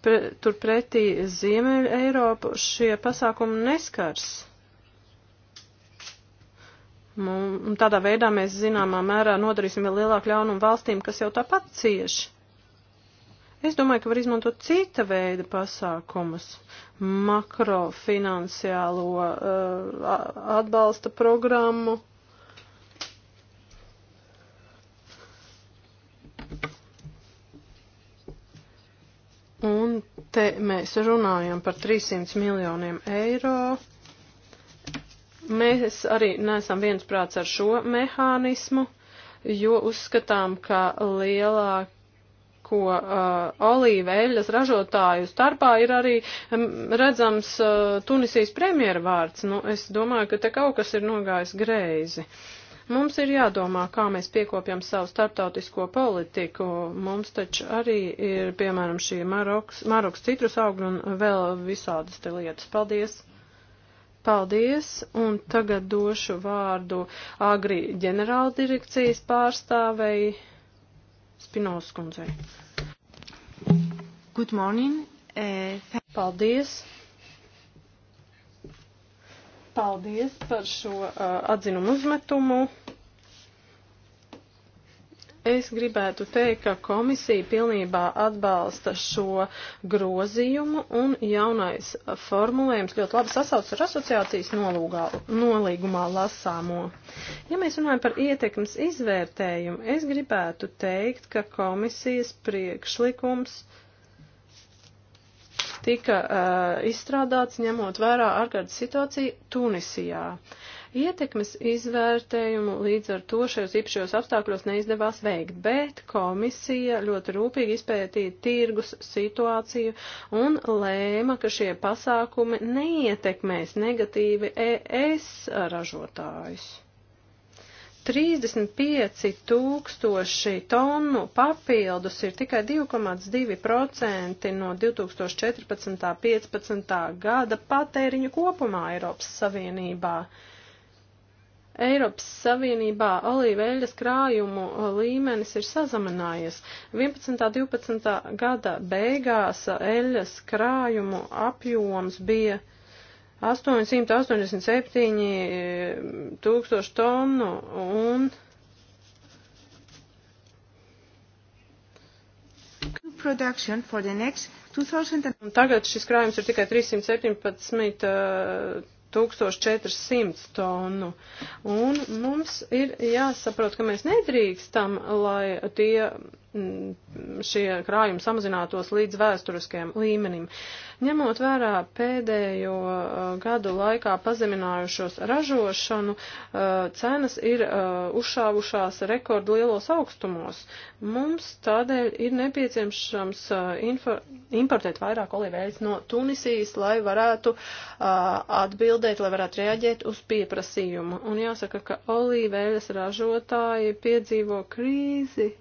Pre, turpretī Ziemeļa Eiropu šie pasākumi neskars. Nu, un tādā veidā mēs zināmā mērā nodarīsim vēl lielāku ļaunumu valstīm, kas jau tāpat cieši. Es domāju, ka var izmantot cita veida pasākumus, makrofinansiālo uh, atbalsta programmu. Un te mēs runājam par 300 miljoniem eiro. Mēs arī nesam viensprāts ar šo mehānismu, jo uzskatām, ka lielāk ko uh, olīveļas ražotāju starpā ir arī um, redzams uh, Tunisijas premjera vārds. Nu, es domāju, ka te kaut kas ir nogājis greizi. Mums ir jādomā, kā mēs piekopjam savu starptautisko politiku. Mums taču arī ir, piemēram, šī Maroks, Maroks citrus augļu un vēl visādas te lietas. Paldies! Paldies, un tagad došu vārdu Agri ģenerāldirekcijas pārstāvei Spinos kundzei. Good morning. Eh, Paldies. Paldies par šo uh, atzinumu uzmetumu Es gribētu teikt, ka komisija pilnībā atbalsta šo grozījumu un jaunais formulējums ļoti labi sasauc ar asociācijas nolūgā, nolīgumā lasāmo. Ja mēs runājam par ietekmes izvērtējumu, es gribētu teikt, ka komisijas priekšlikums tika uh, izstrādāts ņemot vērā ārkārtas situāciju Tunisijā. Uh, Ietekmes izvērtējumu līdz ar to šajos īpašajos apstākļos neizdevās veikt, bet komisija ļoti rūpīgi izpētīja tirgus situāciju un lēma, ka šie pasākumi neietekmēs negatīvi ES ražotājus. 35 tūkstoši tonu papildus ir tikai 2,2% no 2014. 15. gada patēriņa kopumā Eiropas Savienībā. Uh, Eiropas Savienībā olīveļas krājumu uh, līmenis ir sazaminājies. 11. 12. gada beigās uh, eļas krājumu apjoms bija 887 uh, tūkstoši tonu un. Production for the next 2000. Tagad šis krājums ir tikai 317 uh, 1400 tonu. Un mums ir jāsaprot, ka mēs nedrīkstam, lai tie Mm, šie krājumi samazinātos līdz vēsturiskajam līmenim. Ņemot vērā pēdējo uh, gadu laikā pazeminājušos ražošanu, uh, cenas ir uh, uzšāvušās rekordu lielos augstumos. Mums tādēļ ir nepieciešams importēt vairāk olīveļas no Tunisijas, lai varētu atbildēt, lai varētu reaģēt uz pieprasījumu. Un jāsaka, ka olīveļas ražotāji piedzīvo krīzi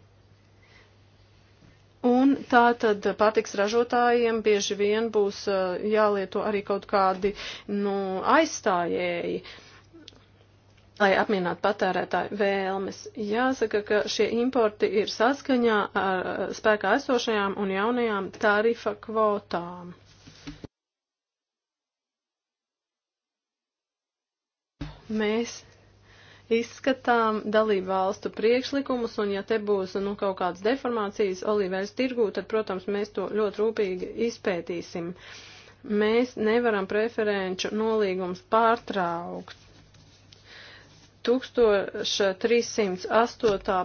Un tā tad patiks ražotājiem bieži vien būs jālieto arī kaut kādi nu, aizstājēji, lai apmierinātu patērētāju vēlmes. Jāsaka, ka šie importi ir saskaņā ar spēkā esošajām un jaunajām tarifa kvotām. Mēs izskatām dalību valstu priekšlikumus, un ja te būs nu, kaut kādas deformācijas olīvēs tirgū, tad, protams, mēs to ļoti rūpīgi izpētīsim. Mēs nevaram preferenču nolīgums pārtraukt. 1308.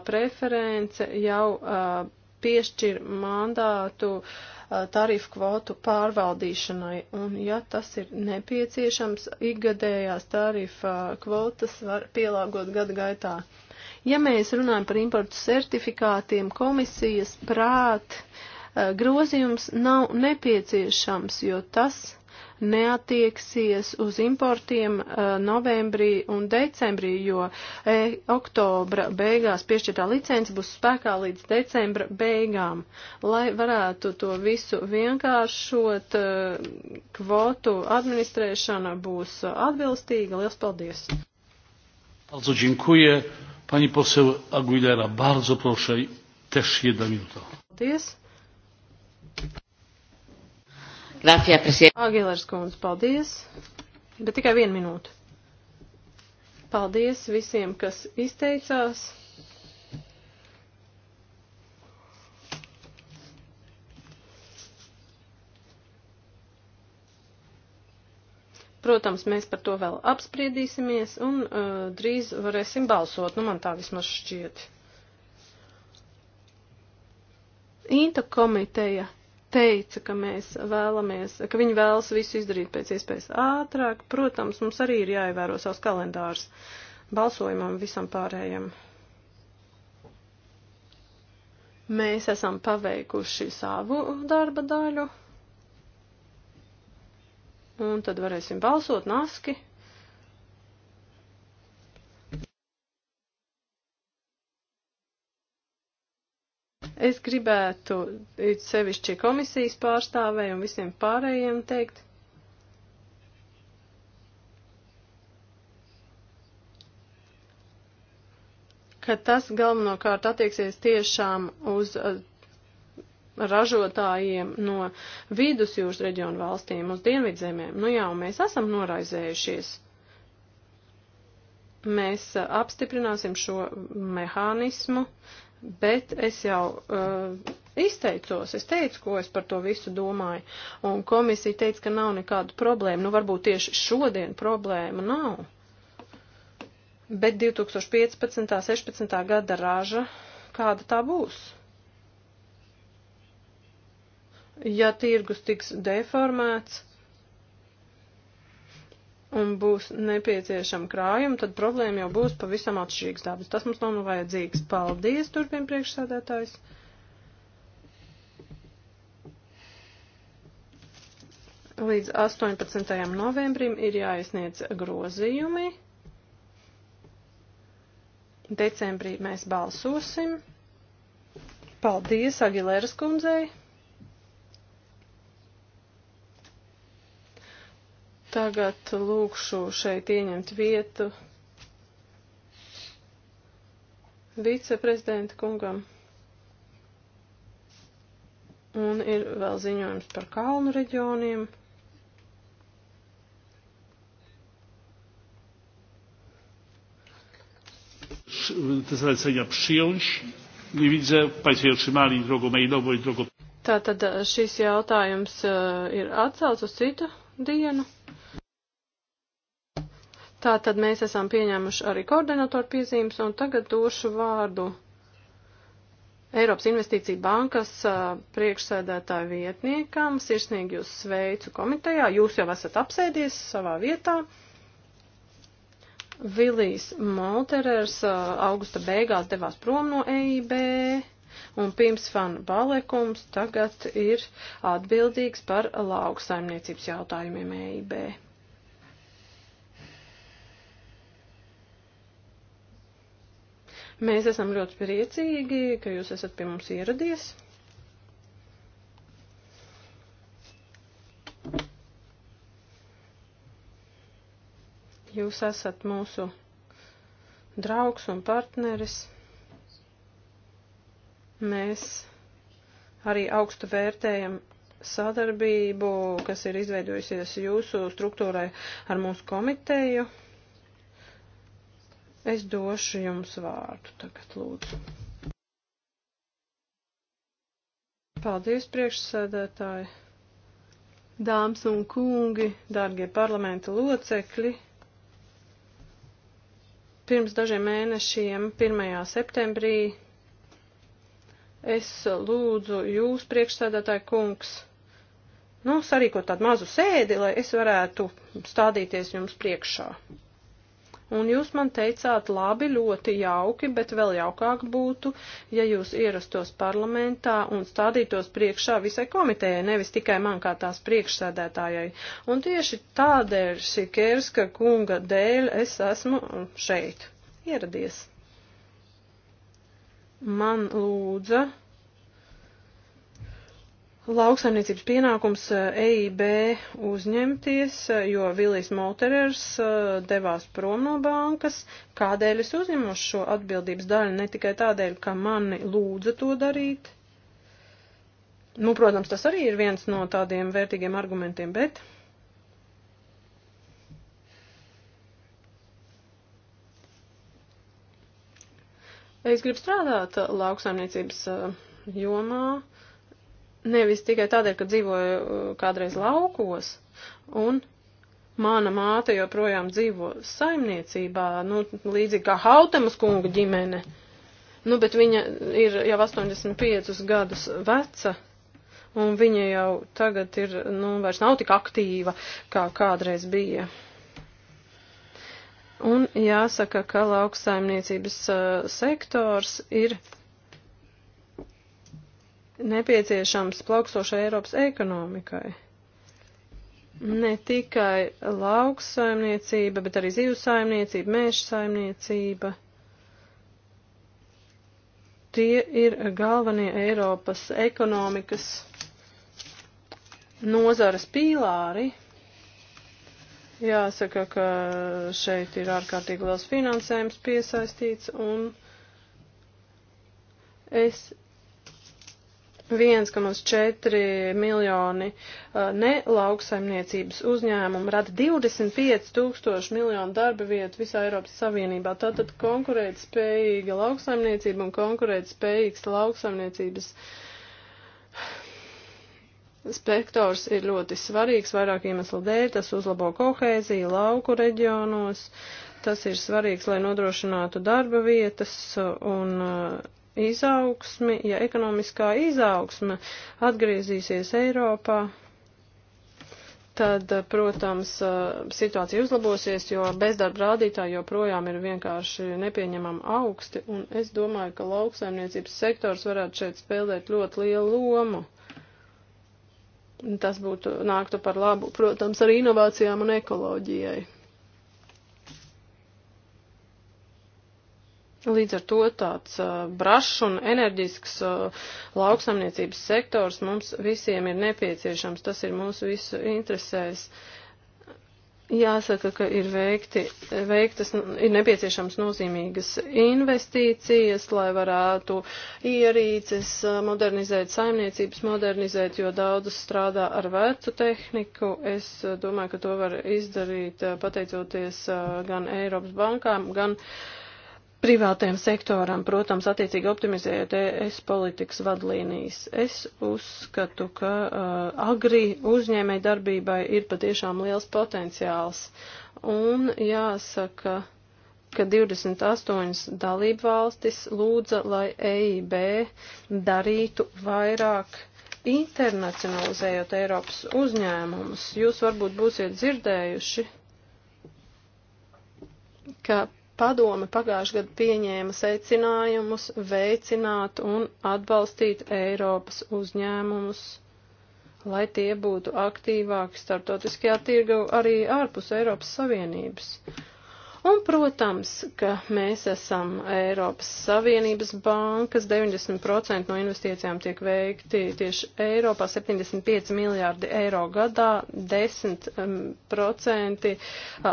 preference jau uh, piešķir mandātu uh, Uh, tarifu kvotu pārvaldīšanai, un ja tas ir nepieciešams, ikgadējās tarifa kvotas var pielāgot gada gaitā. Ja mēs runājam par importu certifikātiem, komisijas prāt uh, grozījums nav nepieciešams, jo tas neatieksies uz importiem uh, novembrī un decembrī, jo e, oktobra beigās piešķirtā licence būs spēkā līdz decembra beigām. Lai varētu to visu vienkāršot, e, kvotu administrēšana būs atbilstīga. Lielas paldies! Bardzo dziękuję. Pani poseł Aguilera, bardzo proszę, też jedna minuta. Paldies. Grāfijā, presiet. Agilers kundze, paldies, bet tikai vienu minūtu. Paldies visiem, kas izteicās. Protams, mēs par to vēl apspriedīsimies un uh, drīz varēsim balsot. Nu, man tā vismaz šķiet. Inta komiteja teica, ka mēs vēlamies, ka viņi vēlas visu izdarīt pēc iespējas ātrāk. Protams, mums arī ir jāievēro savs kalendārs balsojumam visam pārējiem. Mēs esam paveikuši savu darba daļu, un tad varēsim balsot naski. Es gribētu it sevišķi komisijas pārstāvē un visiem pārējiem teikt, ka tas galvenokārt attieksies tiešām uz uh, ražotājiem no vidusjūras reģionu valstīm uz dienvidzemēm. Nu jau mēs esam noraizējušies. Mēs uh, apstiprināsim šo mehānismu, bet es jau uh, izteicos, es teicu, ko es par to visu domāju, un komisija teica, ka nav nekādu problēmu, nu varbūt tieši šodien problēma nav, bet 2015. 16. gada raža, kāda tā būs? Ja tirgus tiks deformēts, un būs nepieciešama krājuma, tad problēma jau būs pavisam atšķirīgs dabas. Tas mums nav nu vajadzīgs. Paldies, turpin priekšsēdētājs. Līdz 18. novembrim ir jāiesniedz grozījumi. Decembrī mēs balsosim. Paldies Agilēras kundzei! Tagad lūkšu šeit ieņemt vietu viceprezidenta kungam. Un ir vēl ziņojums par kalnu reģioniem. te zalecenia przyjąć. Nie widzę, Państwo je otrzymali drogą mailową i drogą. Tātad e, šis jautājums e, ir atcelts uz citu dienu. Tā tad mēs esam pieņēmuši arī koordinatoru piezīmes, un tagad došu vārdu Eiropas Investīcija bankas priekšsēdētāju vietniekam. Sirsnīgi jūs sveicu komitejā. Jūs jau esat apsēdies savā vietā. Vilijs Molterers augusta beigās devās prom no EIB un Pims Fan Balekums tagad ir atbildīgs par lauksaimniecības jautājumiem EIB. Mēs esam ļoti priecīgi, ka jūs esat pie mums ieradies. Jūs esat mūsu draugs un partneris. Mēs arī augstu vērtējam sadarbību, kas ir izveidojusies jūsu struktūrai ar mūsu komiteju. Es došu jums vārdu tagad, lūdzu. Paldies, priekšsēdētāji, dāmas un kungi, dārgie parlamenta locekļi. Pirms dažiem mēnešiem, 1. septembrī, es lūdzu jūs, priekšsēdētāji kungs, nu, sarīkot tādu mazu sēdi, lai es varētu stādīties jums priekšā. Un jūs man teicāt, labi, ļoti jauki, bet vēl jaukāk būtu, ja jūs ierastos parlamentā un stādītos priekšā visai komitejai, nevis tikai man kā tās priekšsēdētājai. Un tieši tādēļ šī Kerska kunga dēļ es esmu šeit ieradies. Man lūdza lauksaimniecības pienākums EIB eh, e uzņemties, eh, jo Vilijs Molterers eh, devās prom no bankas. Kādēļ es uzņemos šo atbildības daļu? Ne tikai tādēļ, ka mani lūdza to darīt. Nu, protams, tas arī ir viens no tādiem vērtīgiem argumentiem, bet. Es gribu strādāt lauksaimniecības jomā Nevis tikai tādēļ, ka dzīvoju uh, kādreiz laukos, un mana māte joprojām dzīvo saimniecībā, nu, līdzīgi kā Hautemas kunga ģimene. Nu, bet viņa ir jau 85 gadus veca, un viņa jau tagad ir, nu, vairs nav tik aktīva, kā kādreiz bija. Un jāsaka, ka lauksaimniecības uh, sektors ir nepieciešams plaukstošai Eiropas ekonomikai. Ne tikai lauksaimniecība, bet arī zīves saimniecība, mēža saimniecība. Tie ir galvenie Eiropas ekonomikas nozares pīlāri. Jāsaka, ka šeit ir ārkārtīgi liels finansējums piesaistīts un es 1,4 miljoni uh, ne lauksaimniecības uzņēmumu rada 25 tūkstoši miljonu darba vietu visā Eiropas Savienībā. Tātad konkurēt spējīga lauksaimniecība un konkurēt spējīgs lauksaimniecības spektors ir ļoti svarīgs vairāk iemeslu dēļ. Tas uzlabo kohēziju lauku reģionos. Tas ir svarīgs, lai nodrošinātu darba vietas un uh, izaugsmi, ja ekonomiskā izaugsme atgriezīsies Eiropā, tad, protams, situācija uzlabosies, jo bezdarba rādītāji joprojām ir vienkārši nepieņemami augsti, un es domāju, ka lauksaimniecības sektors varētu šeit spēlēt ļoti lielu lomu. Tas būtu nāktu par labu, protams, arī inovācijām un ekoloģijai. Līdz ar to tāds uh, brašs un enerģisks uh, lauksamniecības sektors mums visiem ir nepieciešams. Tas ir mūsu visu interesēs. Jāsaka, ka ir, veikti, veiktas, ir nepieciešams nozīmīgas investīcijas, lai varētu ierīces uh, modernizēt, saimniecības modernizēt, jo daudzas strādā ar vecu tehniku. Es uh, domāju, ka to var izdarīt uh, pateicoties gan Eiropas bankām, gan uh, privātajam sektoram, protams, attiecīgi optimizējot ES politikas vadlīnijas. Es uzskatu, ka uh, agri uzņēmē darbībai ir patiešām liels potenciāls. Un jāsaka, ka 28 dalību valstis lūdza, lai EIB darītu vairāk internacionalizējot Eiropas uzņēmumus. Jūs varbūt būsiet dzirdējuši, ka Padome pagājušajā gadā pieņēma secinājumus veicināt un atbalstīt Eiropas uzņēmumus, lai tie būtu aktīvāki starptautiskajā tirgu arī ārpus Eiropas Savienības. Un, protams, ka mēs esam Eiropas Savienības bankas, 90% no investīcijām tiek veikti tieši Eiropā, 75 miljārdi eiro gadā, 10%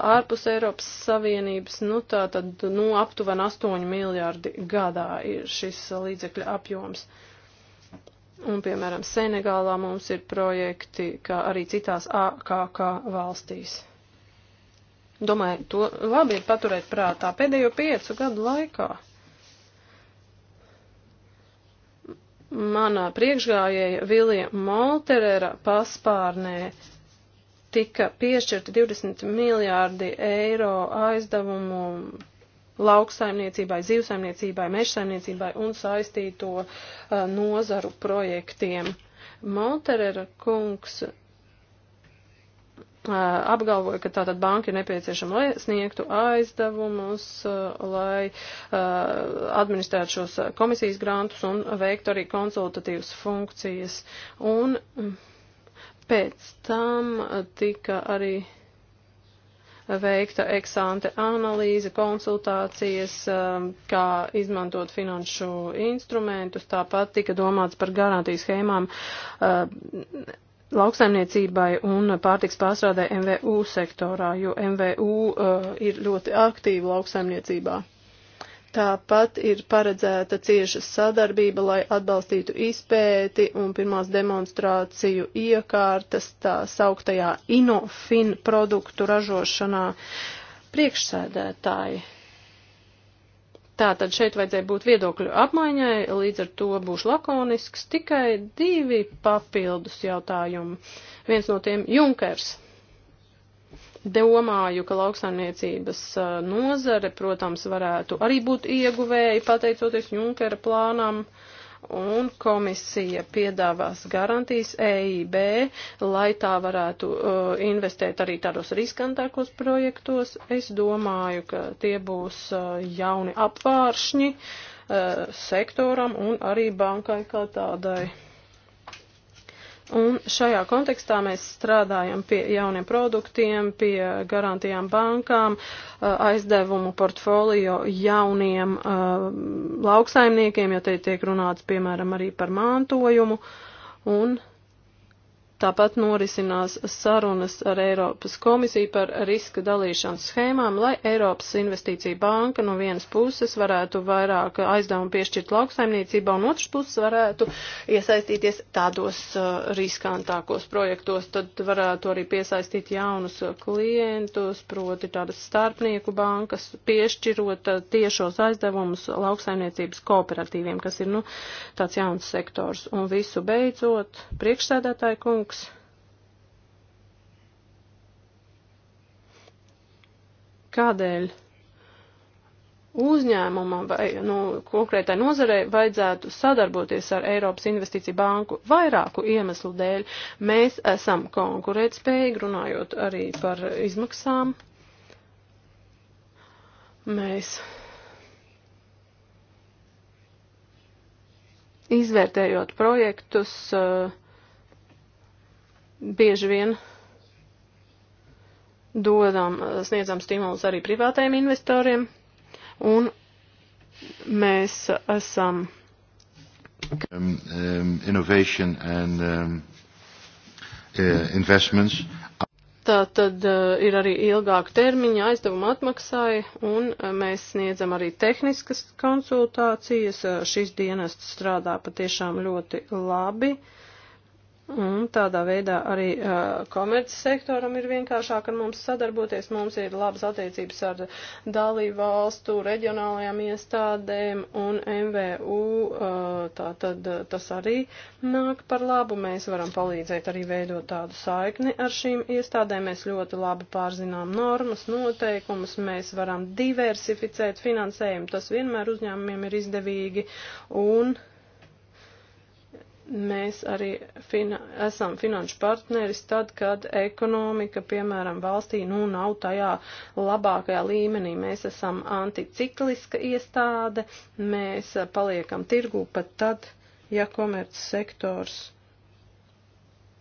ārpus Eiropas Savienības, nu tā tad, nu, aptuveni 8 miljārdi gadā ir šis līdzekļu apjoms. Un, piemēram, Senegālā mums ir projekti, kā arī citās AKK valstīs. Domāju, to labi ir paturēt prātā pēdējo piecu gadu laikā. Manā priekšgājēja Vilija Molterera paspārnē tika piešķirti 20 miljārdi eiro aizdevumu lauksaimniecībai, zīvsaimniecībai, mežsaimniecībai un saistīto uh, nozaru projektiem. Molterera kungs apgalvoja, ka tātad banka ir nepieciešama, lai sniegtu aizdevumus, lai administrētu šos komisijas grantus un veiktu arī konsultatīvas funkcijas. Un mm, pēc tam tika arī veikta eksante analīze, konsultācijas, kā izmantot finanšu instrumentus, tāpat tika domāts par garantijas schēmām lauksaimniecībai un pārtiks pārstrādē MVU sektorā, jo MVU uh, ir ļoti aktīva lauksaimniecībā. Tāpat ir paredzēta cieša sadarbība, lai atbalstītu izpēti un pirmās demonstrāciju iekārtas tā sauktajā inofin produktu ražošanā priekšsēdētāji Tātad šeit vajadzēja būt viedokļu apmaiņai, līdz ar to būšu lakonisks. Tikai divi papildus jautājumi. Viens no tiem Junkers. Domāju, ka lauksaimniecības nozare, protams, varētu arī būt ieguvēji pateicoties Junkera plānam. Uh, un komisija piedāvās garantijas EIB, lai tā varētu uh, investēt arī tādos riskantākos projektos. Es domāju, ka tie būs uh, jauni apvāršņi uh, sektoram un arī bankai kā tādai. Un šajā kontekstā mēs strādājam pie jauniem produktiem, pie garantijām bankām, eh, aizdevumu portfolio jauniem eh, lauksaimniekiem, jo te tiek runāts, piemēram, arī par mantojumu. Un Tāpat norisinās sarunas ar Eiropas komisiju par riska dalīšanas schēmām, lai Eiropas investīcija banka no vienas puses varētu vairāk aizdevumu piešķirt lauksaimniecībā un otrs puses varētu iesaistīties tādos uh, riskantākos projektos. Tad varētu arī piesaistīt jaunus klientus, proti tādas starpnieku bankas, piešķirot uh, tiešos aizdevumus lauksaimniecības kooperatīviem, kas ir nu, tāds jauns sektors. Un visu beidzot, priekšsēdētāji kungi, kungs. Kādēļ uzņēmumam vai nu, konkrētai nozarei vajadzētu sadarboties ar Eiropas Investīciju banku vairāku iemeslu dēļ. Mēs esam konkurētspējīgi, runājot arī par izmaksām. Mēs izvērtējot projektus, uh, bieži vien dodam, sniedzam stimulus arī privātajiem investoriem, un mēs esam. Um, um, innovation and um, uh, investments. Tā tad uh, ir arī ilgāka termiņa aizdevuma atmaksāja, un uh, mēs sniedzam arī tehniskas konsultācijas. Uh, šis dienests strādā patiešām ļoti labi. Uh, Un tādā veidā arī uh, komerces sektoram ir vienkāršāk ar mums sadarboties. Mums ir labas attiecības ar dalību valstu, reģionālajām iestādēm un MVU. Uh, tā tad uh, tas arī nāk par labu. Mēs varam palīdzēt arī veidot tādu saikni ar šīm iestādēm. Mēs ļoti labi pārzinām normas, noteikumus. Mēs varam diversificēt finansējumu. Tas vienmēr uzņēmumiem ir izdevīgi. Un, uh, mēs arī fina, esam finanšu partneris tad, kad ekonomika, piemēram, valstī, nu, nav tajā labākajā līmenī. Mēs esam anticikliska iestāde, mēs paliekam tirgu pat tad, ja komerc sektors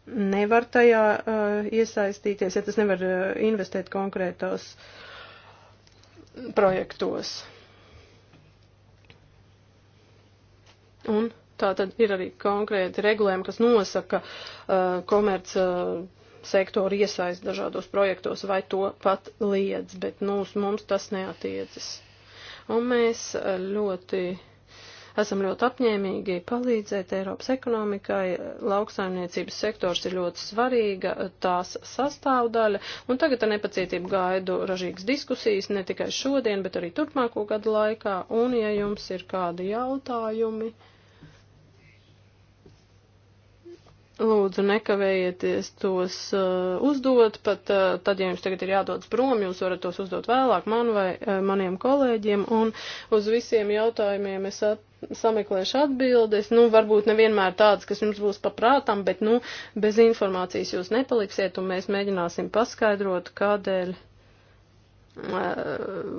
nevar tajā uh, iesaistīties, ja tas nevar uh, investēt konkrētos projektos. Un Tā tad ir arī konkrēti regulējumi, kas nosaka uh, komerc uh, sektoru iesaist dažādos projektos vai to pat liedz, bet nu, uz mums tas neatiecas. Un mēs uh, ļoti, esam ļoti apņēmīgi palīdzēt Eiropas ekonomikai. Lauksaimniecības sektors ir ļoti svarīga uh, tās sastāvdaļa. Un tagad ar nepacietību gaidu ražīgas diskusijas ne tikai šodien, bet arī turpmāko gadu laikā. Un, ja jums ir kādi jautājumi. Lūdzu, nekavējieties tos uh, uzdot, pat uh, tad, ja jums tagad ir jādodas prom, jūs varat tos uzdot vēlāk man vai uh, maniem kolēģiem, un uz visiem jautājumiem es at sameklēšu atbildes, nu, varbūt nevienmēr tādas, kas jums būs paprātam, bet, nu, bez informācijas jūs nepaliksiet, un mēs mēģināsim paskaidrot, kādēļ uh,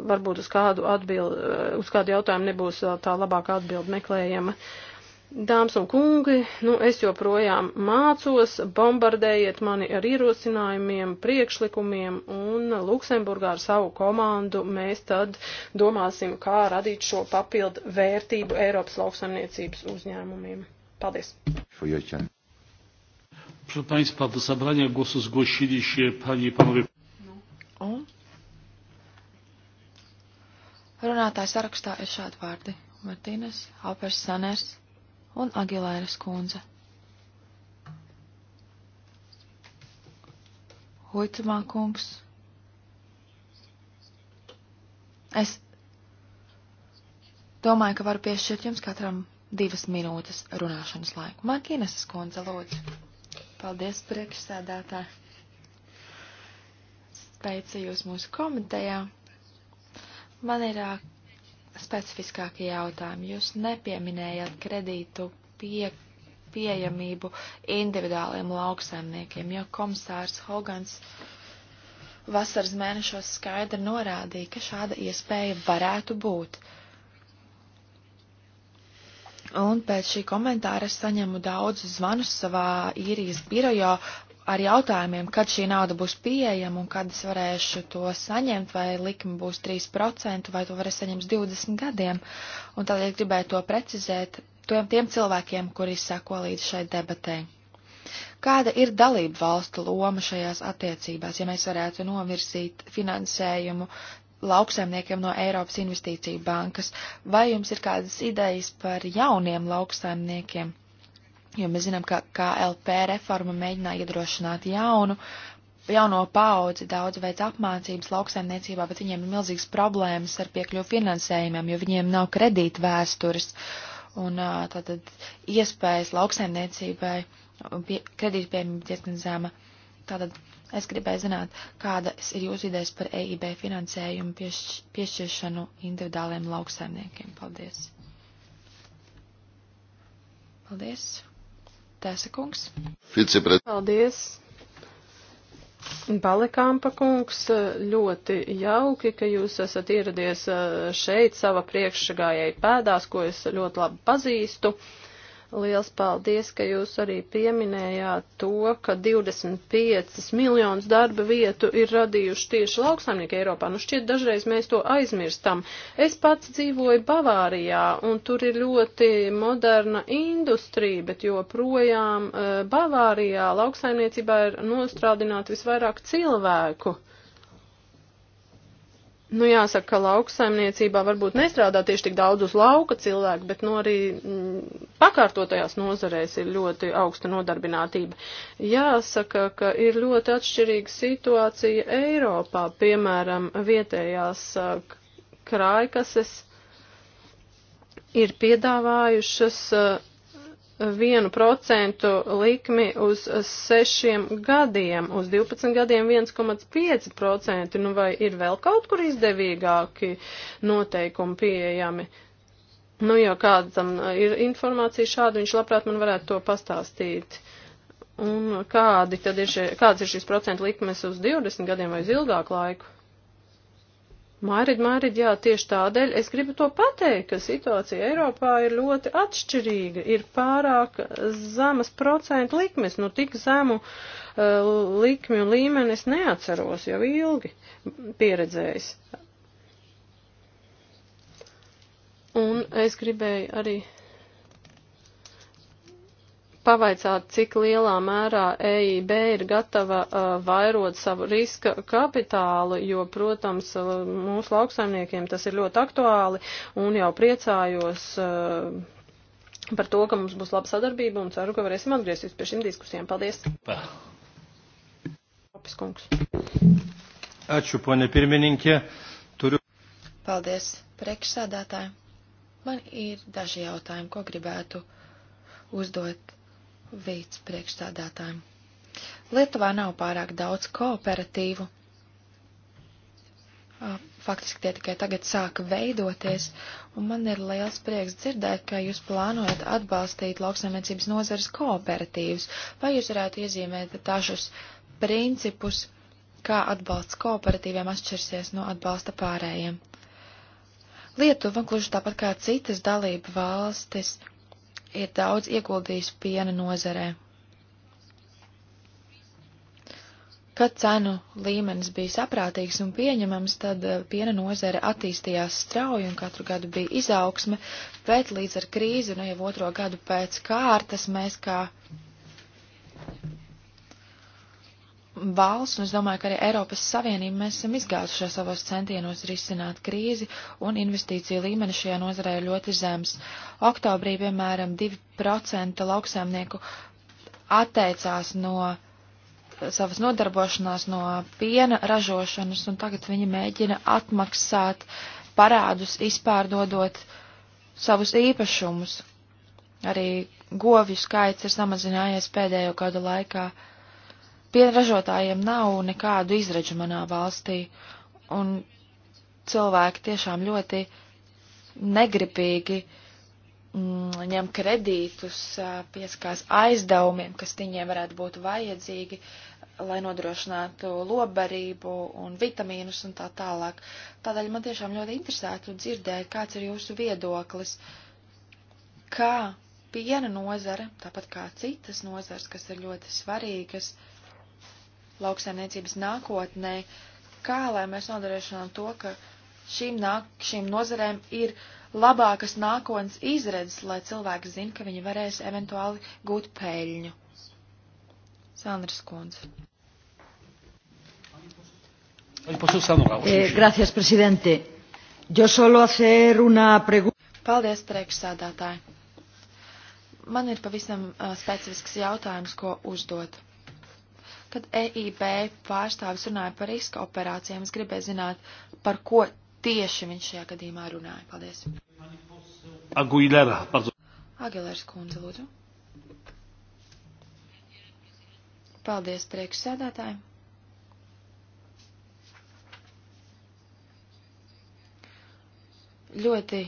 varbūt uz kādu atbildi, uh, uz kādu jautājumu nebūs tā labākā atbildi meklējama. Uh, Dāmas un kungi, nu es joprojām mācos, bombardējiet mani ar ierosinājumiem, priekšlikumiem un Luksemburgā ar savu komandu mēs tad domāsim, kā radīt šo papildu vērtību Eiropas lauksaimniecības uzņēmumiem. Paldies! Proszę Państwa, do zabrania głosu zgłosili się Panie i Panowie. Un? Runātājs sarakstā ir šādi vārdi. Martīnes, Alpers Saners un Agilēras kundze. Hoicamā kungs. Es domāju, ka varu piešķirt jums katram divas minūtes runāšanas laiku. Markīnas kundze, lūdzu. Paldies, priekšsēdētā. Sveicu jūs mūsu komitejā. Man ir specifiskākie jautājumi. Jūs nepieminējat kredītu pie, pieejamību individuāliem lauksaimniekiem, jo komisārs Hogans vasaras mēnešos skaidri norādīja, ka šāda iespēja varētu būt. Un pēc šī komentāra es saņemu daudz zvanus savā īrijas birojā ar jautājumiem, kad šī nauda būs pieejama un kad es varēšu to saņemt, vai likme būs 3%, vai to varēs saņemt 20 gadiem. Un tādēļ gribēju to precizēt tiem, tiem cilvēkiem, kuri sako līdz šai debatē. Kāda ir dalību valstu loma šajās attiecībās, ja mēs varētu novirzīt finansējumu lauksaimniekiem no Eiropas investīcija bankas? Vai jums ir kādas idejas par jauniem lauksaimniekiem? jo mēs zinām, ka KLP reforma mēģināja iedrošināt jaunu, jauno paudzi, daudz veids apmācības lauksaimniecībā, bet viņiem ir milzīgas problēmas ar piekļuvu finansējumiem, jo viņiem nav kredīta vēstures un tātad iespējas lauksaimniecībai pie, kredīta pieejamība diezgan zema. Tātad es gribēju zināt, kādas ir jūsu idejas par EIB finansējumu pieš, piešķiršanu individuāliem lauksaimniekiem. Paldies! Paldies! Tēsa kungs. Viceprez. Paldies. Balekāmpa kungs, ļoti jauki, ka jūs esat ieradies eh, šeit sava priekšgājai pēdās, ko es ļoti labi pazīstu. Uh, Liels paldies, ka jūs arī pieminējāt to, ka 25 miljonus darba vietu ir radījuši tieši lauksaimnieki Eiropā. Nu šķiet, dažreiz mēs to aizmirstam. Es pats dzīvoju Bavārijā, un tur ir ļoti moderna industrija, bet joprojām eh, Bavārijā lauksaimniecībā ir nostrādināti visvairāk cilvēku. Uh, Nu, jāsaka, ka lauksaimniecībā varbūt nestrādā tieši tik daudz uz lauka cilvēku, bet nu, arī m, mm, pakārtotajās nozarēs ir ļoti augsta nodarbinātība. Jāsaka, ka ir ļoti atšķirīga situācija Eiropā, piemēram, vietējās krājkases ir piedāvājušas 1% likmi uz 6 gadiem, uz 12 gadiem 1,5%. Nu vai ir vēl kaut kur izdevīgāki noteikumi pieejami? Nu, jo kādam ir informācija šāda, viņš labprāt man varētu to pastāstīt. Un kādi tad ir šie, kāds ir šis procentu likmes uz 20 gadiem vai uz ilgāku laiku? Mārid, mārid, jā, tieši tādēļ es gribu to pateikt, ka situācija Eiropā ir ļoti atšķirīga, ir pārāk zemas procentu likmes, nu tik zemu uh, likmi un līmeni es neatceros jau ilgi pieredzējis. Un es gribēju arī pavaicāt, cik lielā mērā EIB ir gatava uh, vairot savu riska kapitālu, jo, protams, uh, mūsu lauksaimniekiem tas ir ļoti aktuāli un jau priecājos uh, par to, ka mums būs laba sadarbība un ceru, ka varēsim atgriezties pie šīm diskusijām. Paldies! Ačiū, ponė pirmininkė. Turiu. Paldies, priekšsēdētāji. Man ir daži jautājumi, ko gribētu uzdot veids priekšstādātājiem. Lietuvā nav pārāk daudz kooperatīvu. Faktiski tie tikai tagad sāka veidoties, un man ir liels prieks dzirdēt, ka jūs plānojat atbalstīt lauksaimniecības nozares kooperatīvas. Vai jūs varētu iezīmēt dažus principus, kā atbalsts kooperatīviem atšķirsies no atbalsta pārējiem? Lietuva, gluži tāpat kā citas dalība valstis, ir daudz ieguldījis piena nozarē. Kad cenu līmenis bija saprātīgs un pieņemams, tad eh, piena nozare attīstījās strauji un katru gadu bija izaugsme, bet līdz ar krīzi, nu jau otro gadu pēc kārtas, mēs kā valsts, un es domāju, ka arī Eiropas Savienība mēs esam izgāzušies savos centienos risināt krīzi, un investīcija līmeni šajā nozarē ir ļoti zems. Oktobrī, piemēram, 2% lauksēmnieku atteicās no savas nodarbošanās no piena ražošanas, un tagad viņi mēģina atmaksāt parādus, izpārdodot savus īpašumus. Arī govju skaits ir samazinājies pēdējo gadu laikā. Uh, Pienražotājiem nav nekādu izredzu manā valstī, un cilvēki tiešām ļoti negribīgi mm, ņem kredītus, pieskās aizdevumiem, kas viņiem varētu būt vajadzīgi, lai nodrošinātu lobarību un vitamīnus un tā tālāk. Tādēļ man tiešām ļoti interesētu dzirdēt, kāds ir jūsu viedoklis, kā piena nozare, tāpat kā citas nozars, kas ir ļoti svarīgas, uh, lauksaimniecības nākotnē, kā lai mēs nodrošinām to, ka šīm, nāk, šīm nozarēm ir labākas nākotnes izredzes, lai cilvēki zina, ka viņi varēs eventuāli gūt peļņu. Sandra Skundze. Eh, gracias, presidente. Yo solo hacer una pregunta. Paldies, priekšsādātāji. Man ir pavisam uh, specifisks jautājums, ko uzdot. Kad EIB pārstāvis runāja par riska operācijām, es gribēju zināt, par ko tieši viņš šajā gadījumā runāja. Paldies. Aguilera, pardon. Aguilera skundze, lūdzu. Paldies priekšsēdētājiem. Ļoti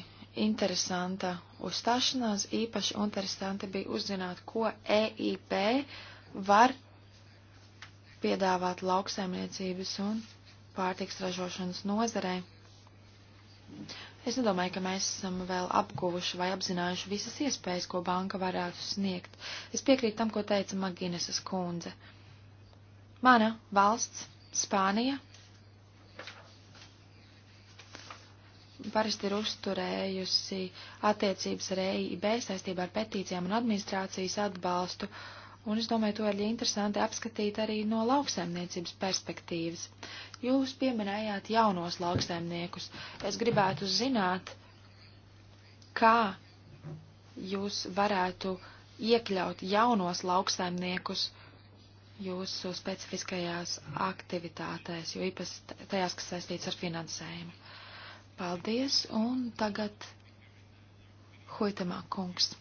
interesanta uzstāšanās, īpaši interesanti bija uzzināt, ko EIP var piedāvāt lauksaimniecības un pārtiks ražošanas nozarei. Es nedomāju, ka mēs esam vēl apguvuši vai apzinājuši visas iespējas, ko banka varētu sniegt. Es piekrītu tam, ko teica Maginesas kundze. Mana valsts, Spānija, parasti ir uzturējusi attiecības ar EIB saistībā ar petīcijām un administrācijas atbalstu. Uh, Un es domāju, to ir interesanti apskatīt arī no lauksaimniecības perspektīvas. Jūs pieminējāt jaunos lauksaimniekus. Es gribētu zināt, kā jūs varētu iekļaut jaunos lauksaimniekus jūsu specifiskajās aktivitātēs, jo īpaši tajās, kas saistīts ar finansējumu. Paldies, un tagad Huitamā kungs.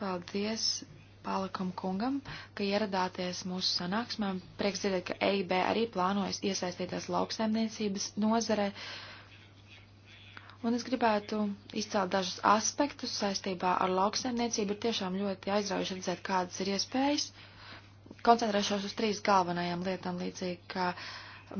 Paldies, Palakam kungam, ka ieradāties mūsu sanāksmēm. Prieks dzirdēt, ka EIB arī plānojas iesaistīties lauksaimniecības nozarē. Un es gribētu izcelt dažus aspektus saistībā ar lauksaimniecību. Ir tiešām ļoti aizraujoši redzēt, kādas ir iespējas. Koncentrēšos uz trīs galvenajām lietām, līdzīgi kā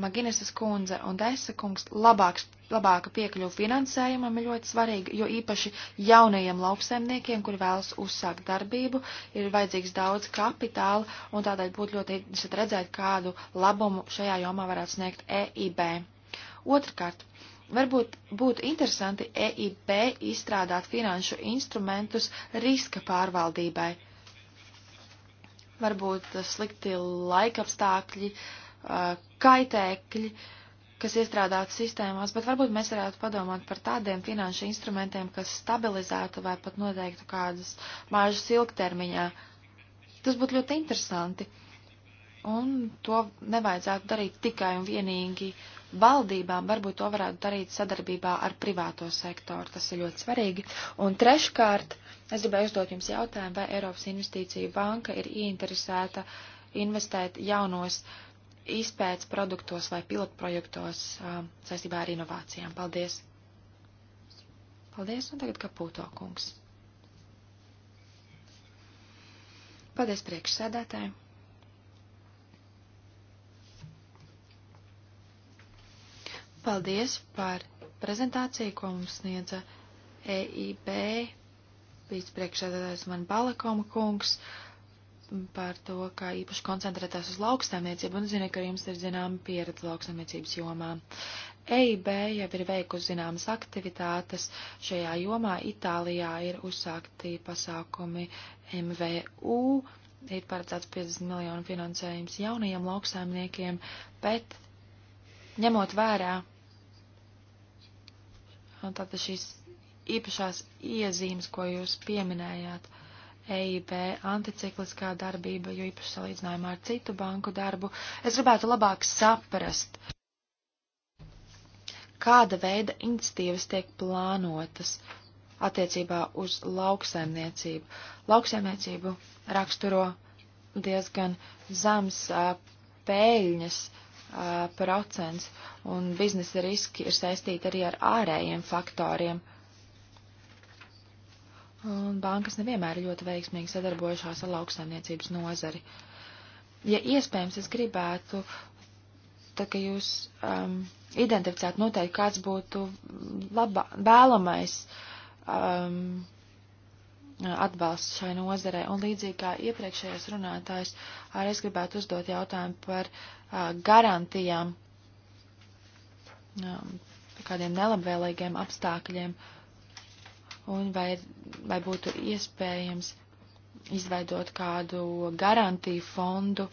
Maginesas kundze un Daisa kungs labāks labāka piekļuva finansējumam ir ļoti svarīga, jo īpaši jaunajiem lauksaimniekiem, kuri vēlas uzsākt darbību, ir vajadzīgs daudz kapitāla, un tādēļ būtu ļoti interesanti redzēt, kādu labumu šajā jomā varētu sniegt EIB. Otrakārt, varbūt būtu interesanti EIB izstrādāt finanšu instrumentus riska pārvaldībai. Varbūt slikti laikapstākļi, kaitēkļi, uh, kas iestrādāti sistēmās, bet varbūt mēs varētu padomāt par tādiem finanšu instrumentiem, kas stabilizētu vai pat noteiktu kādas māžas ilgtermiņā. Tas būtu ļoti interesanti. Un to nevajadzētu darīt tikai un vienīgi valdībām, varbūt to varētu darīt sadarbībā ar privāto sektoru. Tas ir ļoti svarīgi. Un treškārt, es gribēju uzdot jums jautājumu, vai Eiropas investīcija banka ir ieinteresēta investēt jaunos uh, izpētes produktos vai pilotprojektos saistībā ar inovācijām. Paldies! Paldies, un tagad Kaputo kungs. Paldies priekšsēdētājiem! Paldies par prezentāciju, ko mums sniedza EIB, līdz priekšsēdētājs man Balakoma kungs. Uh, par to, ka īpaši koncentrētās uz lauksaimniecību, un zinu, ka jums ir zināma pieredze lauksaimniecības jomā. EIB jau ir veikusi zināmas aktivitātes šajā jomā. Itālijā ir uzsākti pasākumi MVU, ir paredzēts 50 miljonu finansējums jaunajiem lauksaimniekiem, bet ņemot vērā tātad šīs īpašās iezīmes, ko jūs pieminējāt, uh, EIB anticikliskā darbība, jo īpaši salīdzinājumā ar citu banku darbu, es gribētu labāk saprast, kāda veida iniciatīvas tiek plānotas attiecībā uz lauksaimniecību. Lauksaimniecību raksturo diezgan zems pēļņas a, procents, un biznesa riski ir saistīti arī ar ārējiem faktoriem. A, un bankas nevienmēr ļoti veiksmīgi sadarbojušās ar lauksaimniecības nozari. Ja iespējams, es gribētu, tā ka jūs um, identificētu noteikti, kāds būtu labā, vēlamais um, atbalsts šai nozarei. Un līdzīgi kā iepriekšējais runātājs, arī es gribētu uzdot jautājumu par uh, garantijām, um, kādiem nelabvēlīgiem apstākļiem. Uh, un vai, vai būtu iespējams izveidot kādu garantiju fondu,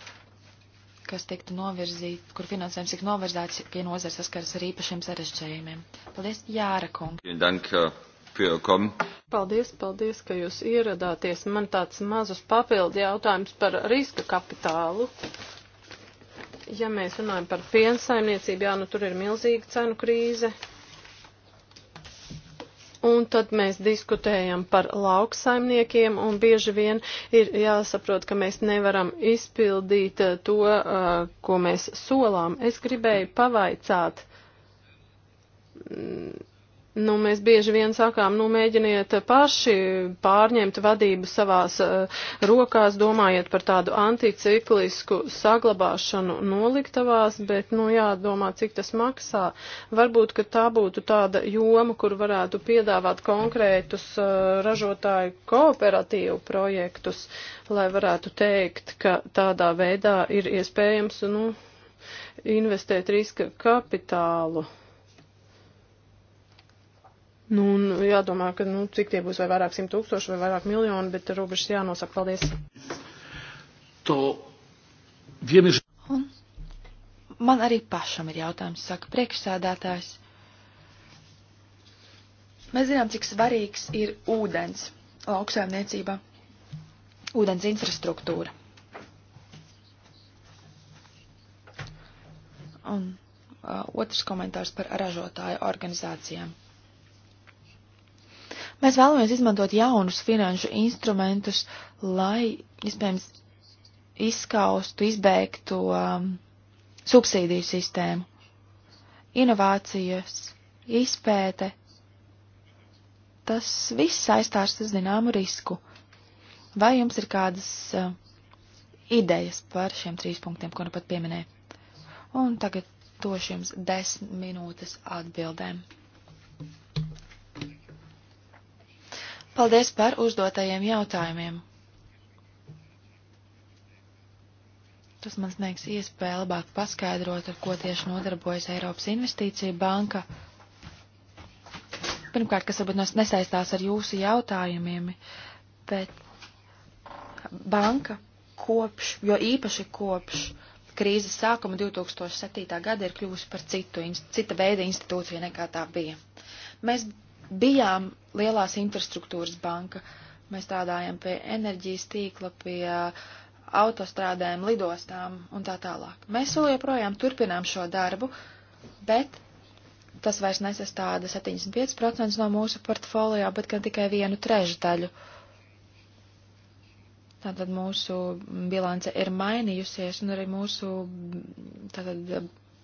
kas tiktu novirzīt, kur finansējums tik novirzēts, ja nozars saskaras ar īpašiem sarežģījumiem. Paldies, Jāra kungs. Äh, paldies, paldies, ka jūs ieradāties. Man tāds mazus papildi jautājums par riska kapitālu. Ja mēs runājam par piensaimniecību, jā, nu tur ir milzīga cenu krīze, Un tad mēs diskutējam par lauksaimniekiem, un bieži vien ir jāsaprot, ka mēs nevaram izpildīt eh, to, eh, ko mēs solām. Es gribēju pavaicāt mm, Nu, mēs bieži vien sakām, nu, mēģiniet paši pārņemt vadību savās uh, rokās, domājiet par tādu anticiklisku saglabāšanu noliktavās, bet, nu, jādomā, cik tas maksā. Varbūt, ka tā būtu tāda joma, kur varētu piedāvāt konkrētus uh, ražotāju kooperatīvu projektus, lai varētu teikt, ka tādā veidā ir iespējams, nu, investēt riska kapitālu. Nu, un jādomā, ka, nu, cik tie būs vai vairāk simt tūkstoši vai vairāk miljoni, bet robežas jānosaka. Paldies. To vienu. Un man arī pašam ir jautājums, saka priekšsēdētājs. Mēs zinām, cik svarīgs ir ūdens lauksaimniecībā, ūdens infrastruktūra. Un uh, otrs komentārs par ražotāju organizācijām. Mēs vēlamies izmantot jaunus finanšu instrumentus, lai, iespējams, izskaustu, izbeigtu um, subsīdiju sistēmu. Inovācijas, izpēte, tas viss saistās ar zināmu risku. Vai jums ir kādas uh, idejas par šiem trīs punktiem, ko nu pat pieminēju? Un tagad došu jums desmit minūtes atbildēm. Paldies par uzdotajiem jautājumiem. Tas man sniegs iespēju labāk paskaidrot, ar ko tieši nodarbojas Eiropas Investīcija banka. Pirmkārt, kas varbūt nesaistās ar jūsu jautājumiem, bet banka kopš, jo īpaši kopš krīzes sākuma 2007. gada ir kļuvusi par citu, cita veida institūciju nekā tā bija. Mēs bijām lielās infrastruktūras banka. Mēs strādājam pie enerģijas tīkla, pie autostrādēm, lidostām un tā tālāk. Mēs vēl joprojām turpinām šo darbu, bet tas vairs nesastāda 75% no mūsu portfolio, bet gan tikai vienu trešdaļu. Tātad mūsu bilance ir mainījusies un arī mūsu tātad,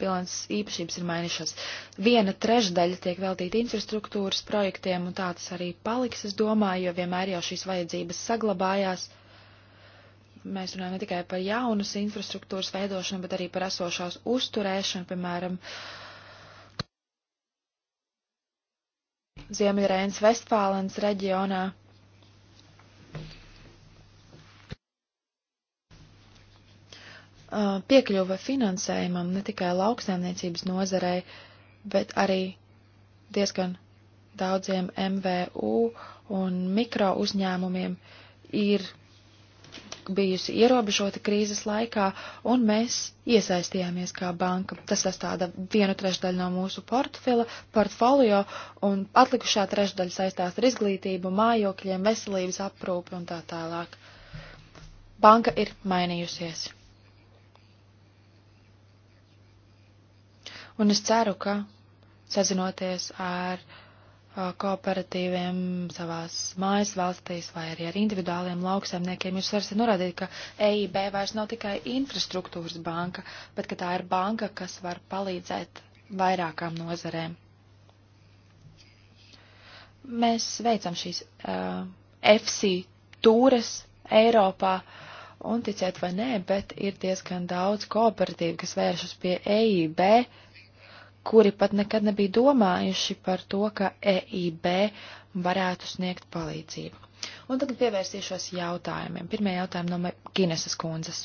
bilances īpašības ir mainījušās. Viena trešdaļa tiek veltīta infrastruktūras projektiem, un tāds arī paliks, es domāju, jo vienmēr jau šīs vajadzības saglabājās. Mēs runājam ne tikai par jaunas infrastruktūras veidošanu, bet arī par esošās uzturēšanu, piemēram, Ziemeļrēnas Vestfālens reģionā Uh, piekļuva finansējumam ne tikai lauksēmniecības nozarei, bet arī diezgan daudziem MVU un mikro uzņēmumiem ir bijusi ierobežota krīzes laikā, un mēs iesaistījāmies kā banka. Tas sastāda vienu trešdaļu no mūsu portfila, portfolio, un atlikušā trešdaļa saistās ar izglītību, mājokļiem, veselības aprūpi un tā tālāk. Banka ir mainījusies Un es ceru, ka sazinoties ar uh, kooperatīviem savās mājas valstīs vai arī ar individuāliem lauksaimniekiem, jūs varat norādīt, ka EIB vairs nav tikai infrastruktūras banka, bet ka tā ir banka, kas var palīdzēt vairākām nozarēm. Mēs veicam šīs uh, FC tūres Eiropā, un ticiet vai nē, bet ir diezgan daudz kooperatīvu, kas vēršas pie EIB, uh, kuri pat nekad nebija domājuši par to, ka EIB varētu sniegt palīdzību. Un tagad pievērsīšos jautājumiem. Pirmie jautājumi no Ginesas kundzes.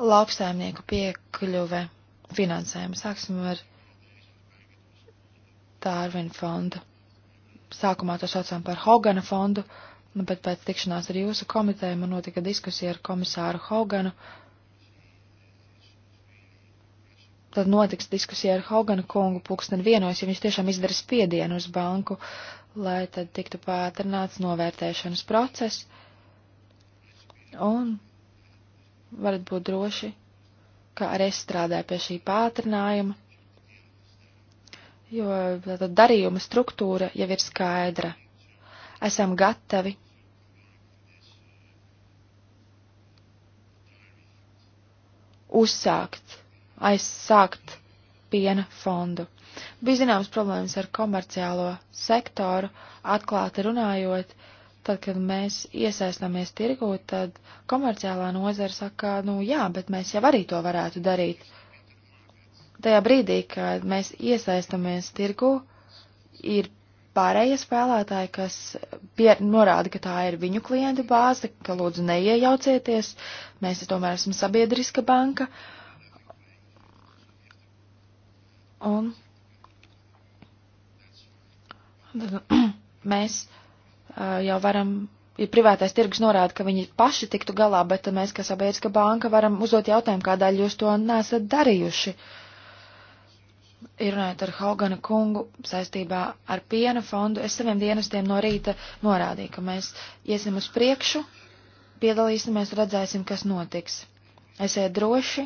Lauksaimnieku piekļuve finansējumu. Sāksim ar Tārvin fondu. Sākumā to saucām par Hogana fondu, Nu, bet pēc tikšanās ar jūsu komiteju man notika diskusija ar komisāru Hauganu. Tad notiks diskusija ar Hauganu kungu pulksten vienos, ja viņš tiešām izdara spiedienu uz banku, lai tad tiktu pātrināts novērtēšanas process. Un varat būt droši, ka arī es strādāju pie šī pātrinājuma, jo tāda darījuma struktūra jau ir skaidra esam gatavi. Uzsākt, aizsākt piena fondu. Bija zināmas problēmas ar komerciālo sektoru, atklāti runājot, tad, kad mēs iesaistāmies tirgū, tad komerciālā nozara saka, nu jā, bet mēs jau arī to varētu darīt. Tajā brīdī, kad mēs iesaistamies tirgū, ir pārējie spēlētāji, kas pie, norāda, ka tā ir viņu klientu bāze, ka lūdzu neiejaucieties, mēs tomēr esam sabiedriska banka. Un mēs jau varam, ja privātais tirgus norāda, ka viņi paši tiktu galā, bet mēs, kā sabiedriska banka, varam uzdot jautājumu, kādēļ jūs to nesat darījuši. Uh, ir runājot ar Haugana kungu saistībā ar piena fondu, es saviem dienestiem no rīta norādīju, ka mēs iesim uz priekšu, piedalīsimies, redzēsim, kas notiks. Esiet droši,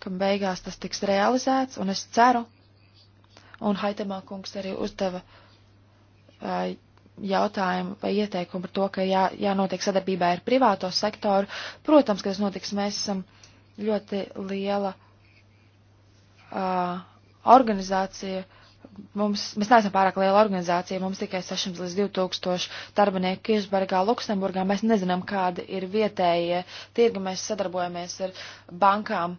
ka beigās tas tiks realizēts, un es ceru, un Haitemā kungs arī uzdeva uh, jautājumu vai ieteikumu par to, ka jā, jānotiek sadarbībā ar privāto sektoru. Protams, ka tas notiks, mēs esam ļoti liela. Uh, organizācija, mums, mēs neesam pārāk liela organizācija, mums tikai 600 līdz 2000 darbinieku Kirchbergā, Luksemburgā, mēs nezinām, kādi ir vietējie tirgi, mēs sadarbojamies ar bankām.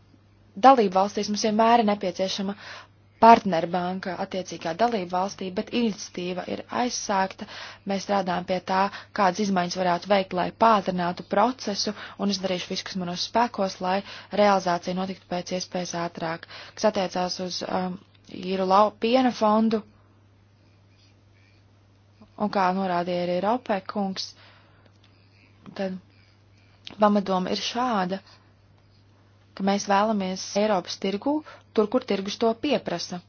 Dalību valstīs mums vienmēr ir nepieciešama partnerbanka attiecīgā dalība valstī, bet iniciatīva ir aizsākta. Mēs strādājam pie tā, kādas izmaiņas varētu veikt, lai pātrinātu procesu, un es darīšu visu, kas manos spēkos, lai realizācija notiktu pēc iespējas ātrāk. Kas attiecās uz um, īru lau piena fondu, un kā norādīja arī Ropē kungs, tad pamatoma ir šāda ka mēs vēlamies Eiropas tirgu tur, kur tirgus to pieprasa.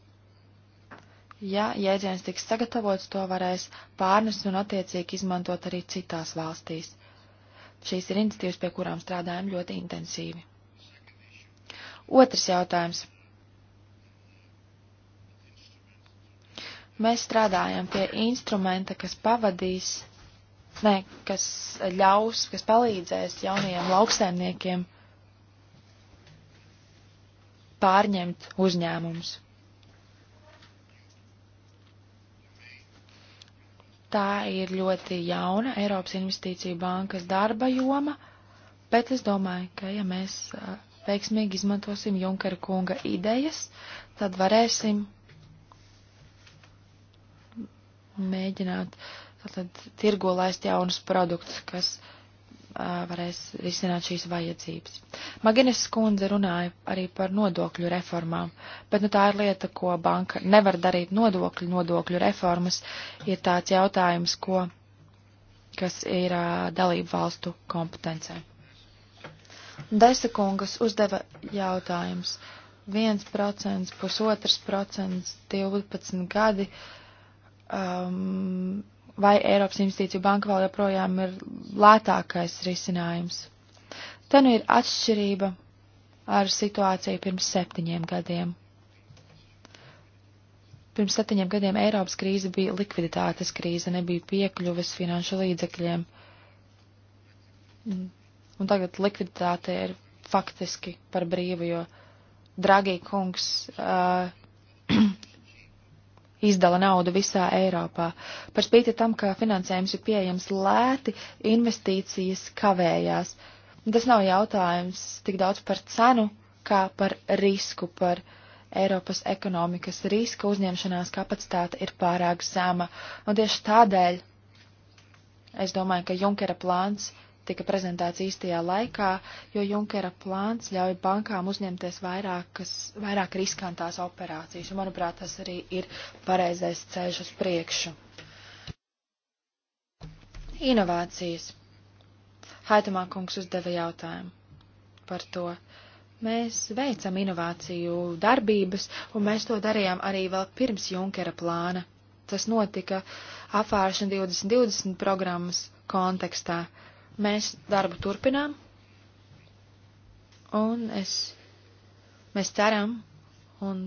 Ja jēdziens tiks sagatavots, to varēs pārnest un attiecīgi izmantot arī citās valstīs. Šīs ir iniciatīvas, pie kurām strādājam ļoti intensīvi. Otrs jautājums. Mēs strādājam pie instrumenta, kas pavadīs, ne, kas ļaus, kas palīdzēs jaunajiem lauksēmniekiem pārņemt uzņēmumus. Tā ir ļoti jauna Eiropas Investīciju bankas darba joma, bet es domāju, ka ja mēs veiksmīgi izmantosim Junkera kunga idejas, tad varēsim mēģināt tātad tirgo laist jaunus produktus, kas uh, varēs risināt šīs vajadzības. Maginis skundze runāja arī par nodokļu reformām, bet nu, tā ir lieta, ko banka nevar darīt nodokļu, nodokļu reformas ir tāds jautājums, ko, kas ir uh, dalību valstu kompetencē. Daisa kungas uzdeva jautājums. 1%, 1,5%, 12 gadi. Um, vai Eiropas investīciju banka vēl joprojām ir lētākais risinājums. Te nu ir atšķirība ar situāciju pirms septiņiem gadiem. Pirms septiņiem gadiem Eiropas krīze bija likviditātes krīze, nebija piekļuves finanšu līdzekļiem. Un tagad likviditāte ir faktiski par brīvu, jo Dragī kungs uh, izdala naudu visā Eiropā. Par spīti tam, ka finansējums ir pieejams lēti, investīcijas kavējās. Tas nav jautājums tik daudz par cenu, kā par risku, par Eiropas ekonomikas riska uzņemšanās kapacitāte ir pārāk zema. Un tieši tādēļ es domāju, ka Junkera plāns tika prezentēts īstajā laikā, jo Junkera plāns ļauj bankām uzņemties vairākas, vairāk riskantās operācijas, un manuprāt, tas arī ir pareizais ceļš uz priekšu. Inovācijas. Haitamā kungs uzdeva jautājumu par to. Mēs veicam inovāciju darbības, un mēs to darījām arī vēl pirms Junkera plāna. Tas notika apvāršana 2020 programmas kontekstā, Mēs darbu turpinām, un es, mēs ceram un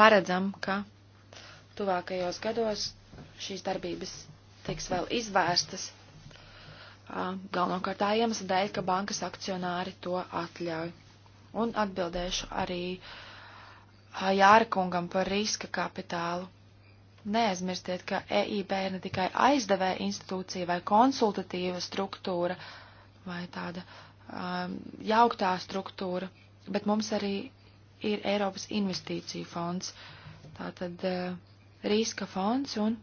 paredzam, ka tuvākajos gados šīs darbības tiks vēl izvērstas galvenokārt tā iemesla dēļ, ka bankas akcionāri to atļauj. Un atbildēšu arī Jāra kungam par riska kapitālu. Neaizmirstiet, ka EIB ir ne tikai aizdevēja institūcija vai konsultatīva struktūra vai tāda um, jauktā struktūra, bet mums arī ir Eiropas investīcija fonds, tātad uh, riska fonds, un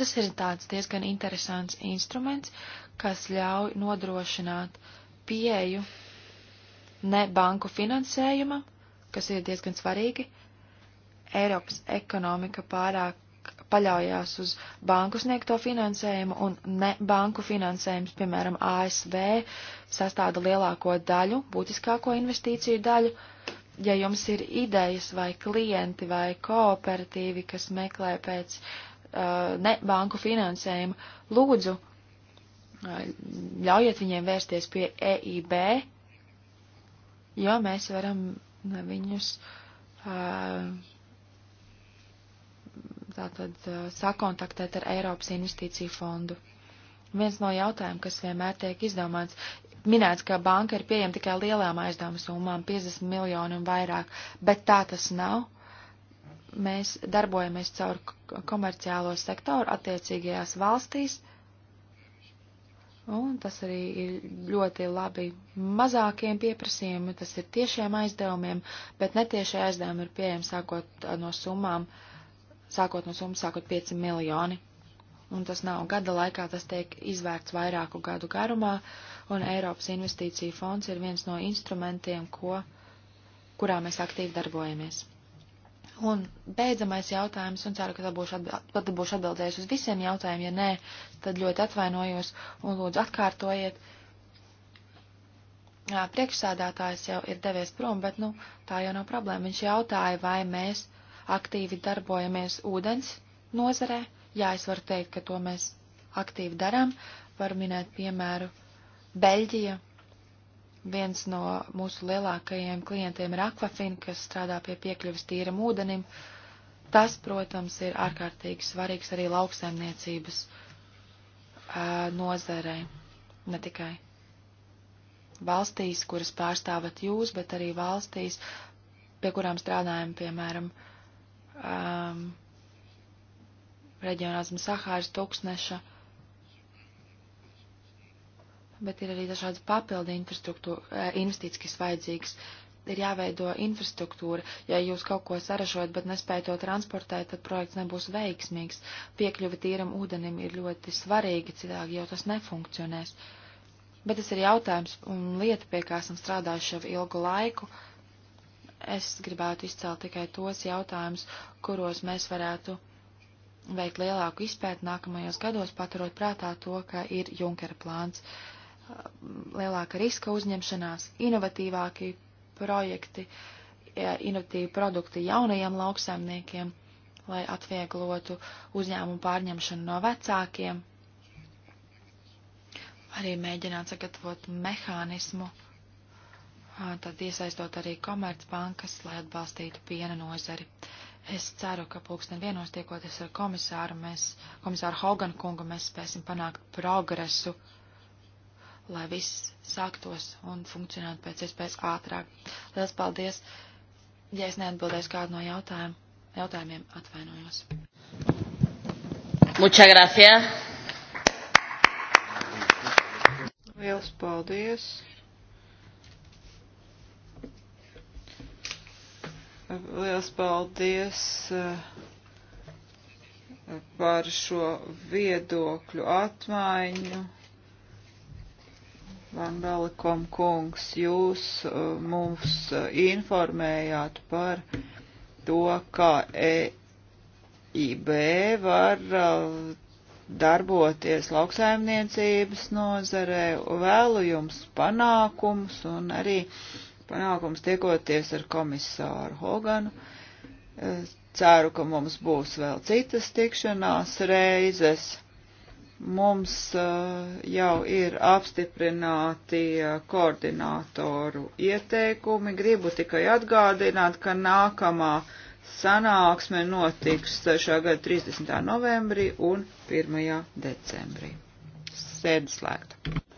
tas ir tāds diezgan interesants instruments, kas ļauj nodrošināt pieeju ne banku finansējuma, kas ir diezgan svarīgi, Eiropas ekonomika pārāk paļaujās uz banku sniegto finansējumu un ne banku finansējums, piemēram, ASV, sastāda lielāko daļu, būtiskāko investīciju daļu. Ja jums ir idejas vai klienti vai kooperatīvi, kas meklē pēc uh, ne banku finansējuma, lūdzu, uh, ļaujiet viņiem vērsties pie EIB, jo mēs varam viņus. Uh, tātad sakontaktēt ar Eiropas investīciju fondu. Viens no jautājumiem, kas vienmēr tiek izdomāts, minēts, ka banka ir pieejama tikai lielām aizdevuma summām, 50 miljoni un vairāk, bet tā tas nav. Mēs darbojamies caur komerciālo sektoru attiecīgajās valstīs, un tas arī ir ļoti labi mazākiem pieprasījumiem, tas ir tiešiem aizdevumiem, bet netiešie aizdevumi ir pieejami sākot no summām. Uh, sākot no summas sākot 5 miljoni. Un tas nav gada laikā, tas tiek izvērts vairāku gadu garumā, un Eiropas investīcija fonds ir viens no instrumentiem, ko, kurā mēs aktīvi darbojamies. Un beidzamais jautājums, un ceru, ka tā būšu, atbild, būšu atbildējis uz visiem jautājumiem, ja nē, tad ļoti atvainojos un lūdzu atkārtojiet. Priekšsādātājs jau ir devies prom, bet, nu, tā jau nav problēma. Viņš jautāja, vai mēs aktīvi darbojamies ūdens nozarē. Jā, es varu teikt, ka to mēs aktīvi darām. Var minēt piemēru Beļģija. Viens no mūsu lielākajiem klientiem ir Aquafin, kas strādā pie piekļuvis tīram ūdenim. Tas, protams, ir ārkārtīgi svarīgs arī lauksaimniecības uh, nozarei, ne tikai valstīs, kuras pārstāvat jūs, bet arī valstīs, pie kurām strādājam, piemēram, uh, um, reģionā zem Sahāras tūkstneša, bet ir arī dažādas papildi eh, investīcijas, kas vajadzīgas. Ir jāveido infrastruktūra. Ja jūs kaut ko saražojat, bet nespējat to transportēt, tad projekts nebūs veiksmīgs. Piekļuve tīram ūdenim ir ļoti svarīga, citādi jau tas nefunkcionēs. Bet tas ir jautājums un lieta, pie kā esam strādājuši jau ilgu laiku. Uh, Es gribētu izcelt tikai tos jautājumus, kuros mēs varētu veikt lielāku izpēti nākamajos gados, paturot prātā to, ka ir Junkera plāns, lielāka riska uzņemšanās, inovatīvāki projekti, inovatīvi produkti jaunajiem lauksaimniekiem, lai atvieglotu uzņēmumu pārņemšanu no vecākiem. Arī mēģināt sagatavot mehānismu tad iesaistot arī komercbankas, lai atbalstītu piena nozari. Es ceru, ka pulksten vienos tiekoties ar komisāru, mēs, komisāru Hogan kungu, mēs spēsim panākt progresu, lai viss sāktos un funkcionētu pēc iespējas ātrāk. Liels paldies! Ja es neatbildēšu kādu no jautājum, jautājumiem, atvainojos. Muchas gracias. Liels paldies! Liels paldies eh, par šo viedokļu atmaiņu. Van Belikom kungs, jūs eh, mums eh, informējāt par to, kā EIB var darboties lauksaimniecības nozarē. Vēlu jums panākums un arī uh, panākums tiekoties ar komisāru Hoganu. Ceru, ka mums būs vēl citas tikšanās reizes. Mums eh, jau ir apstiprināti eh, koordinātoru ieteikumi. Gribu tikai atgādināt, ka nākamā sanāksme notiks šā gada 30. novembrī un 1. decembrī. Sēdes slēgta.